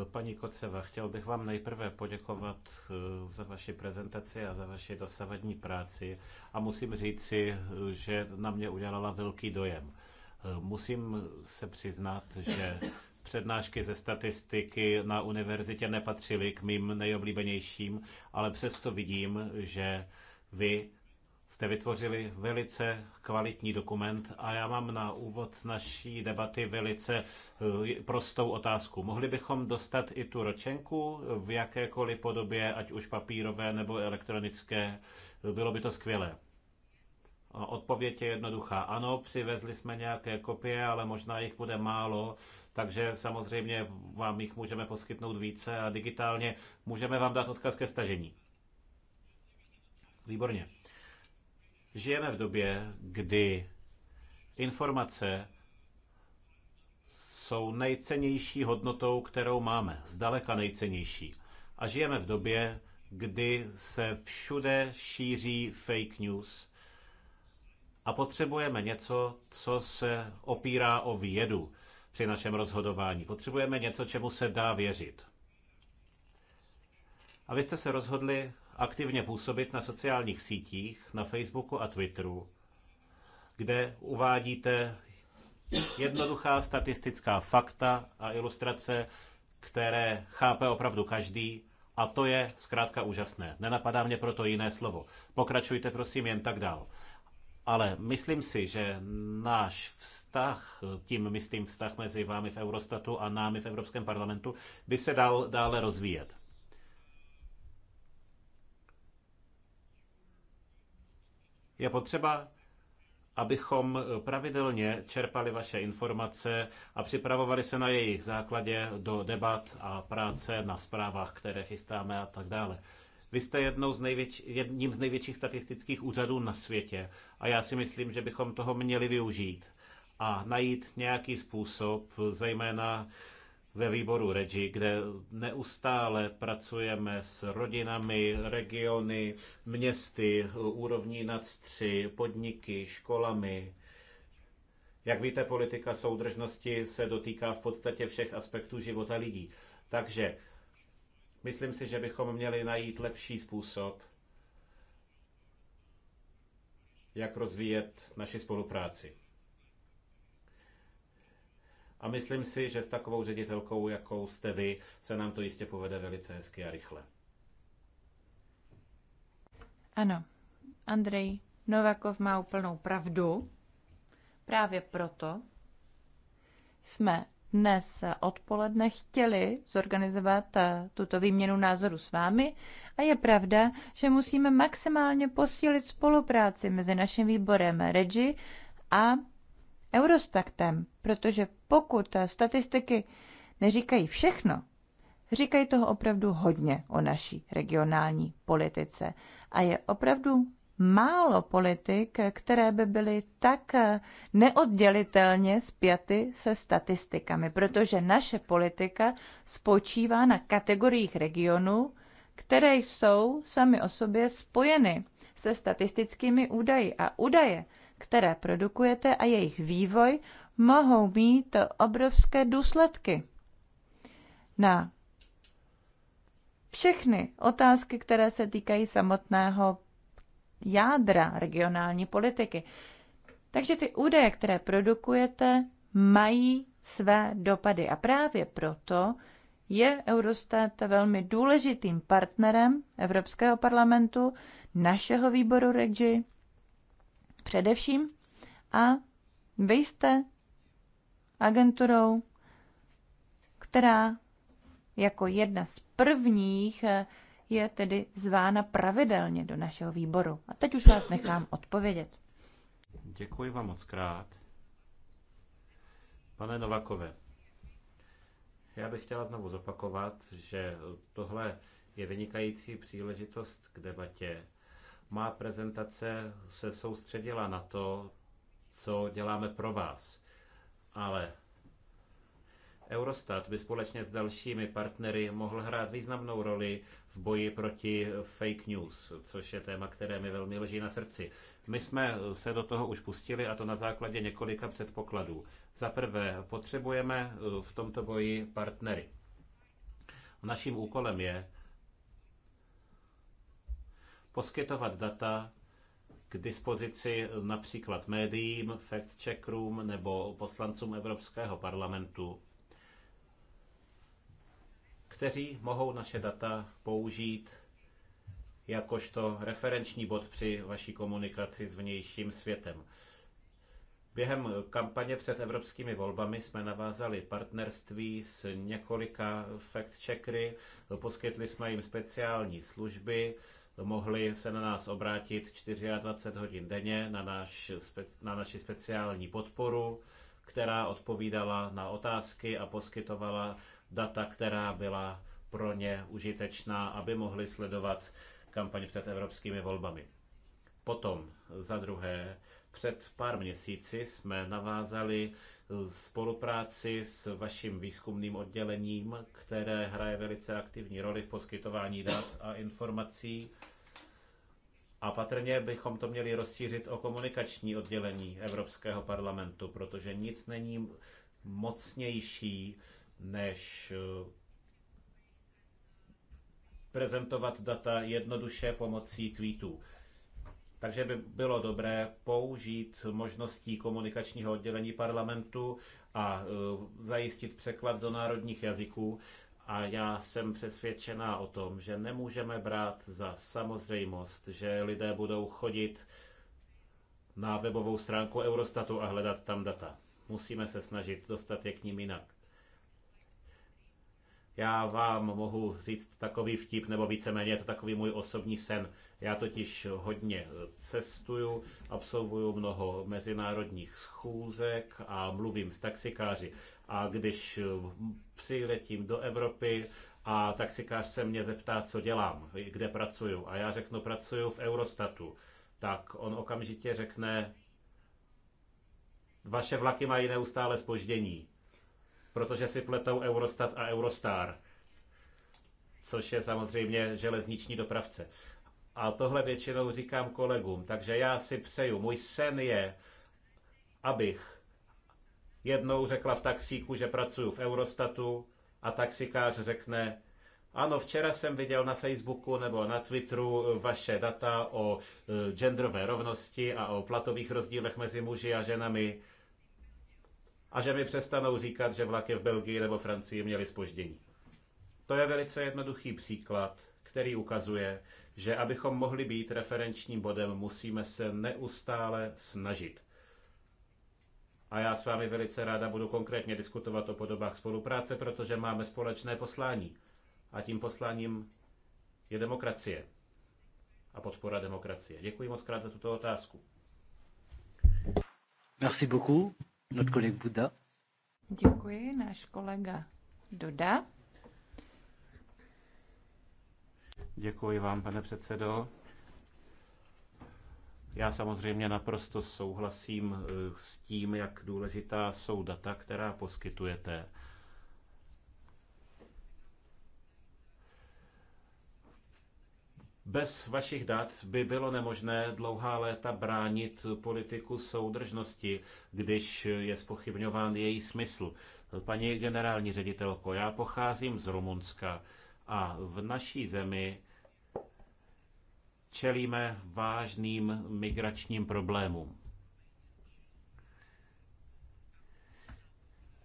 Paní Koceva, chtěl bych vám nejprve poděkovat eh, za vaši prezentaci a za vaši dosavadní práci a musím říci, eh, že na mě udělala velký dojem. Eh, musím se přiznat, že přednášky ze statistiky na univerzitě nepatřily k mým nejoblíbenějším, ale přesto vidím, že vy jste vytvořili velice kvalitní dokument a já mám na úvod naší debaty velice eh, prostou otázku. Mohli bychom dostat i tu ročenku v jakékoliv podobě, ať už papírové nebo elektronické? Bylo by to skvělé. Odpověď je jednoduchá. Ano, přivezli jsme nějaké kopie, ale možná jich bude málo, takže samozřejmě vám jich můžeme poskytnout více a digitálně můžeme vám dát odkaz ke stažení. Výborně. Žijeme v době, kdy informace jsou nejcennější hodnotou, kterou máme, zdaleka nejcennější. A žijeme v době, kdy se všude šíří fake news a potřebujeme něco, co se opírá o vědu při našem rozhodování. Potřebujeme něco, čemu se dá věřit. A vy jste se rozhodli aktivně působit na sociálních sítích, na Facebooku a Twitteru, kde uvádíte jednoduchá statistická fakta a ilustrace, které chápe opravdu každý a to je zkrátka úžasné. Nenapadá mě proto jiné slovo. Pokračujte prosím jen tak dál. Ale myslím si, že náš vztah, tím myslím vztah mezi vámi v Eurostatu a námi v Evropském parlamentu, by se dal dále rozvíjet. Je potřeba, abychom pravidelně čerpali vaše informace a připravovali se na jejich základě do debat a práce na zprávách, které chystáme a tak dále. Vy jste jednou z největš- jedním z největších statistických úřadů na světě a já si myslím, že bychom toho měli využít a najít nějaký způsob, zejména ve výboru REGI, kde neustále pracujeme s rodinami, regiony, městy, úrovní nad tři, podniky, školami. Jak víte, politika soudržnosti se dotýká v podstatě všech aspektů života lidí. Takže myslím si, že bychom měli najít lepší způsob, jak rozvíjet naši spolupráci. A myslím si, že s takovou ředitelkou, jakou jste vy, se nám to jistě povede velice hezky a rychle. Ano, Andrej Novakov má úplnou pravdu. Právě proto jsme dnes odpoledne chtěli zorganizovat eh, tuto výměnu názoru s vámi a je pravda, že musíme maximálně posílit spolupráci mezi naším výborem REGI a Eurostatem, protože pokud statistiky neříkají všechno, říkají toho opravdu hodně o naší regionální politice. A je opravdu málo politik, které by byly tak neoddělitelně spjaty se statistikami, protože naše politika spočívá na kategoriích regionů, které jsou sami o sobě spojeny se statistickými údaji. A údaje které produkujete a jejich vývoj mohou mít obrovské důsledky na všechny otázky, které se týkají samotného jádra regionální politiky. Takže ty údaje, které produkujete, mají své dopady. A právě proto je Eurostat velmi důležitým partnerem Evropského parlamentu, našeho výboru REGI především. A vy jste agenturou, která jako jedna z prvních eh, je tedy zvána pravidelně do našeho výboru. A teď už vás nechám odpovědět. Děkuji vám moc krát. Pane Novakové, já bych chtěla znovu zopakovat, že tohle je vynikající příležitost k debatě má prezentace se soustředila na to, co děláme pro vás. Ale Eurostat by společně s dalšími partnery mohl hrát významnou roli v boji proti fake news, což je téma, které mi velmi leží na srdci. My jsme se do toho už pustili a to na základě několika předpokladů. Za prvé, potřebujeme v tomto boji partnery. Naším úkolem je poskytovat data k dispozici například médiím, fact-checkerům nebo poslancům Evropského parlamentu, kteří mohou naše data použít jakožto referenční bod při vaší komunikaci s vnějším světem. Během kampaně před evropskými volbami jsme navázali partnerství s několika fact-checkery, poskytli jsme jim speciální služby, mohli se na nás obrátit 24 hodin denně na, naš, na naši speciální podporu, která odpovídala na otázky a poskytovala data, která byla pro ně užitečná, aby mohli sledovat kampaň před evropskými volbami. Potom, za druhé, před pár měsíci jsme navázali spolupráci s vaším výzkumným oddělením, které hraje velice aktivní roli v poskytování dat a informací. A patrně bychom to měli rozšířit o komunikační oddělení Evropského parlamentu, protože nic není mocnější než eh, prezentovat data jednoduše pomocí tweetů. Takže by bylo dobré použít možností komunikačního oddělení parlamentu a e, zajistit překlad do národních jazyků. A já jsem přesvědčená o tom, že nemůžeme brát za samozřejmost, že lidé budou chodit na webovou stránku Eurostatu a hledat tam data. Musíme se snažit dostat je k ním jinak. Já vám mohu říct takový vtip, nebo víceméně je to takový můj osobní sen. Já totiž hodně cestuju, absolvuju mnoho mezinárodních schůzek a mluvím s taxikáři. A když přiletím do Evropy a taxikář se mě zeptá, co dělám, kde pracuju, a já řeknu, pracuju v Eurostatu, tak on okamžitě řekne, vaše vlaky mají neustále spoždění protože si pletou Eurostat a Eurostar, což je samozřejmě železniční dopravce. A tohle většinou říkám kolegům, takže já si přeju, můj sen je, abych jednou řekla v taxíku, že pracuji v Eurostatu a taxikář řekne, ano, včera jsem viděl na Facebooku nebo na Twitteru eh, vaše data o eh, genderové rovnosti a o platových rozdílech mezi muži a ženami a že mi přestanou říkat, že vlaky v Belgii nebo Francii měly spoždění. To je velice jednoduchý příklad, který ukazuje, že abychom mohli být referenčním bodem, musíme se neustále snažit. A já s vámi velice ráda budu konkrétně diskutovat o podobách spolupráce, protože máme společné poslání. A tím posláním je demokracie a podpora demokracie. Děkuji moc krát za tuto otázku. Merci beaucoup notre collègue Bouddha. Děkuji, náš kolega Doda. Děkuji vám, pane předsedo. Já samozřejmě naprosto souhlasím eh, s tím, jak důležitá jsou data, která poskytujete. Bez vašich dat by bylo nemožné dlouhá léta bránit politiku soudržnosti, když je spochybňován její smysl. Paní generální ředitelko, já pocházím z Rumunska a v naší zemi čelíme vážným migračním problémům.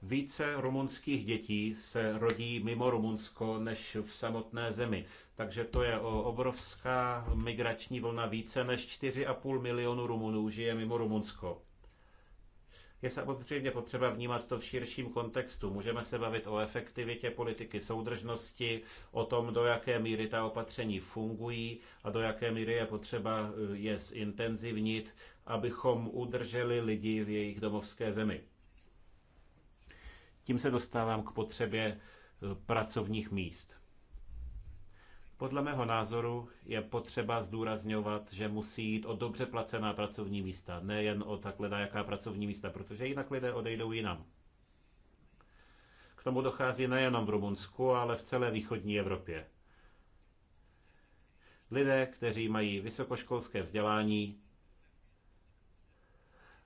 Více rumunských dětí se rodí mimo Rumunsko než v samotné zemi. Takže to je obrovská migrační vlna. Více než 4,5 milionu Rumunů žije mimo Rumunsko. Je samozřejmě potřeba vnímat to v širším kontextu. Můžeme se bavit o efektivitě politiky soudržnosti, o tom, do jaké míry ta opatření fungují a do jaké míry je potřeba eh, je zintenzivnit, abychom udrželi lidi v jejich domovské zemi. Tím se dostávám k potřebě eh, pracovních míst. Podle mého názoru je potřeba zdůrazňovat, že musí jít o dobře placená pracovní místa, nejen o takhle jaká pracovní místa, protože jinak lidé odejdou jinam. K tomu dochází nejenom v Rumunsku, ale v celé východní Evropě. Lidé, kteří mají vysokoškolské vzdělání,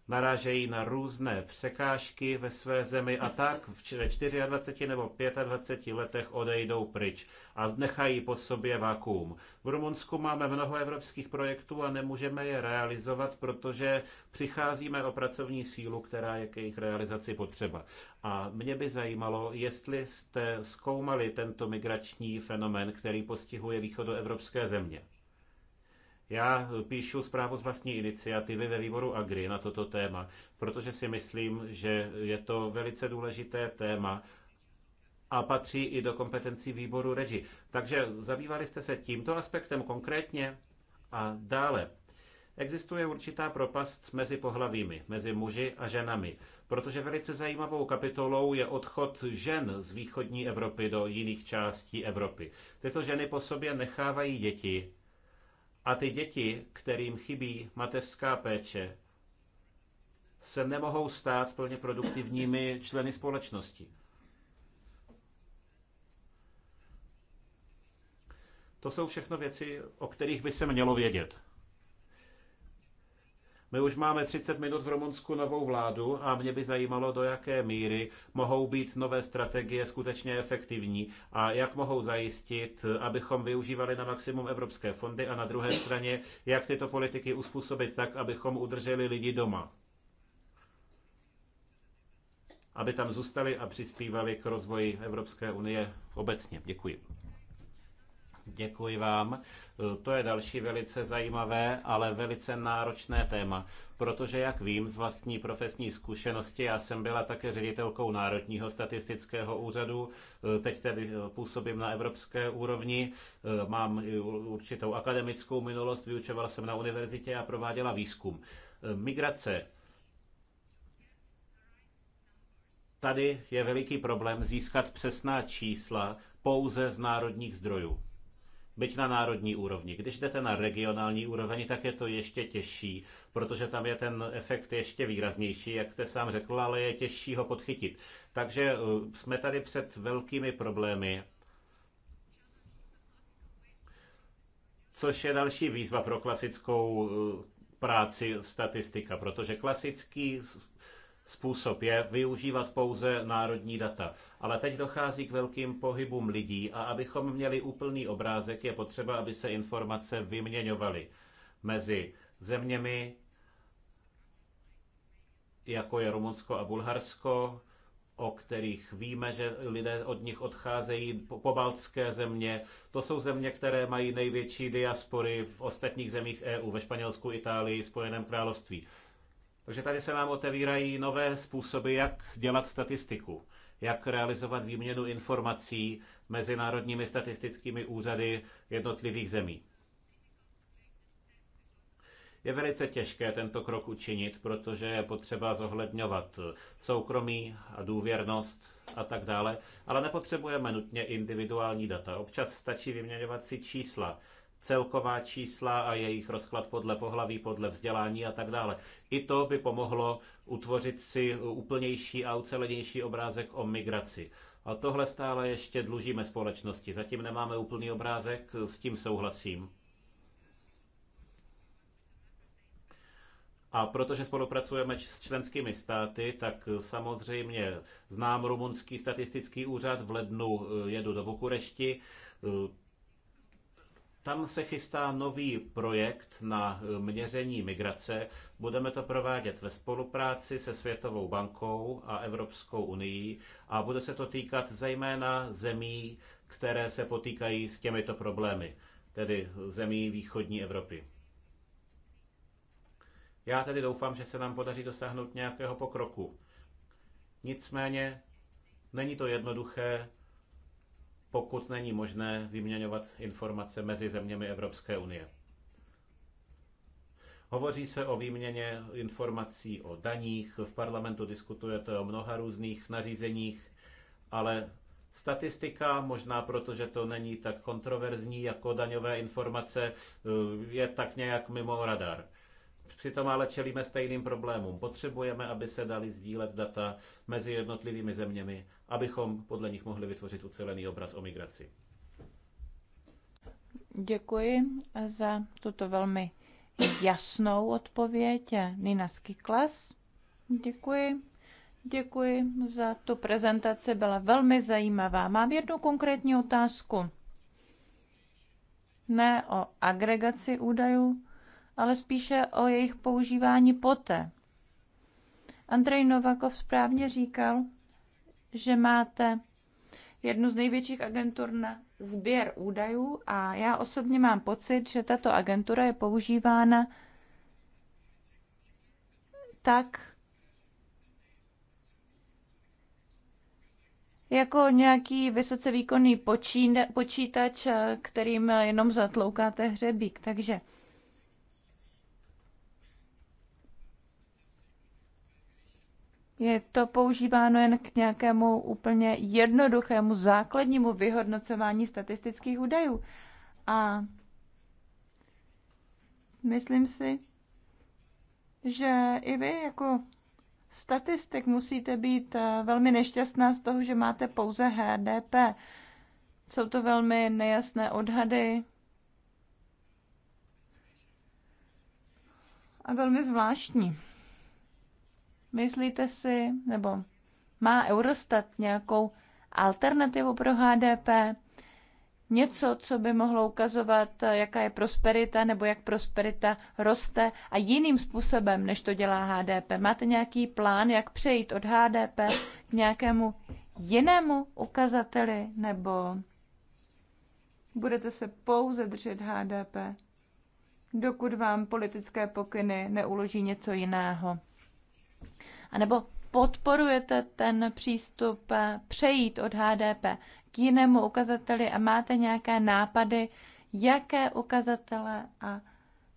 narážejí na různé překážky ve své zemi a tak v 24 nebo 25 letech odejdou pryč a nechají po sobě vakuum. V Rumunsku máme mnoho evropských projektů a nemůžeme je realizovat, protože přicházíme o pracovní sílu, která je k jejich realizaci potřeba. A mě by zajímalo, jestli jste zkoumali tento migrační fenomén, který postihuje východoevropské země. Já píšu zprávu z vlastní iniciativy ve výboru Agri na toto téma, protože si myslím, že je to velice důležité téma a patří i do kompetencí výboru REGI. Takže zabývali jste se tímto aspektem konkrétně? A dále, existuje určitá propast mezi pohlavími, mezi muži a ženami, protože velice zajímavou kapitolou je odchod žen z východní Evropy do jiných částí Evropy. Tyto ženy po sobě nechávají děti a ty děti, kterým chybí mateřská péče, se nemohou stát plně produktivními členy společnosti. To jsou všechno věci, o kterých by se mělo vědět. My už máme 30 minut v Rumunsku novou vládu a mě by zajímalo, do jaké míry mohou být nové strategie skutečně efektivní a jak mohou zajistit, abychom využívali na maximum evropské fondy a na druhé straně, jak tyto politiky uspůsobit tak, abychom udrželi lidi doma aby tam zůstali a přispívali k rozvoji Evropské unie obecně. Děkuji. Děkuji vám. E, to je další velice zajímavé, ale velice náročné téma, protože, jak vím z vlastní profesní zkušenosti, já jsem byla také ředitelkou Národního statistického úřadu, e, teď tedy e, působím na evropské úrovni, mám určitou akademickou minulost, vyučovala jsem na univerzitě a prováděla výzkum. Migrace Tady je veliký problém získat přesná čísla pouze z národních zdrojů byť na národní úrovni. Když jdete na regionální úroveň, tak je to ještě těžší, protože tam je ten efekt ještě výraznější, jak jste sám řekl, ale je těžší ho podchytit. Takže uh, jsme tady před velkými problémy. Což je další výzva pro klasickou uh, práci statistika, protože klasický Způsob je využívat pouze národní data. Ale teď dochází k velkým pohybům lidí a abychom měli úplný obrázek, je potřeba, aby se informace vyměňovaly mezi zeměmi, jako je Rumunsko a Bulharsko, o kterých víme, že lidé od nich odcházejí, po baltské země. To jsou země, které mají největší diaspory v ostatních zemích EU, ve Španělsku, Itálii, Spojeném království. Takže tady se nám otevírají nové způsoby, jak dělat statistiku, jak realizovat výměnu informací mezi národními statistickými úřady jednotlivých zemí. Je velice těžké tento krok učinit, protože je potřeba zohledňovat soukromí a důvěrnost a tak dále, ale nepotřebujeme nutně individuální data. Občas stačí vyměňovat si čísla celková čísla a jejich rozklad podle pohlaví, podle vzdělání a tak dále. I to by pomohlo utvořit si úplnější a ucelenější obrázek o migraci. A tohle stále ještě dlužíme společnosti. Zatím nemáme úplný obrázek, s tím souhlasím. A protože spolupracujeme s členskými státy, tak samozřejmě znám rumunský statistický úřad. V lednu eh, jedu do Bukurešti. Eh, tam se chystá nový projekt na eh, měření migrace. Budeme to provádět ve spolupráci se Světovou bankou a Evropskou unii a bude se to týkat zejména zemí, které se potýkají s těmito problémy, tedy zemí východní Evropy. Já tedy doufám, že se nám podaří dosáhnout nějakého pokroku. Nicméně není to jednoduché, pokud není možné vyměňovat informace mezi zeměmi Evropské unie. Hovoří se o výměně informací o daních, v parlamentu diskutujete o mnoha různých nařízeních, ale statistika, možná protože to není tak kontroverzní jako daňové informace, eh, je tak nějak mimo radar. Přitom ale čelíme stejným problémům. Potřebujeme, aby se dali sdílet data mezi jednotlivými zeměmi, abychom podle nich mohli vytvořit ucelený obraz o migraci. Děkuji za tuto velmi jasnou odpověď. Nina Skiklas, děkuji. Děkuji za tu prezentaci, byla velmi zajímavá. Mám jednu konkrétní otázku. Ne o agregaci údajů, ale spíše o jejich používání poté. Andrej Novakov správně říkal, že máte jednu z největších agentur na sběr údajů a já osobně mám pocit, že tato agentura je používána tak, jako nějaký vysoce výkonný počítač, kterým jenom zatloukáte hřebík. Takže je to používáno jen k nějakému úplně jednoduchému základnímu vyhodnocování statistických údajů. A myslím si, že i vy jako statistik musíte být eh, velmi nešťastná z toho, že máte pouze HDP. Jsou to velmi nejasné odhady a velmi zvláštní. Myslíte si, nebo má Eurostat nějakou alternativu pro HDP? Něco, co by mohlo ukazovat, jaká je prosperita nebo jak prosperita roste a jiným způsobem, než to dělá HDP. Máte nějaký plán, jak přejít od HDP k nějakému jinému ukazateli nebo budete se pouze držet HDP, dokud vám politické pokyny neuloží něco jiného? A nebo podporujete ten přístup eh, přejít od HDP k jinému ukazateli a máte nějaké nápady, jaké ukazatele a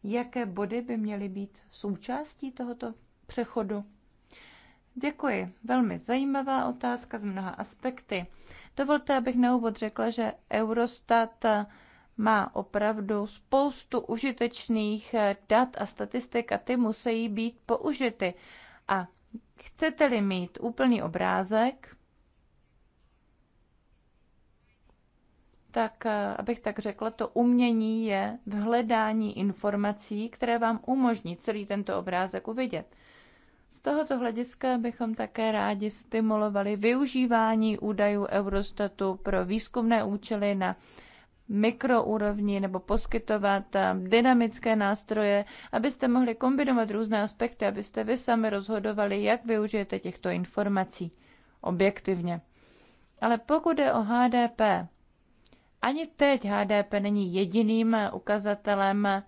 jaké body by měly být součástí tohoto přechodu? Děkuji. Velmi zajímavá otázka z mnoha aspekty. Dovolte, abych na úvod řekla, že Eurostat eh, má opravdu spoustu užitečných eh, dat a statistik a ty musí být použity. A chcete-li mít úplný obrázek, tak, eh, abych tak řekla, to umění je v hledání informací, které vám umožní celý tento obrázek uvidět. Z tohoto hlediska bychom také rádi stimulovali využívání údajů Eurostatu pro výzkumné účely na mikroúrovni nebo poskytovat eh, dynamické nástroje, abyste mohli kombinovat různé aspekty, abyste vy sami rozhodovali, jak využijete těchto informací objektivně. Ale pokud je o HDP, ani teď HDP není jediným eh, ukazatelem,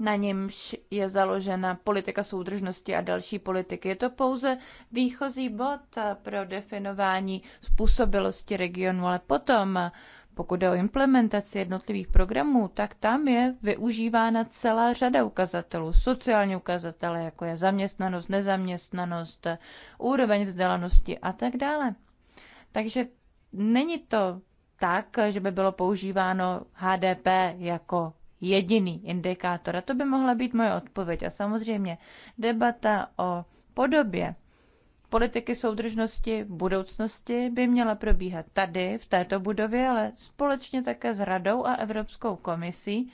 na němž je založena politika soudržnosti a další politiky. Je to pouze výchozí bod eh, pro definování způsobilosti regionu, ale potom pokud jde o implementaci jednotlivých programů, tak tam je využívána celá řada ukazatelů. Sociální ukazatele, jako je zaměstnanost, nezaměstnanost, úroveň vzdělanosti a tak dále. Takže není to tak, že by bylo používáno HDP jako jediný indikátor. A to by mohla být moje odpověď. A samozřejmě debata o podobě politiky soudržnosti v budoucnosti by měla probíhat tady, v této budově, ale společně také s Radou a Evropskou komisí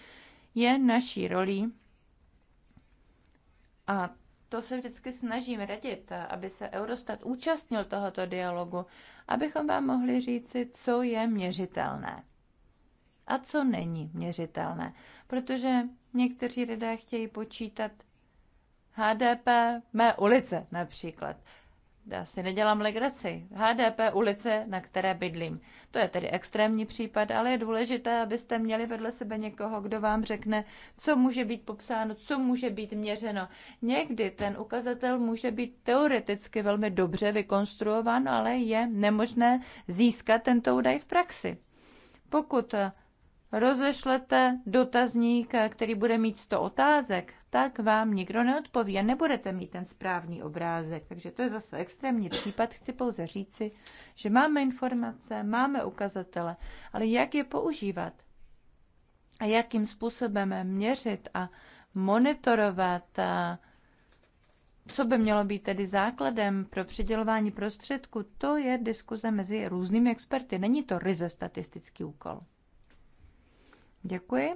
je naší rolí a to se vždycky snažím radit, aby se Eurostat účastnil tohoto dialogu, abychom vám mohli říci, co je měřitelné a co není měřitelné. Protože někteří lidé chtějí počítat HDP mé ulice například já si nedělám legraci. HDP ulice, na které bydlím. To je tedy extrémní případ, ale je důležité, abyste měli vedle sebe někoho, kdo vám řekne, co může být popsáno, co může být měřeno. Někdy ten ukazatel může být teoreticky velmi dobře vykonstruován, ale je nemožné získat tento údaj v praxi. Pokud rozešlete dotazník, který bude mít 100 otázek, tak vám nikdo neodpoví a nebudete mít ten správný obrázek. Takže to je zase extrémní případ. Chci pouze říci, že máme informace, máme ukazatele, ale jak je používat a jakým způsobem měřit a monitorovat a co by mělo být tedy základem pro přidělování prostředků, to je diskuze mezi různými experty. Není to ryze statistický úkol. Děkuji.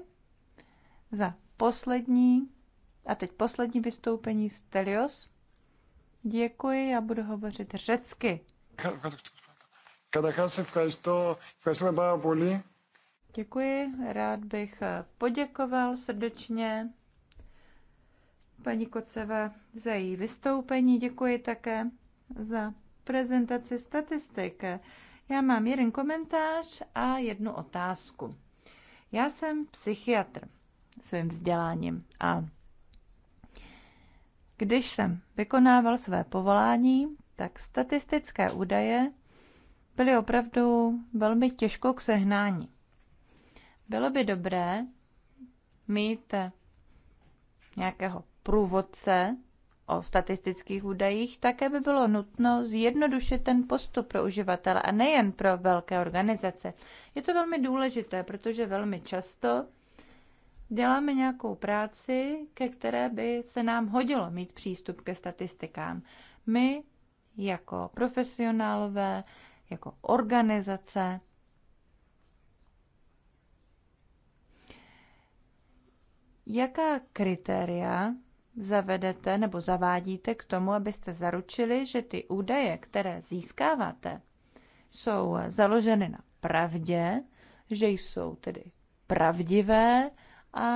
Za poslední a teď poslední vystoupení Stelios. Děkuji, já budu hovořit řecky. Děkuji, rád bych poděkoval srdečně paní Koceva za její vystoupení. Děkuji také za prezentaci statistik. Já mám jeden komentář a jednu otázku. Já jsem psychiatr svým vzděláním a když jsem vykonával své povolání, tak statistické údaje byly opravdu velmi těžko k sehnání. Bylo by dobré mít nějakého průvodce o statistických údajích, také by bylo nutno zjednodušit ten postup pro uživatele a nejen pro velké organizace. Je to velmi důležité, protože velmi často děláme nějakou práci, ke které by se nám hodilo mít přístup ke statistikám. My jako profesionálové, jako organizace, jaká kritéria zavedete nebo zavádíte k tomu, abyste zaručili, že ty údaje, které získáváte, jsou založeny na pravdě, že jsou tedy pravdivé a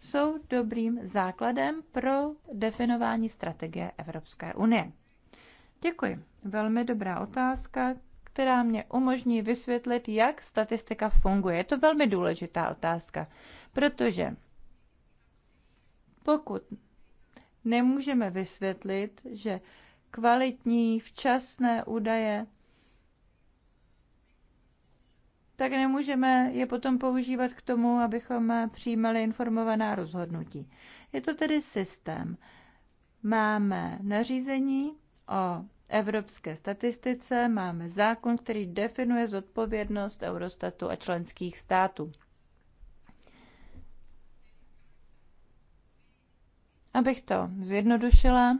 jsou dobrým základem pro definování strategie Evropské unie. Děkuji. Velmi dobrá otázka, která mě umožní vysvětlit, jak statistika funguje. Je to velmi důležitá otázka, protože pokud nemůžeme vysvětlit, že kvalitní, včasné údaje, tak nemůžeme je potom používat k tomu, abychom přijímali informovaná rozhodnutí. Je to tedy systém. Máme nařízení o evropské statistice, máme zákon, který definuje zodpovědnost Eurostatu a členských států. Abych to zjednodušila,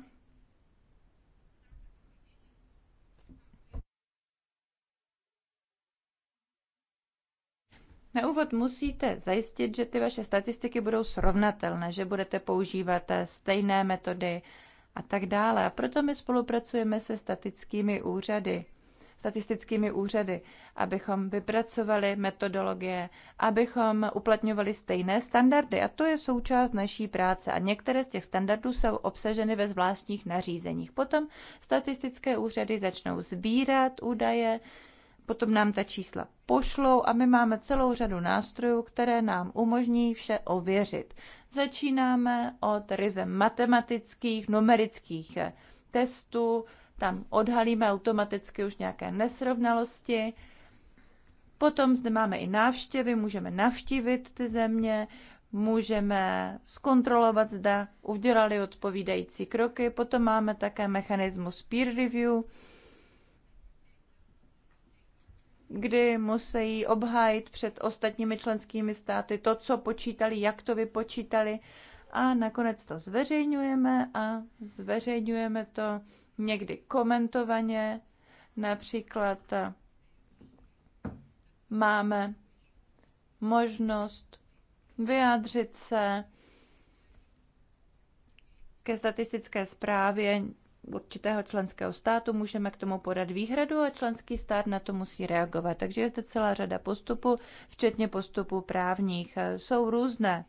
Na úvod musíte zajistit, že ty vaše statistiky budou srovnatelné, že budete používat eh, stejné metody a tak dále. A proto my spolupracujeme se statickými úřady statistickými úřady, abychom vypracovali metodologie, abychom uplatňovali stejné standardy. A to je součást naší práce. A některé z těch standardů jsou obsaženy ve zvláštních nařízeních. Potom statistické úřady začnou sbírat údaje, potom nám ta čísla pošlou a my máme celou řadu nástrojů, které nám umožní vše ověřit. Začínáme od ryze matematických, numerických testů, tam odhalíme automaticky už nějaké nesrovnalosti. Potom zde máme i návštěvy, můžeme navštívit ty země, můžeme zkontrolovat, zda udělali odpovídající kroky. Potom máme také mechanismus peer review, kdy musí obhájit před ostatními členskými státy to, co počítali, jak to vypočítali. A nakonec to zveřejňujeme a zveřejňujeme to někdy komentovaně. Například eh, máme možnost vyjádřit se ke statistické zprávě určitého členského státu, můžeme k tomu podat výhradu a členský stát na to musí reagovat. Takže je to celá řada postupů, včetně postupů právních. Eh, Jsou různé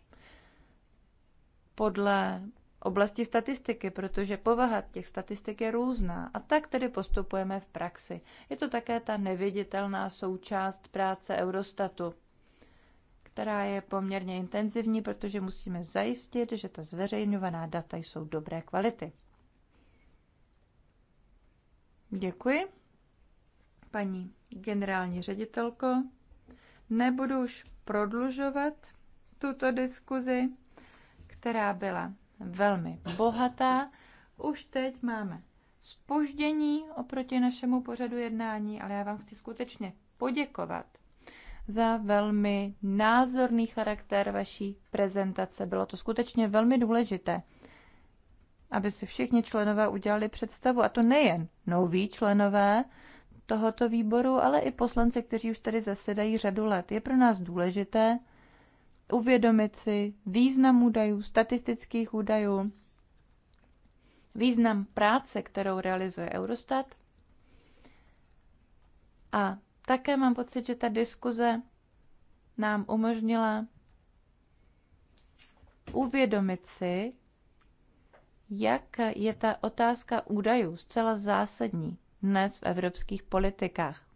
podle oblasti statistiky, protože povaha těch statistik je různá a tak tedy postupujeme v praxi. Je to také ta neviditelná součást práce Eurostatu, která je poměrně intenzivní, protože musíme zajistit, že ta zveřejňovaná data jsou dobré kvality. Děkuji, paní generální ředitelko. Nebudu už prodlužovat tuto diskuzi, která byla velmi bohatá. Už teď máme spoždění oproti našemu pořadu jednání, ale já vám chci skutečně poděkovat za velmi názorný charakter vaší prezentace. Bylo to skutečně velmi důležité, aby si všichni členové udělali představu, a to nejen noví členové tohoto výboru, ale i poslanci, kteří už tady zasedají řadu let. Je pro nás důležité, uvědomit si význam údajů, statistických údajů, význam práce, kterou realizuje Eurostat. A také mám pocit, že ta diskuze nám umožnila uvědomit si, jak je ta otázka údajů zcela zásadní dnes v evropských politikách.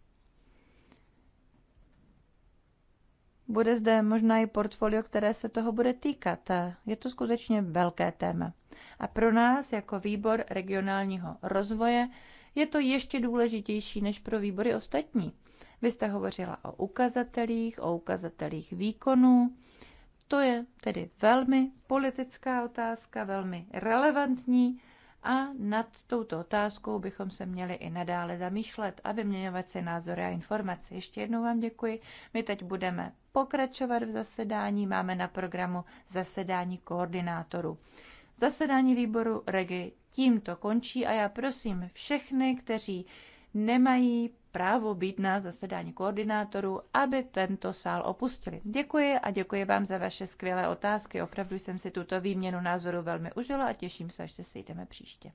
Bude zde možná i portfolio, které se toho bude týkat. Je to skutečně velké téma. A pro nás jako výbor regionálního rozvoje je to ještě důležitější než pro výbory ostatní. Vy jste hovořila o ukazatelích, o ukazatelích výkonů. To je tedy velmi politická otázka, velmi relevantní a nad touto otázkou bychom se měli i nadále zamýšlet a vyměňovat si názory a informace. Ještě jednou vám děkuji. My teď budeme pokračovat v zasedání. Máme na programu zasedání koordinátorů. Zasedání výboru REGI tímto končí a já prosím všechny, kteří nemají právo být na zasedání koordinátorů, aby tento sál opustili. Děkuji a děkuji vám za vaše skvělé otázky. Opravdu jsem si tuto výměnu názoru velmi užila a těším se, až se sejdeme příště.